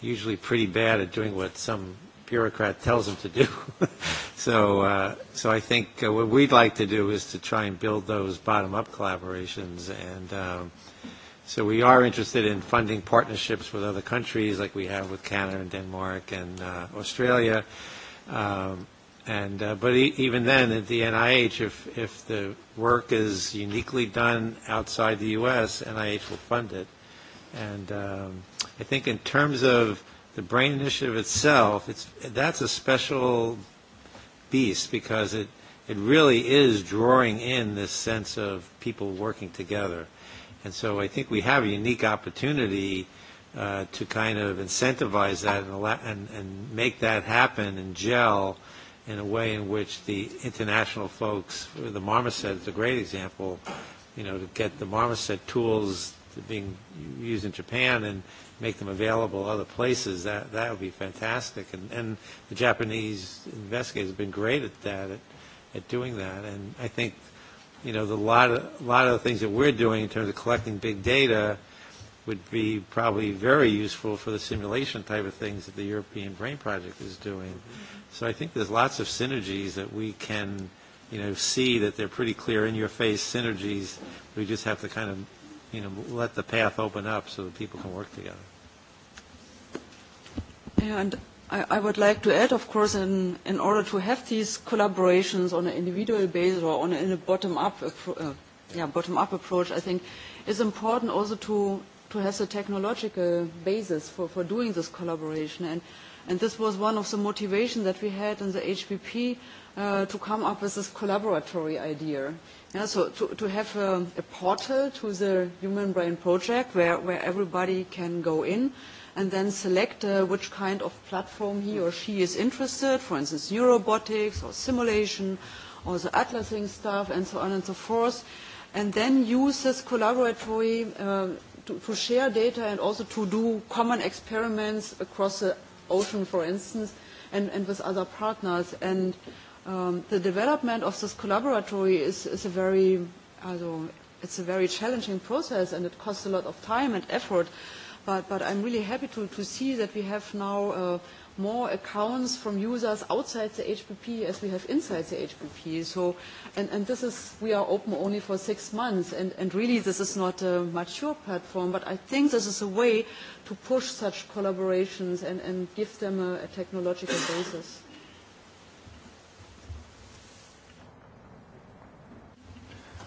usually pretty bad at doing what some bureaucrat tells them to do. <laughs> so, uh, so I think uh, what we'd like to do is to try and build those bottom-up collaborations. And um, so we are interested in funding partnerships with other countries, like we have with Canada and Denmark and uh, Australia. Um, and uh, but e- even then, at the NIH, if if the work is uniquely done outside the U.S., NIH will fund it. And um, I think in terms of the brain initiative itself, it's, that's a special beast because it, it really is drawing in this sense of people working together. And so I think we have a unique opportunity uh, to kind of incentivize that and, and, and make that happen and gel in a way in which the international folks, the Marmoset is a great example, you know, to get the Marmoset tools being used in Japan and make them available other places, that, that would be fantastic. And, and the Japanese investigators have been great at that, at, at doing that. And I think, you know, the lot of, lot of the things that we're doing in terms of collecting big data would be probably very useful for the simulation type of things that the European Brain Project is doing. So I think there's lots of synergies that we can, you know, see that they're pretty clear in your face synergies. We just have to kind of you know, let the path open up so that people can work together. and I, I would like to add, of course, in, in order to have these collaborations on an individual basis or on a, in a bottom-up uh, yeah, bottom approach, I think it's important also to to have the technological basis for, for doing this collaboration. And, and this was one of the motivations that we had in the HPP uh, to come up with this collaboratory idea. Yeah, so to, to have a, a portal to the Human Brain Project where, where everybody can go in and then select uh, which kind of platform he or she is interested, for instance, neurobotics or simulation or the atlasing stuff and so on and so forth, and then use this collaboratory uh, to, to share data and also to do common experiments across the ocean, for instance, and, and with other partners. And Um, the development of this collaboratory is, is a very, also, it's a very challenging process and it costs a lot of time and effort. But, but I'm really happy to, to see that we have now uh, more accounts from users outside the HPP as we have inside the HPP. So, and, and this is, we are open only for six months, and, and really this is not a mature platform, but I think this is a way to push such collaborations and, and give them a, a technological basis.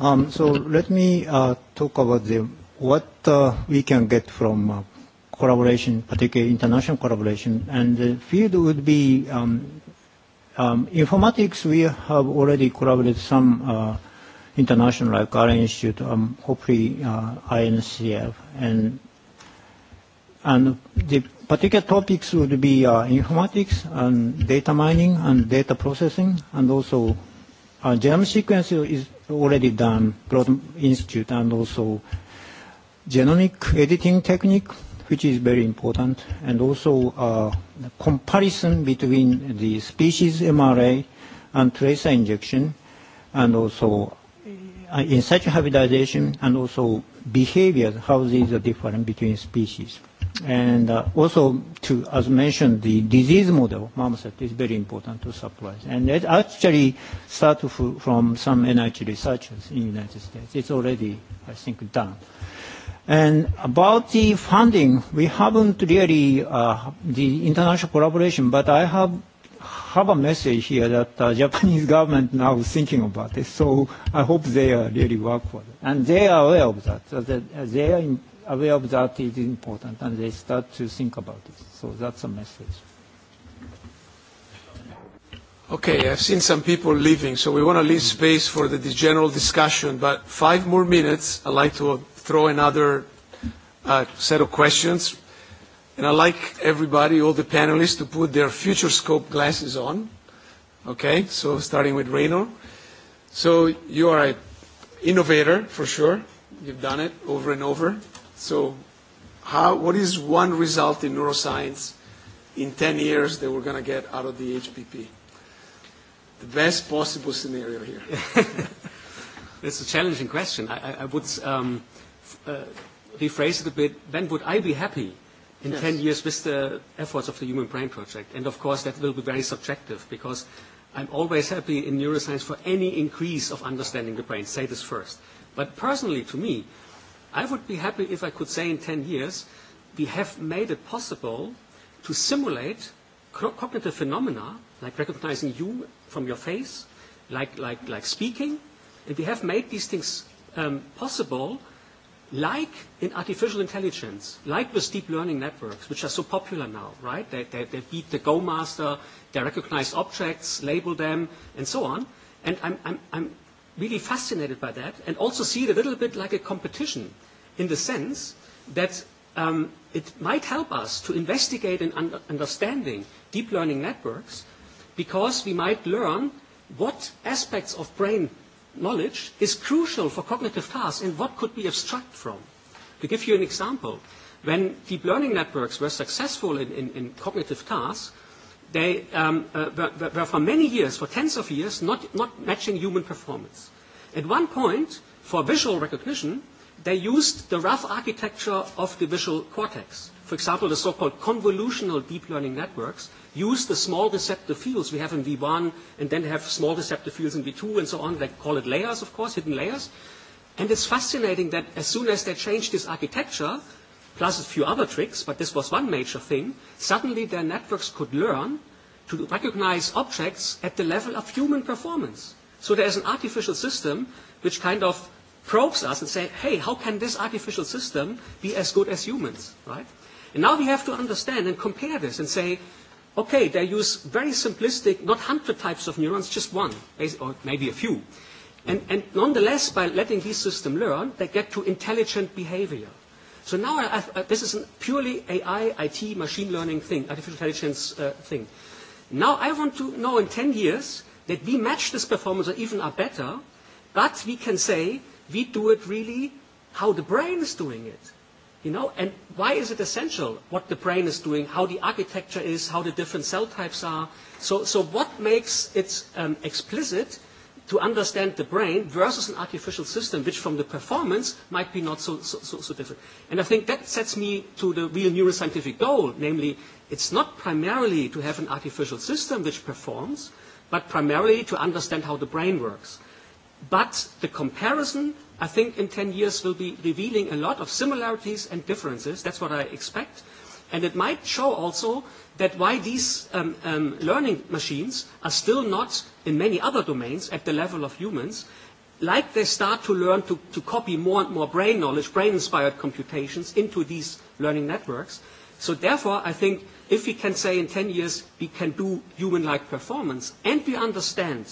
Um, so let me uh, talk about the, what uh, we can get from uh, collaboration, particularly international collaboration. And the field would be um, um, informatics. We have already collaborated some uh, international, like our institute, um, hopefully uh, INCF, and and the particular topics would be uh, informatics and data mining and data processing, and also uh, genome sequencing is already done, Broad Institute, and also genomic editing technique, which is very important, and also uh, the comparison between the species MRA and tracer injection, and also uh, in such hybridization, and also behaviors, how these are different between species. And uh, also, to, as mentioned, the disease model marmoset is very important to supply. And it actually started from some NIH researchers in the United States. It's already, I think, done. And about the funding, we haven't really uh, the international collaboration, but I have have a message here that uh, <laughs> Japanese government now is thinking about this. So I hope they are really work for it. And they are aware of that. So that they are in, aware of that is important, and they start to think about it. So that's a message. Okay, I've seen some people leaving, so we want to leave space for the general discussion, but five more minutes. I'd like to throw another uh, set of questions. And I'd like everybody, all the panelists, to put their future scope glasses on. Okay, so starting with Raynor. So you are an innovator, for sure. You've done it over and over. So how, what is one result in neuroscience in 10 years that we're going to get out of the HPP? The best possible scenario here. It's <laughs> a challenging question. I, I, I would um, uh, rephrase it a bit. When would I be happy in yes. 10 years with the efforts of the Human Brain Project? And of course, that will be very subjective because I'm always happy in neuroscience for any increase of understanding the brain. Say this first. But personally, to me, I would be happy if I could say in 10 years, we have made it possible to simulate cognitive phenomena like recognizing you from your face, like, like, like speaking, and we have made these things um, possible like in artificial intelligence, like with deep learning networks, which are so popular now, right? They, they, they beat the Go master, they recognize objects, label them, and so on. And I'm, I'm, I'm really fascinated by that and also see it a little bit like a competition in the sense that um, it might help us to investigate and un- understanding deep learning networks because we might learn what aspects of brain knowledge is crucial for cognitive tasks and what could we abstract from. To give you an example, when deep learning networks were successful in, in, in cognitive tasks, They um, uh, were, were for many years, for tens of years, not, not matching human performance. At one point, for visual recognition, they used the rough architecture of the visual cortex. For example, the so-called convolutional deep learning networks use the small receptive fields we have in V1 and then have small receptive fields in V2 and so on. They call it layers, of course, hidden layers. And it's fascinating that as soon as they change this architecture, plus a few other tricks, but this was one major thing, suddenly their networks could learn to recognize objects at the level of human performance. So there is an artificial system which kind of probes us and say, hey, how can this artificial system be as good as humans, right? And now we have to understand and compare this and say, okay, they use very simplistic, not hundred types of neurons, just one, or maybe a few. And, and nonetheless, by letting these systems learn, they get to intelligent behavior. So now I, I, uh, this is a purely AI, IT, machine learning thing, artificial intelligence uh, thing. Now I want to know in 10 years that we match this performance or even are better, but we can say we do it really how the brain is doing it. You know, and why is it essential what the brain is doing, how the architecture is, how the different cell types are? So, so what makes it um, explicit to understand the brain versus an artificial system, which from the performance might be not so, so, so, so different. And I think that sets me to the real neuroscientific goal, namely, it's not primarily to have an artificial system which performs, but primarily to understand how the brain works. But the comparison, I think, in 10 years will be revealing a lot of similarities and differences. That's what I expect. And it might show also that why these um, um, learning machines are still not, in many other domains, at the level of humans, like they start to learn to, to copy more and more brain knowledge, brain-inspired computations into these learning networks. So therefore, I think if we can say in 10 years we can do human-like performance and we understand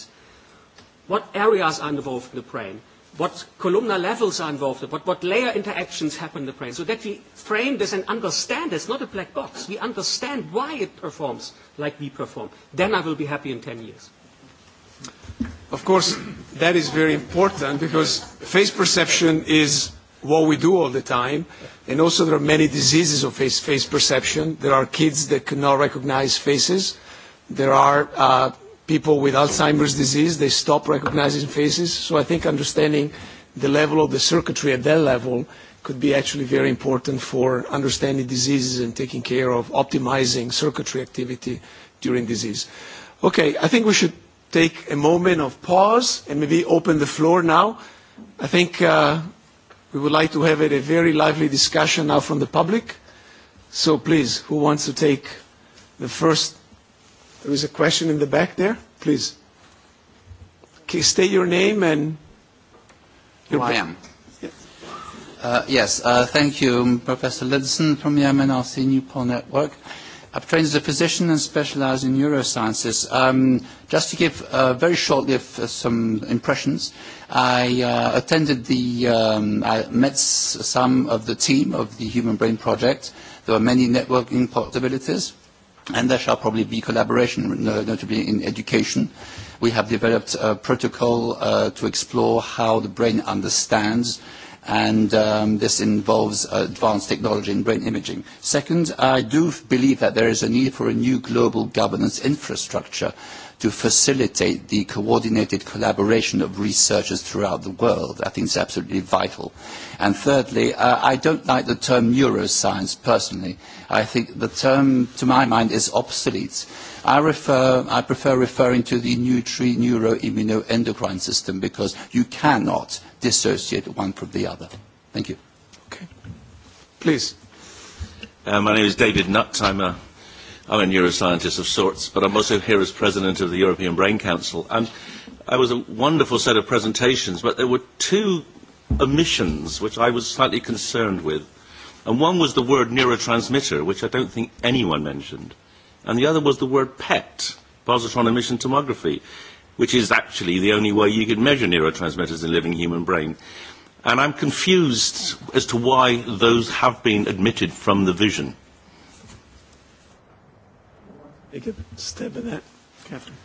what areas are involved in the brain, what columnar levels are involved, what, what layer interactions happen in the brain, so that we frame this and understand it's not a black box. We understand why it performs like we perform. Then I will be happy in 10 years. Of course, that is very important because face perception is what we do all the time. And also there are many diseases of face, face perception. There are kids that cannot recognize faces. There are uh, people with Alzheimer's disease, they stop recognizing faces. So I think understanding the level of the circuitry at that level could be actually very important for understanding diseases and taking care of optimizing circuitry activity during disease. Okay, I think we should take a moment of pause and maybe open the floor now. I think uh, we would like to have a very lively discussion now from the public. So please, who wants to take the first There is a question in the back there, please. Okay, state your name and your who I am. Uh, yes, uh, thank you, Professor Lidson from the MNRC Newport Network. I'm trained as a physician and specialize in neurosciences. Um, just to give uh, very shortly f- uh, some impressions, I uh, attended the, um, I met some of the team of the Human Brain Project. There were many networking possibilities and there shall probably be collaboration, uh, notably in education. We have developed a protocol uh, to explore how the brain understands, and um, this involves uh, advanced technology in brain imaging. Second, I do believe that there is a need for a new global governance infrastructure to facilitate the coordinated collaboration of researchers throughout the world. I think it's absolutely vital. And thirdly, uh, I don't like the term neuroscience personally. I think the term, to my mind, is obsolete. I, refer, I prefer referring to the nutri neuroimmunoendocrine system because you cannot dissociate one from the other. Thank you. Okay. Please. Uh, my name is David Nutt. I'm a I'm a neuroscientist of sorts, but I'm also here as president of the European Brain Council. And I was a wonderful set of presentations, but there were two omissions which I was slightly concerned with. And one was the word neurotransmitter, which I don't think anyone mentioned. And the other was the word PET, positron emission tomography, which is actually the only way you could measure neurotransmitters in living human brain. And I'm confused as to why those have been admitted from the vision take a that? Catherine.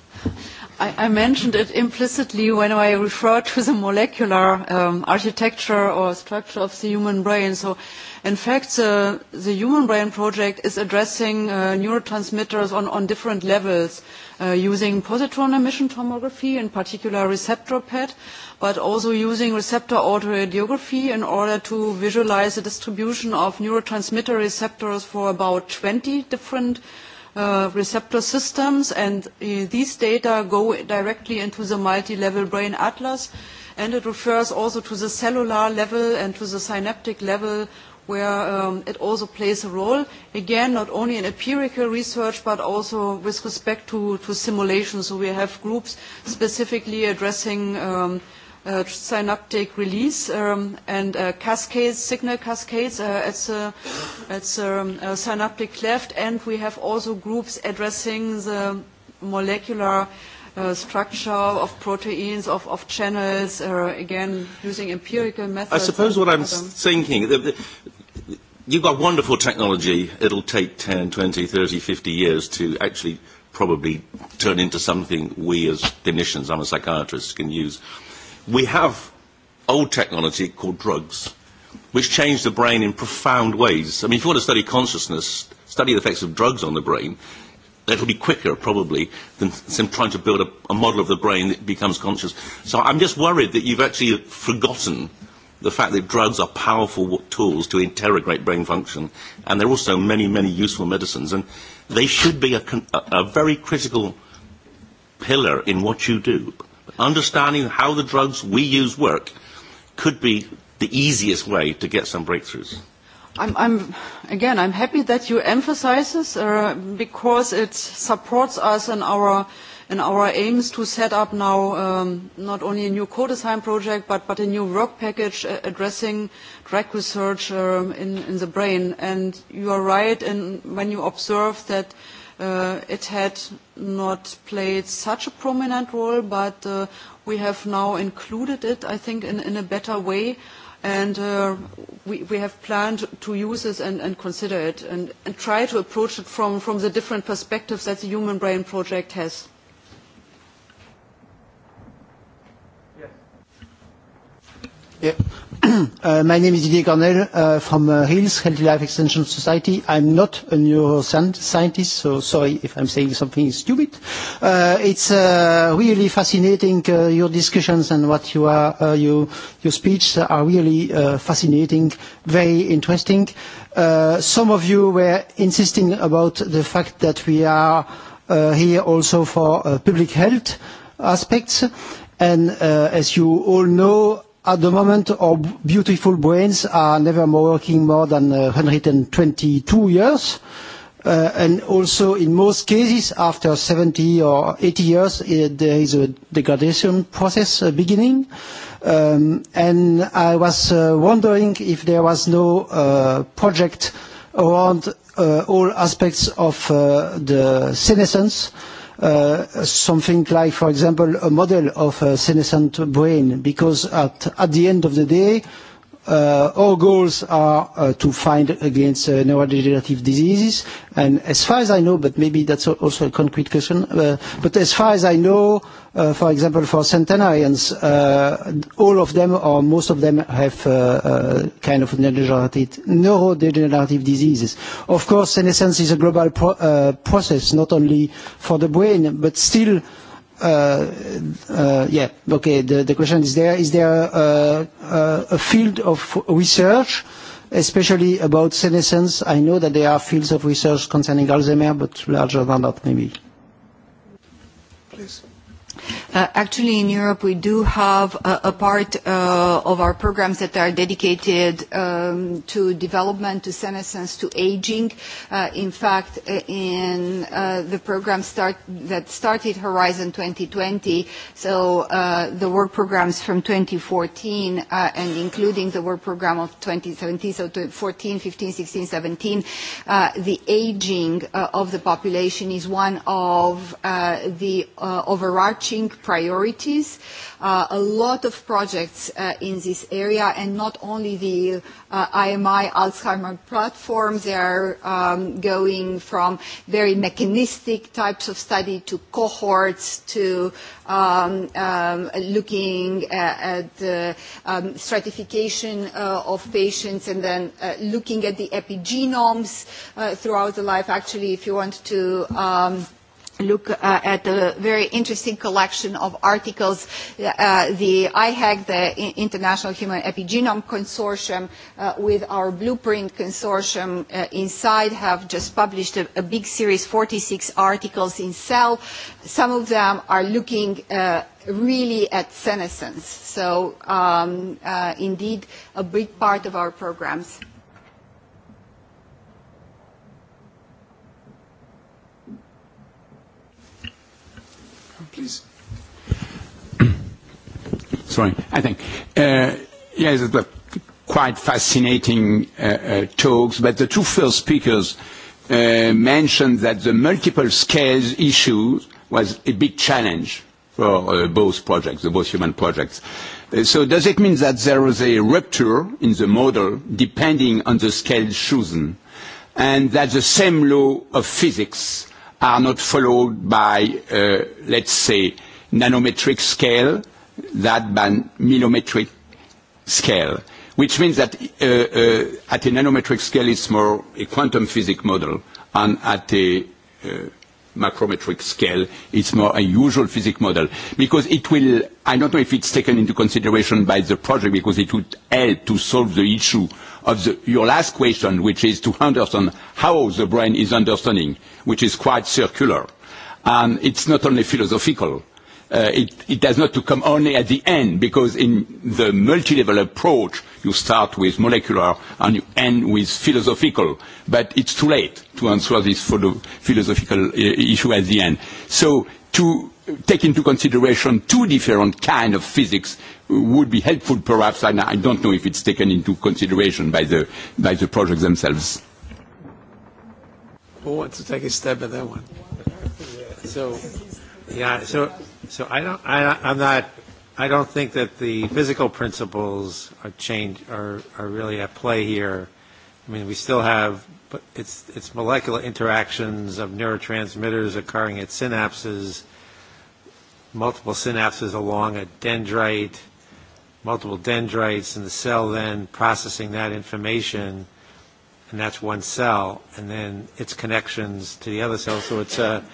I, I mentioned it implicitly when I referred to the molecular um, architecture or structure of the human brain. So, in fact, uh, the Human Brain Project is addressing uh, neurotransmitters on, on different levels uh, using positron emission tomography, in particular receptor PET, but also using receptor autoradiography in order to visualize the distribution of neurotransmitter receptors for about 20 different uh, Uh, receptor systems, and uh, these data go directly into the multi-level brain atlas, and it refers also to the cellular level and to the synaptic level where um, it also plays a role, again, not only in empirical research, but also with respect to, to simulations. So we have groups specifically addressing um, uh, synaptic release um, and uh, cascades, signal cascades uh, at, the, um, uh, synaptic cleft, and we have also groups addressing the molecular uh, structure of proteins, of, of channels, uh, again, using empirical methods. I suppose what I'm um, thinking, the, the, you've got wonderful technology. It'll take 10, 20, 30, 50 years to actually probably turn into something we as clinicians, I'm a psychiatrist, can use. Uh, We have old technology called drugs, which change the brain in profound ways. I mean, if you want to study consciousness, study the effects of drugs on the brain, that'll be quicker probably than some trying to build a, a model of the brain that becomes conscious. So I'm just worried that you've actually forgotten the fact that drugs are powerful tools to interrogate brain function, and there are also many, many useful medicines, and they should be a, a, a very critical pillar in what you do understanding how the drugs we use work could be the easiest way to get some breakthroughs. I'm, I'm, again, I'm happy that you emphasize this uh, because it supports us in our, in our aims to set up now um, not only a new co-design project but, but a new work package uh, addressing drug research uh, in, in the brain. And you are right in, when you observe that uh, it had not played such a prominent role, but uh, we have now included it, I think, in, in a better way. And uh, we, we have planned to use this and, and consider it and, and try to approach it from, from the different perspectives that the Human Brain Project has. Yeah, Uh, my name is Didier Cornell uh, from uh, Hills Healthy Life Extension Society. I'm not a neuroscientist, so sorry if I'm saying something stupid. Uh, it's uh, really fascinating uh, your discussions and what you are uh, you, your speech are really uh, fascinating, very interesting. Uh, some of you were insisting about the fact that we are uh, here also for uh, public health aspects. And uh, as you all know, At the moment, our beautiful brains are never more working more than 122 uh, years. Uh, and also, in most cases, after 70 or 80 years, it, uh, there is a degradation process uh, beginning. Um, and I was uh, wondering if there was no uh, project around uh, all aspects of uh, the senescence uh, Uh, something like, for example, a model of a uh, senescent brain, because at, at the end of the day, our uh, goals are uh, to fight against uh, neurodegenerative diseases. And as far as I know, but maybe that's also a concrete question, uh, but as far as I know, uh, for example, for centenarians, uh, all of them or most of them have uh, uh, kind of neurodegenerative, neurodegenerative diseases. Of course, senescence is a global pro uh, process, not only for the brain, but still Uh, uh, yeah, okay, the, the question is there, is there a, uh, a, uh, a field of research, especially about senescence? I know that there are fields of research concerning Alzheimer, but larger than that maybe. Please. Uh, actually, in Europe, we do have a, a part uh, of our programs that are dedicated um, to development, to senescence, to aging. Uh, in fact, uh, in uh, the program start, that started Horizon 2020, so uh, the work programs from 2014 uh, and including the work program of 2017, so 14, 15, 16, 17, uh, the aging uh, of the population is one of uh, the uh, overarching matching priorities. Uh, a lot of projects uh, in this area, and not only the uh, IMI Alzheimer platform, they are um, going from very mechanistic types of study to cohorts to um, um, looking at, uh, at the um, stratification uh, of patients and then uh, looking at the epigenomes uh, throughout the life. Actually, if you want to um, look uh, at a very interesting collection of articles. Uh, the IHEC, the International Human Epigenome Consortium, uh, with our Blueprint Consortium uh, inside, have just published a, a big series, 46 articles in Cell. Some of them are looking uh, really at senescence. So um, uh, indeed, a big part of our programs. please. <clears throat> Sorry, I think. Uh, yes, it quite fascinating uh, uh, talks, but the two first speakers uh, mentioned that the multiple scales issue was a big challenge for uh, both projects, the both human projects. Uh, so does it mean that there was a rupture in the model depending on the scale chosen, and that the same law of physics are not followed by, uh, let's say, nanometric scale, that by millimetric scale, which means that uh, uh, at a nanometric scale it's more a quantum physics model, and at a uh, macrometric scale. It's more a usual physics model because it will, I don't know if it's taken into consideration by the project because it would help to solve the issue of the, your last question, which is to understand how the brain is understanding, which is quite circular. And it's not only philosophical Uh, it, it does not to come only at the end, because in the multi-level approach, you start with molecular and you end with philosophical, but it's too late to answer this the philosophical uh, issue at the end. So to take into consideration two different kind of physics uh, would be helpful perhaps, and I don't know if it's taken into consideration by the, by the projects themselves. Who wants to take a step at that one? So, yeah, so So I don't, I, I'm not, I don't think that the physical principles are change are, are really at play here. I mean, we still have, but it's it's molecular interactions of neurotransmitters occurring at synapses, multiple synapses along a dendrite, multiple dendrites, in the cell then processing that information, and that's one cell, and then its connections to the other cells. So it's a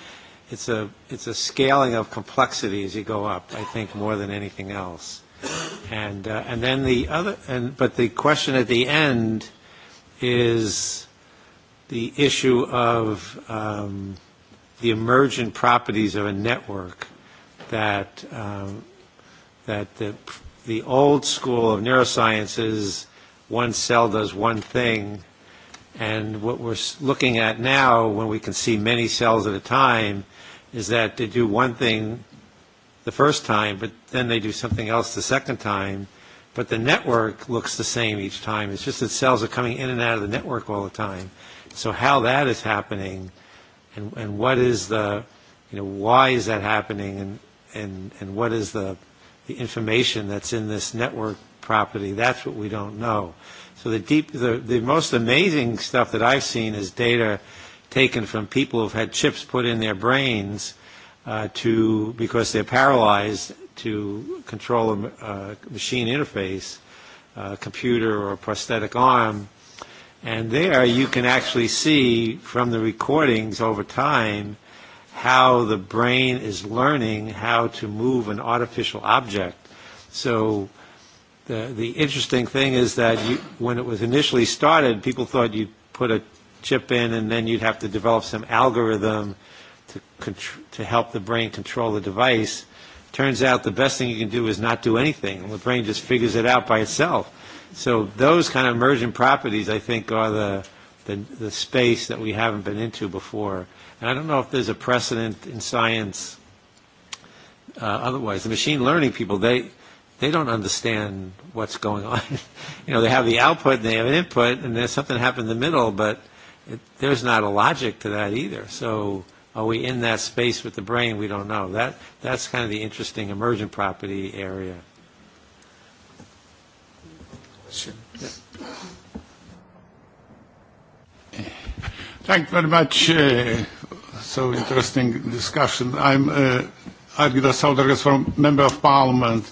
it's a it's a scaling of complexity as you go up. I think more than anything else, and uh, and then the other and but the question at the end is the issue of um, the emergent properties of a network that um, that the the old school of neuroscience is one cell does one thing. And what we're looking at now, when we can see many cells at a time, is that they do one thing the first time, but then they do something else the second time. But the network looks the same each time. It's just that cells are coming in and out of the network all the time. So how that is happening, and and what is the, you know, why is that happening, and and and what is the, the information that's in this network property? That's what we don't know. So the deep, the the most amazing stuff that I've seen is data taken from people who've had chips put in their brains uh, to because they're paralyzed to control a a uh, machine interface, a uh, computer or prosthetic arm. And there you can actually see from the recordings over time how the brain is learning how to move an artificial object. So the, the interesting thing is that you, when it was initially started, people thought you put a chip in, and then you'd have to develop some algorithm to, to help the brain control the device. Turns out the best thing you can do is not do anything. The brain just figures it out by itself. So those kind of emergent properties, I think, are the, the, the space that we haven't been into before. And I don't know if there's a precedent in science uh, otherwise. The machine learning people, they, they don't understand what's going on. <laughs> you know, they have the output and they have an input, and there's something happened in the middle, but – it, there's not a logic to that either. So are we in that space with the brain? We don't know. That, that's kind of the interesting emergent property area. Yeah. Thank you very much. Uh, so interesting discussion. I'm uh, Argida Saudargas from Member of Parliament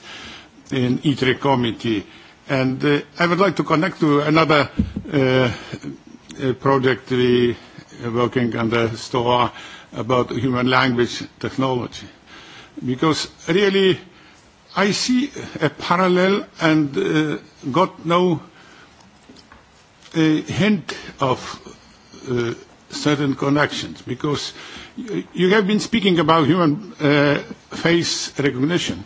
in ITRE Committee. And uh, I would like to connect to another uh, Uh, project we are working on the store about human language technology. Because really, I see a parallel and uh, got no uh, hint of uh, certain connections because you have been speaking about human uh, face recognition.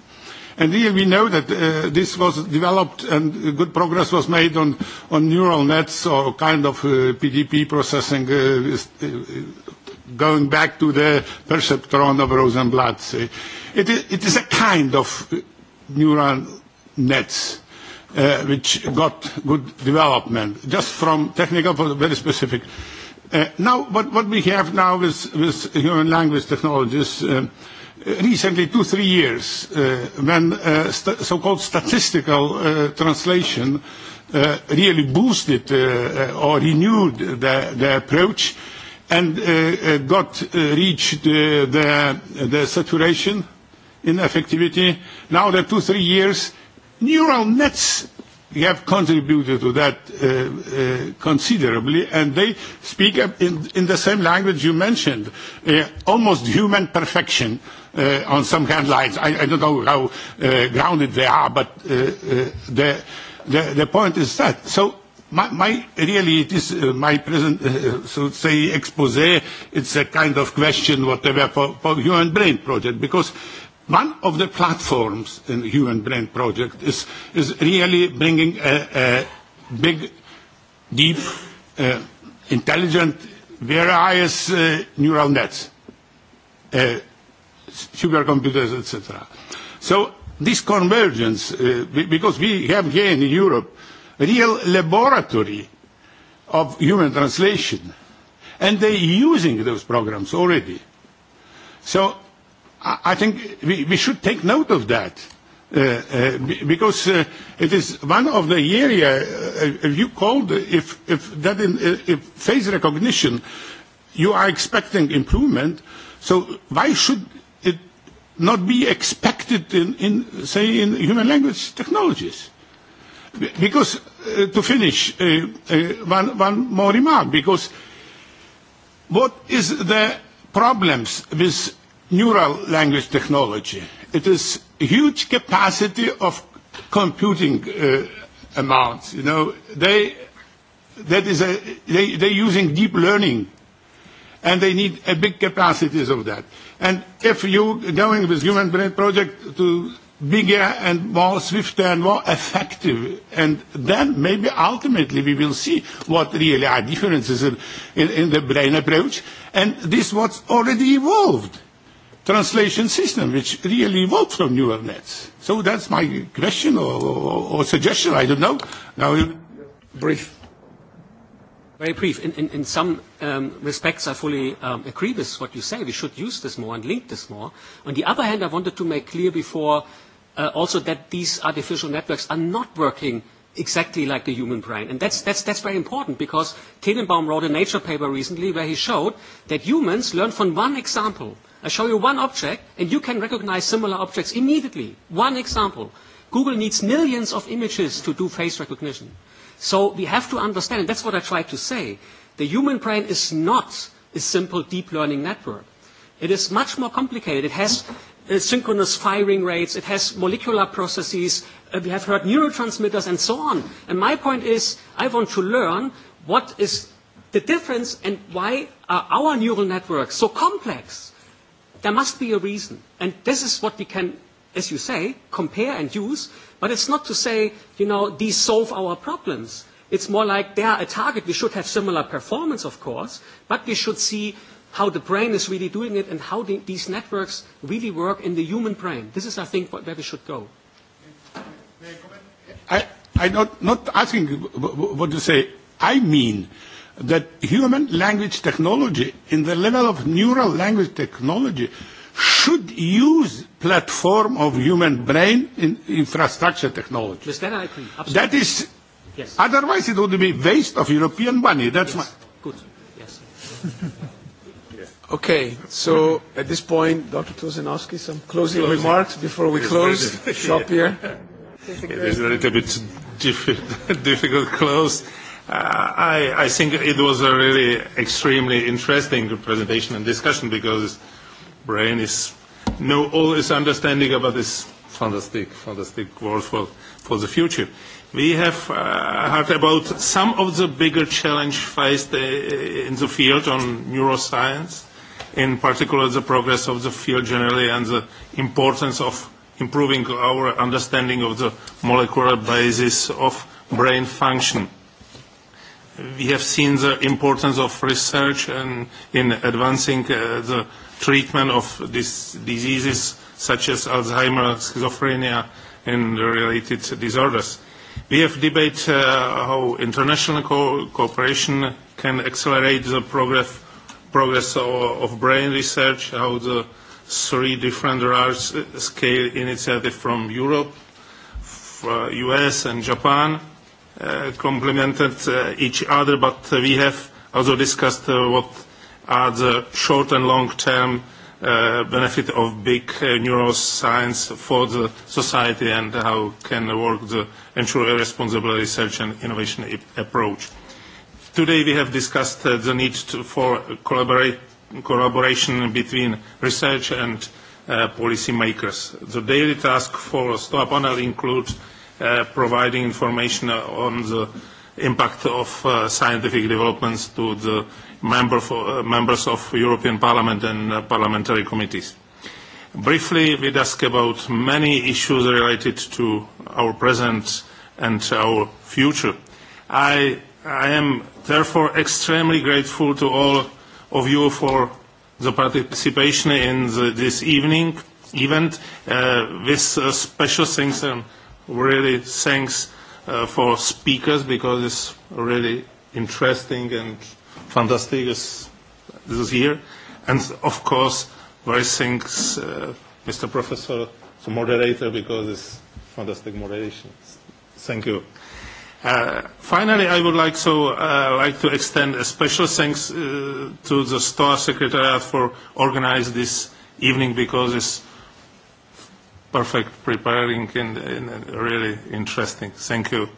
And here we know that uh, this was developed and good progress was made on, on neural nets or kind of uh, PDP processing uh, uh, going back to the perceptron of Rosenblatt. It is, it is a kind of neural nets. Uh, which got good development, just from technical, for very specific. Uh, now, what, what we have now with, with human language technologies, uh, Uh, recently two, three years, uh, when uh, st so-called statistical uh, translation uh, really boosted uh, uh or renewed the, the approach and uh, uh, got uh, reached uh, the, the saturation in effectivity. Now the two, three years, neural nets have contributed to that uh, uh, considerably, and they speak in, in the same language you mentioned, uh, almost human perfection. Uh, uh, on some headlines. I, I don't know how uh, grounded they are, but uh, uh, the, the, the point is that. So my, my really it is uh, my present uh, so say expose it's a kind of question whatever for, for human brain project because one of the platforms in human brain project is is really bringing a, a big deep uh, intelligent various uh, neural nets uh, supercomputers, etc. So this convergence, uh, because we have here in Europe a real laboratory of human translation, and they're using those programs already. So I, think we, we should take note of that. Uh, uh, because uh, it is one of the area uh, uh you called if if that in, uh, if face recognition you are expecting improvement so why should not be expected in, in say, in human language technologies. Because, uh, to finish, uh, uh, one, one more remark, because what is the problems with neural language technology? It is huge capacity of computing uh, amounts, you know. They, that is a, they, they're using deep learning, and they need a big capacities of that. And if you going with Human Brain Project to bigger and more swifter and more effective. And then maybe ultimately we will see what really are differences in, in, in the brain approach. And this what's already evolved translation system, which really evolved from neural nets. So that's my question or, or, or suggestion. I don't know. Now, brief. Very brief. In, in, in some um, respects, I fully um, agree with what you say. We should use this more and link this more. On the other hand, I wanted to make clear before uh, also that these artificial networks are not working exactly like the human brain. And that's, that's, that's very important because Tenenbaum wrote a Nature paper recently where he showed that humans learn from one example. I show you one object and you can recognize similar objects immediately. One example. Google needs millions of images to do face recognition. So we have to understand, and that's what I tried to say, the human brain is not a simple deep learning network. It is much more complicated. It has uh, synchronous firing rates, it has molecular processes, uh, we have heard neurotransmitters and so on. And my point is, I want to learn what is the difference and why are our neural networks so complex. There must be a reason. And this is what we can, as you say, compare and use But it's not to say, you know, these solve our problems. It's more like they are a target. We should have similar performance, of course, but we should see how the brain is really doing it and how the, these networks really work in the human brain. This is, I think, where we should go. I, I'm not, not asking what you say. I mean that human language technology, in the level of neural language technology, should use platform of human brain in infrastructure technology. Yes, then I agree. Absolutely. That is, yes. otherwise it would be waste of European money. That's yes. my... Good. Yes. <laughs> okay, so at this point, Dr. Tosinowski, some closing, closing. remarks before we close <laughs> shop here. It is a little bit <laughs> difficult close. Uh, I, I think it was a really extremely interesting presentation and discussion because brain is know all is understanding about this fantastic, fantastic world for, for the future. We have uh, heard about some of the bigger challenge faced uh, in the field on neuroscience, in particular the progress of the field generally and the importance of improving our understanding of the molecular basis of brain function. We have seen the importance of research and in advancing uh, the treatment of these diseases such as Alzheimer's, schizophrenia, and related disorders. We have debated uh, how international co cooperation can accelerate the progress, progress of, of brain research, how the three different large-scale initiatives from Europe, US uh, and Japan uh, complemented uh, each other, but we have also discussed uh, what are the short and long-term uh, benefit of big uh, neuroscience for the society and how can work the, ensure a responsible research and innovation approach. Today we have discussed uh, the need to, for collaborate, collaboration between research and uh, policy makers. The daily task for STOA panel includes uh, providing information on the impact of uh, scientific developments to the member for, uh, members of European Parliament and uh, parliamentary committees. Briefly, we ask about many issues related to our present and our future. I, I am therefore extremely grateful to all of you for the participation in the, this evening event uh, with uh, special thanks and really thanks uh, for speakers because it's really interesting and fantastic as this is here. And of course, very thanks, uh, Mr. Professor, the moderator, because it's fantastic moderation. Thank you. Uh, finally, I would like, so, uh, like to extend a special thanks uh, to the STOA Secretariat for organizing this evening because it's perfect preparing and, and really interesting. Thank you.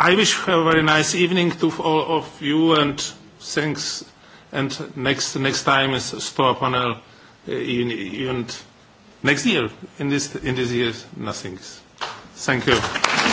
I wish a very nice evening to all of you and thanks. And next next time is store panel, uh, in, in, next year in this in this year nothing. Thank you.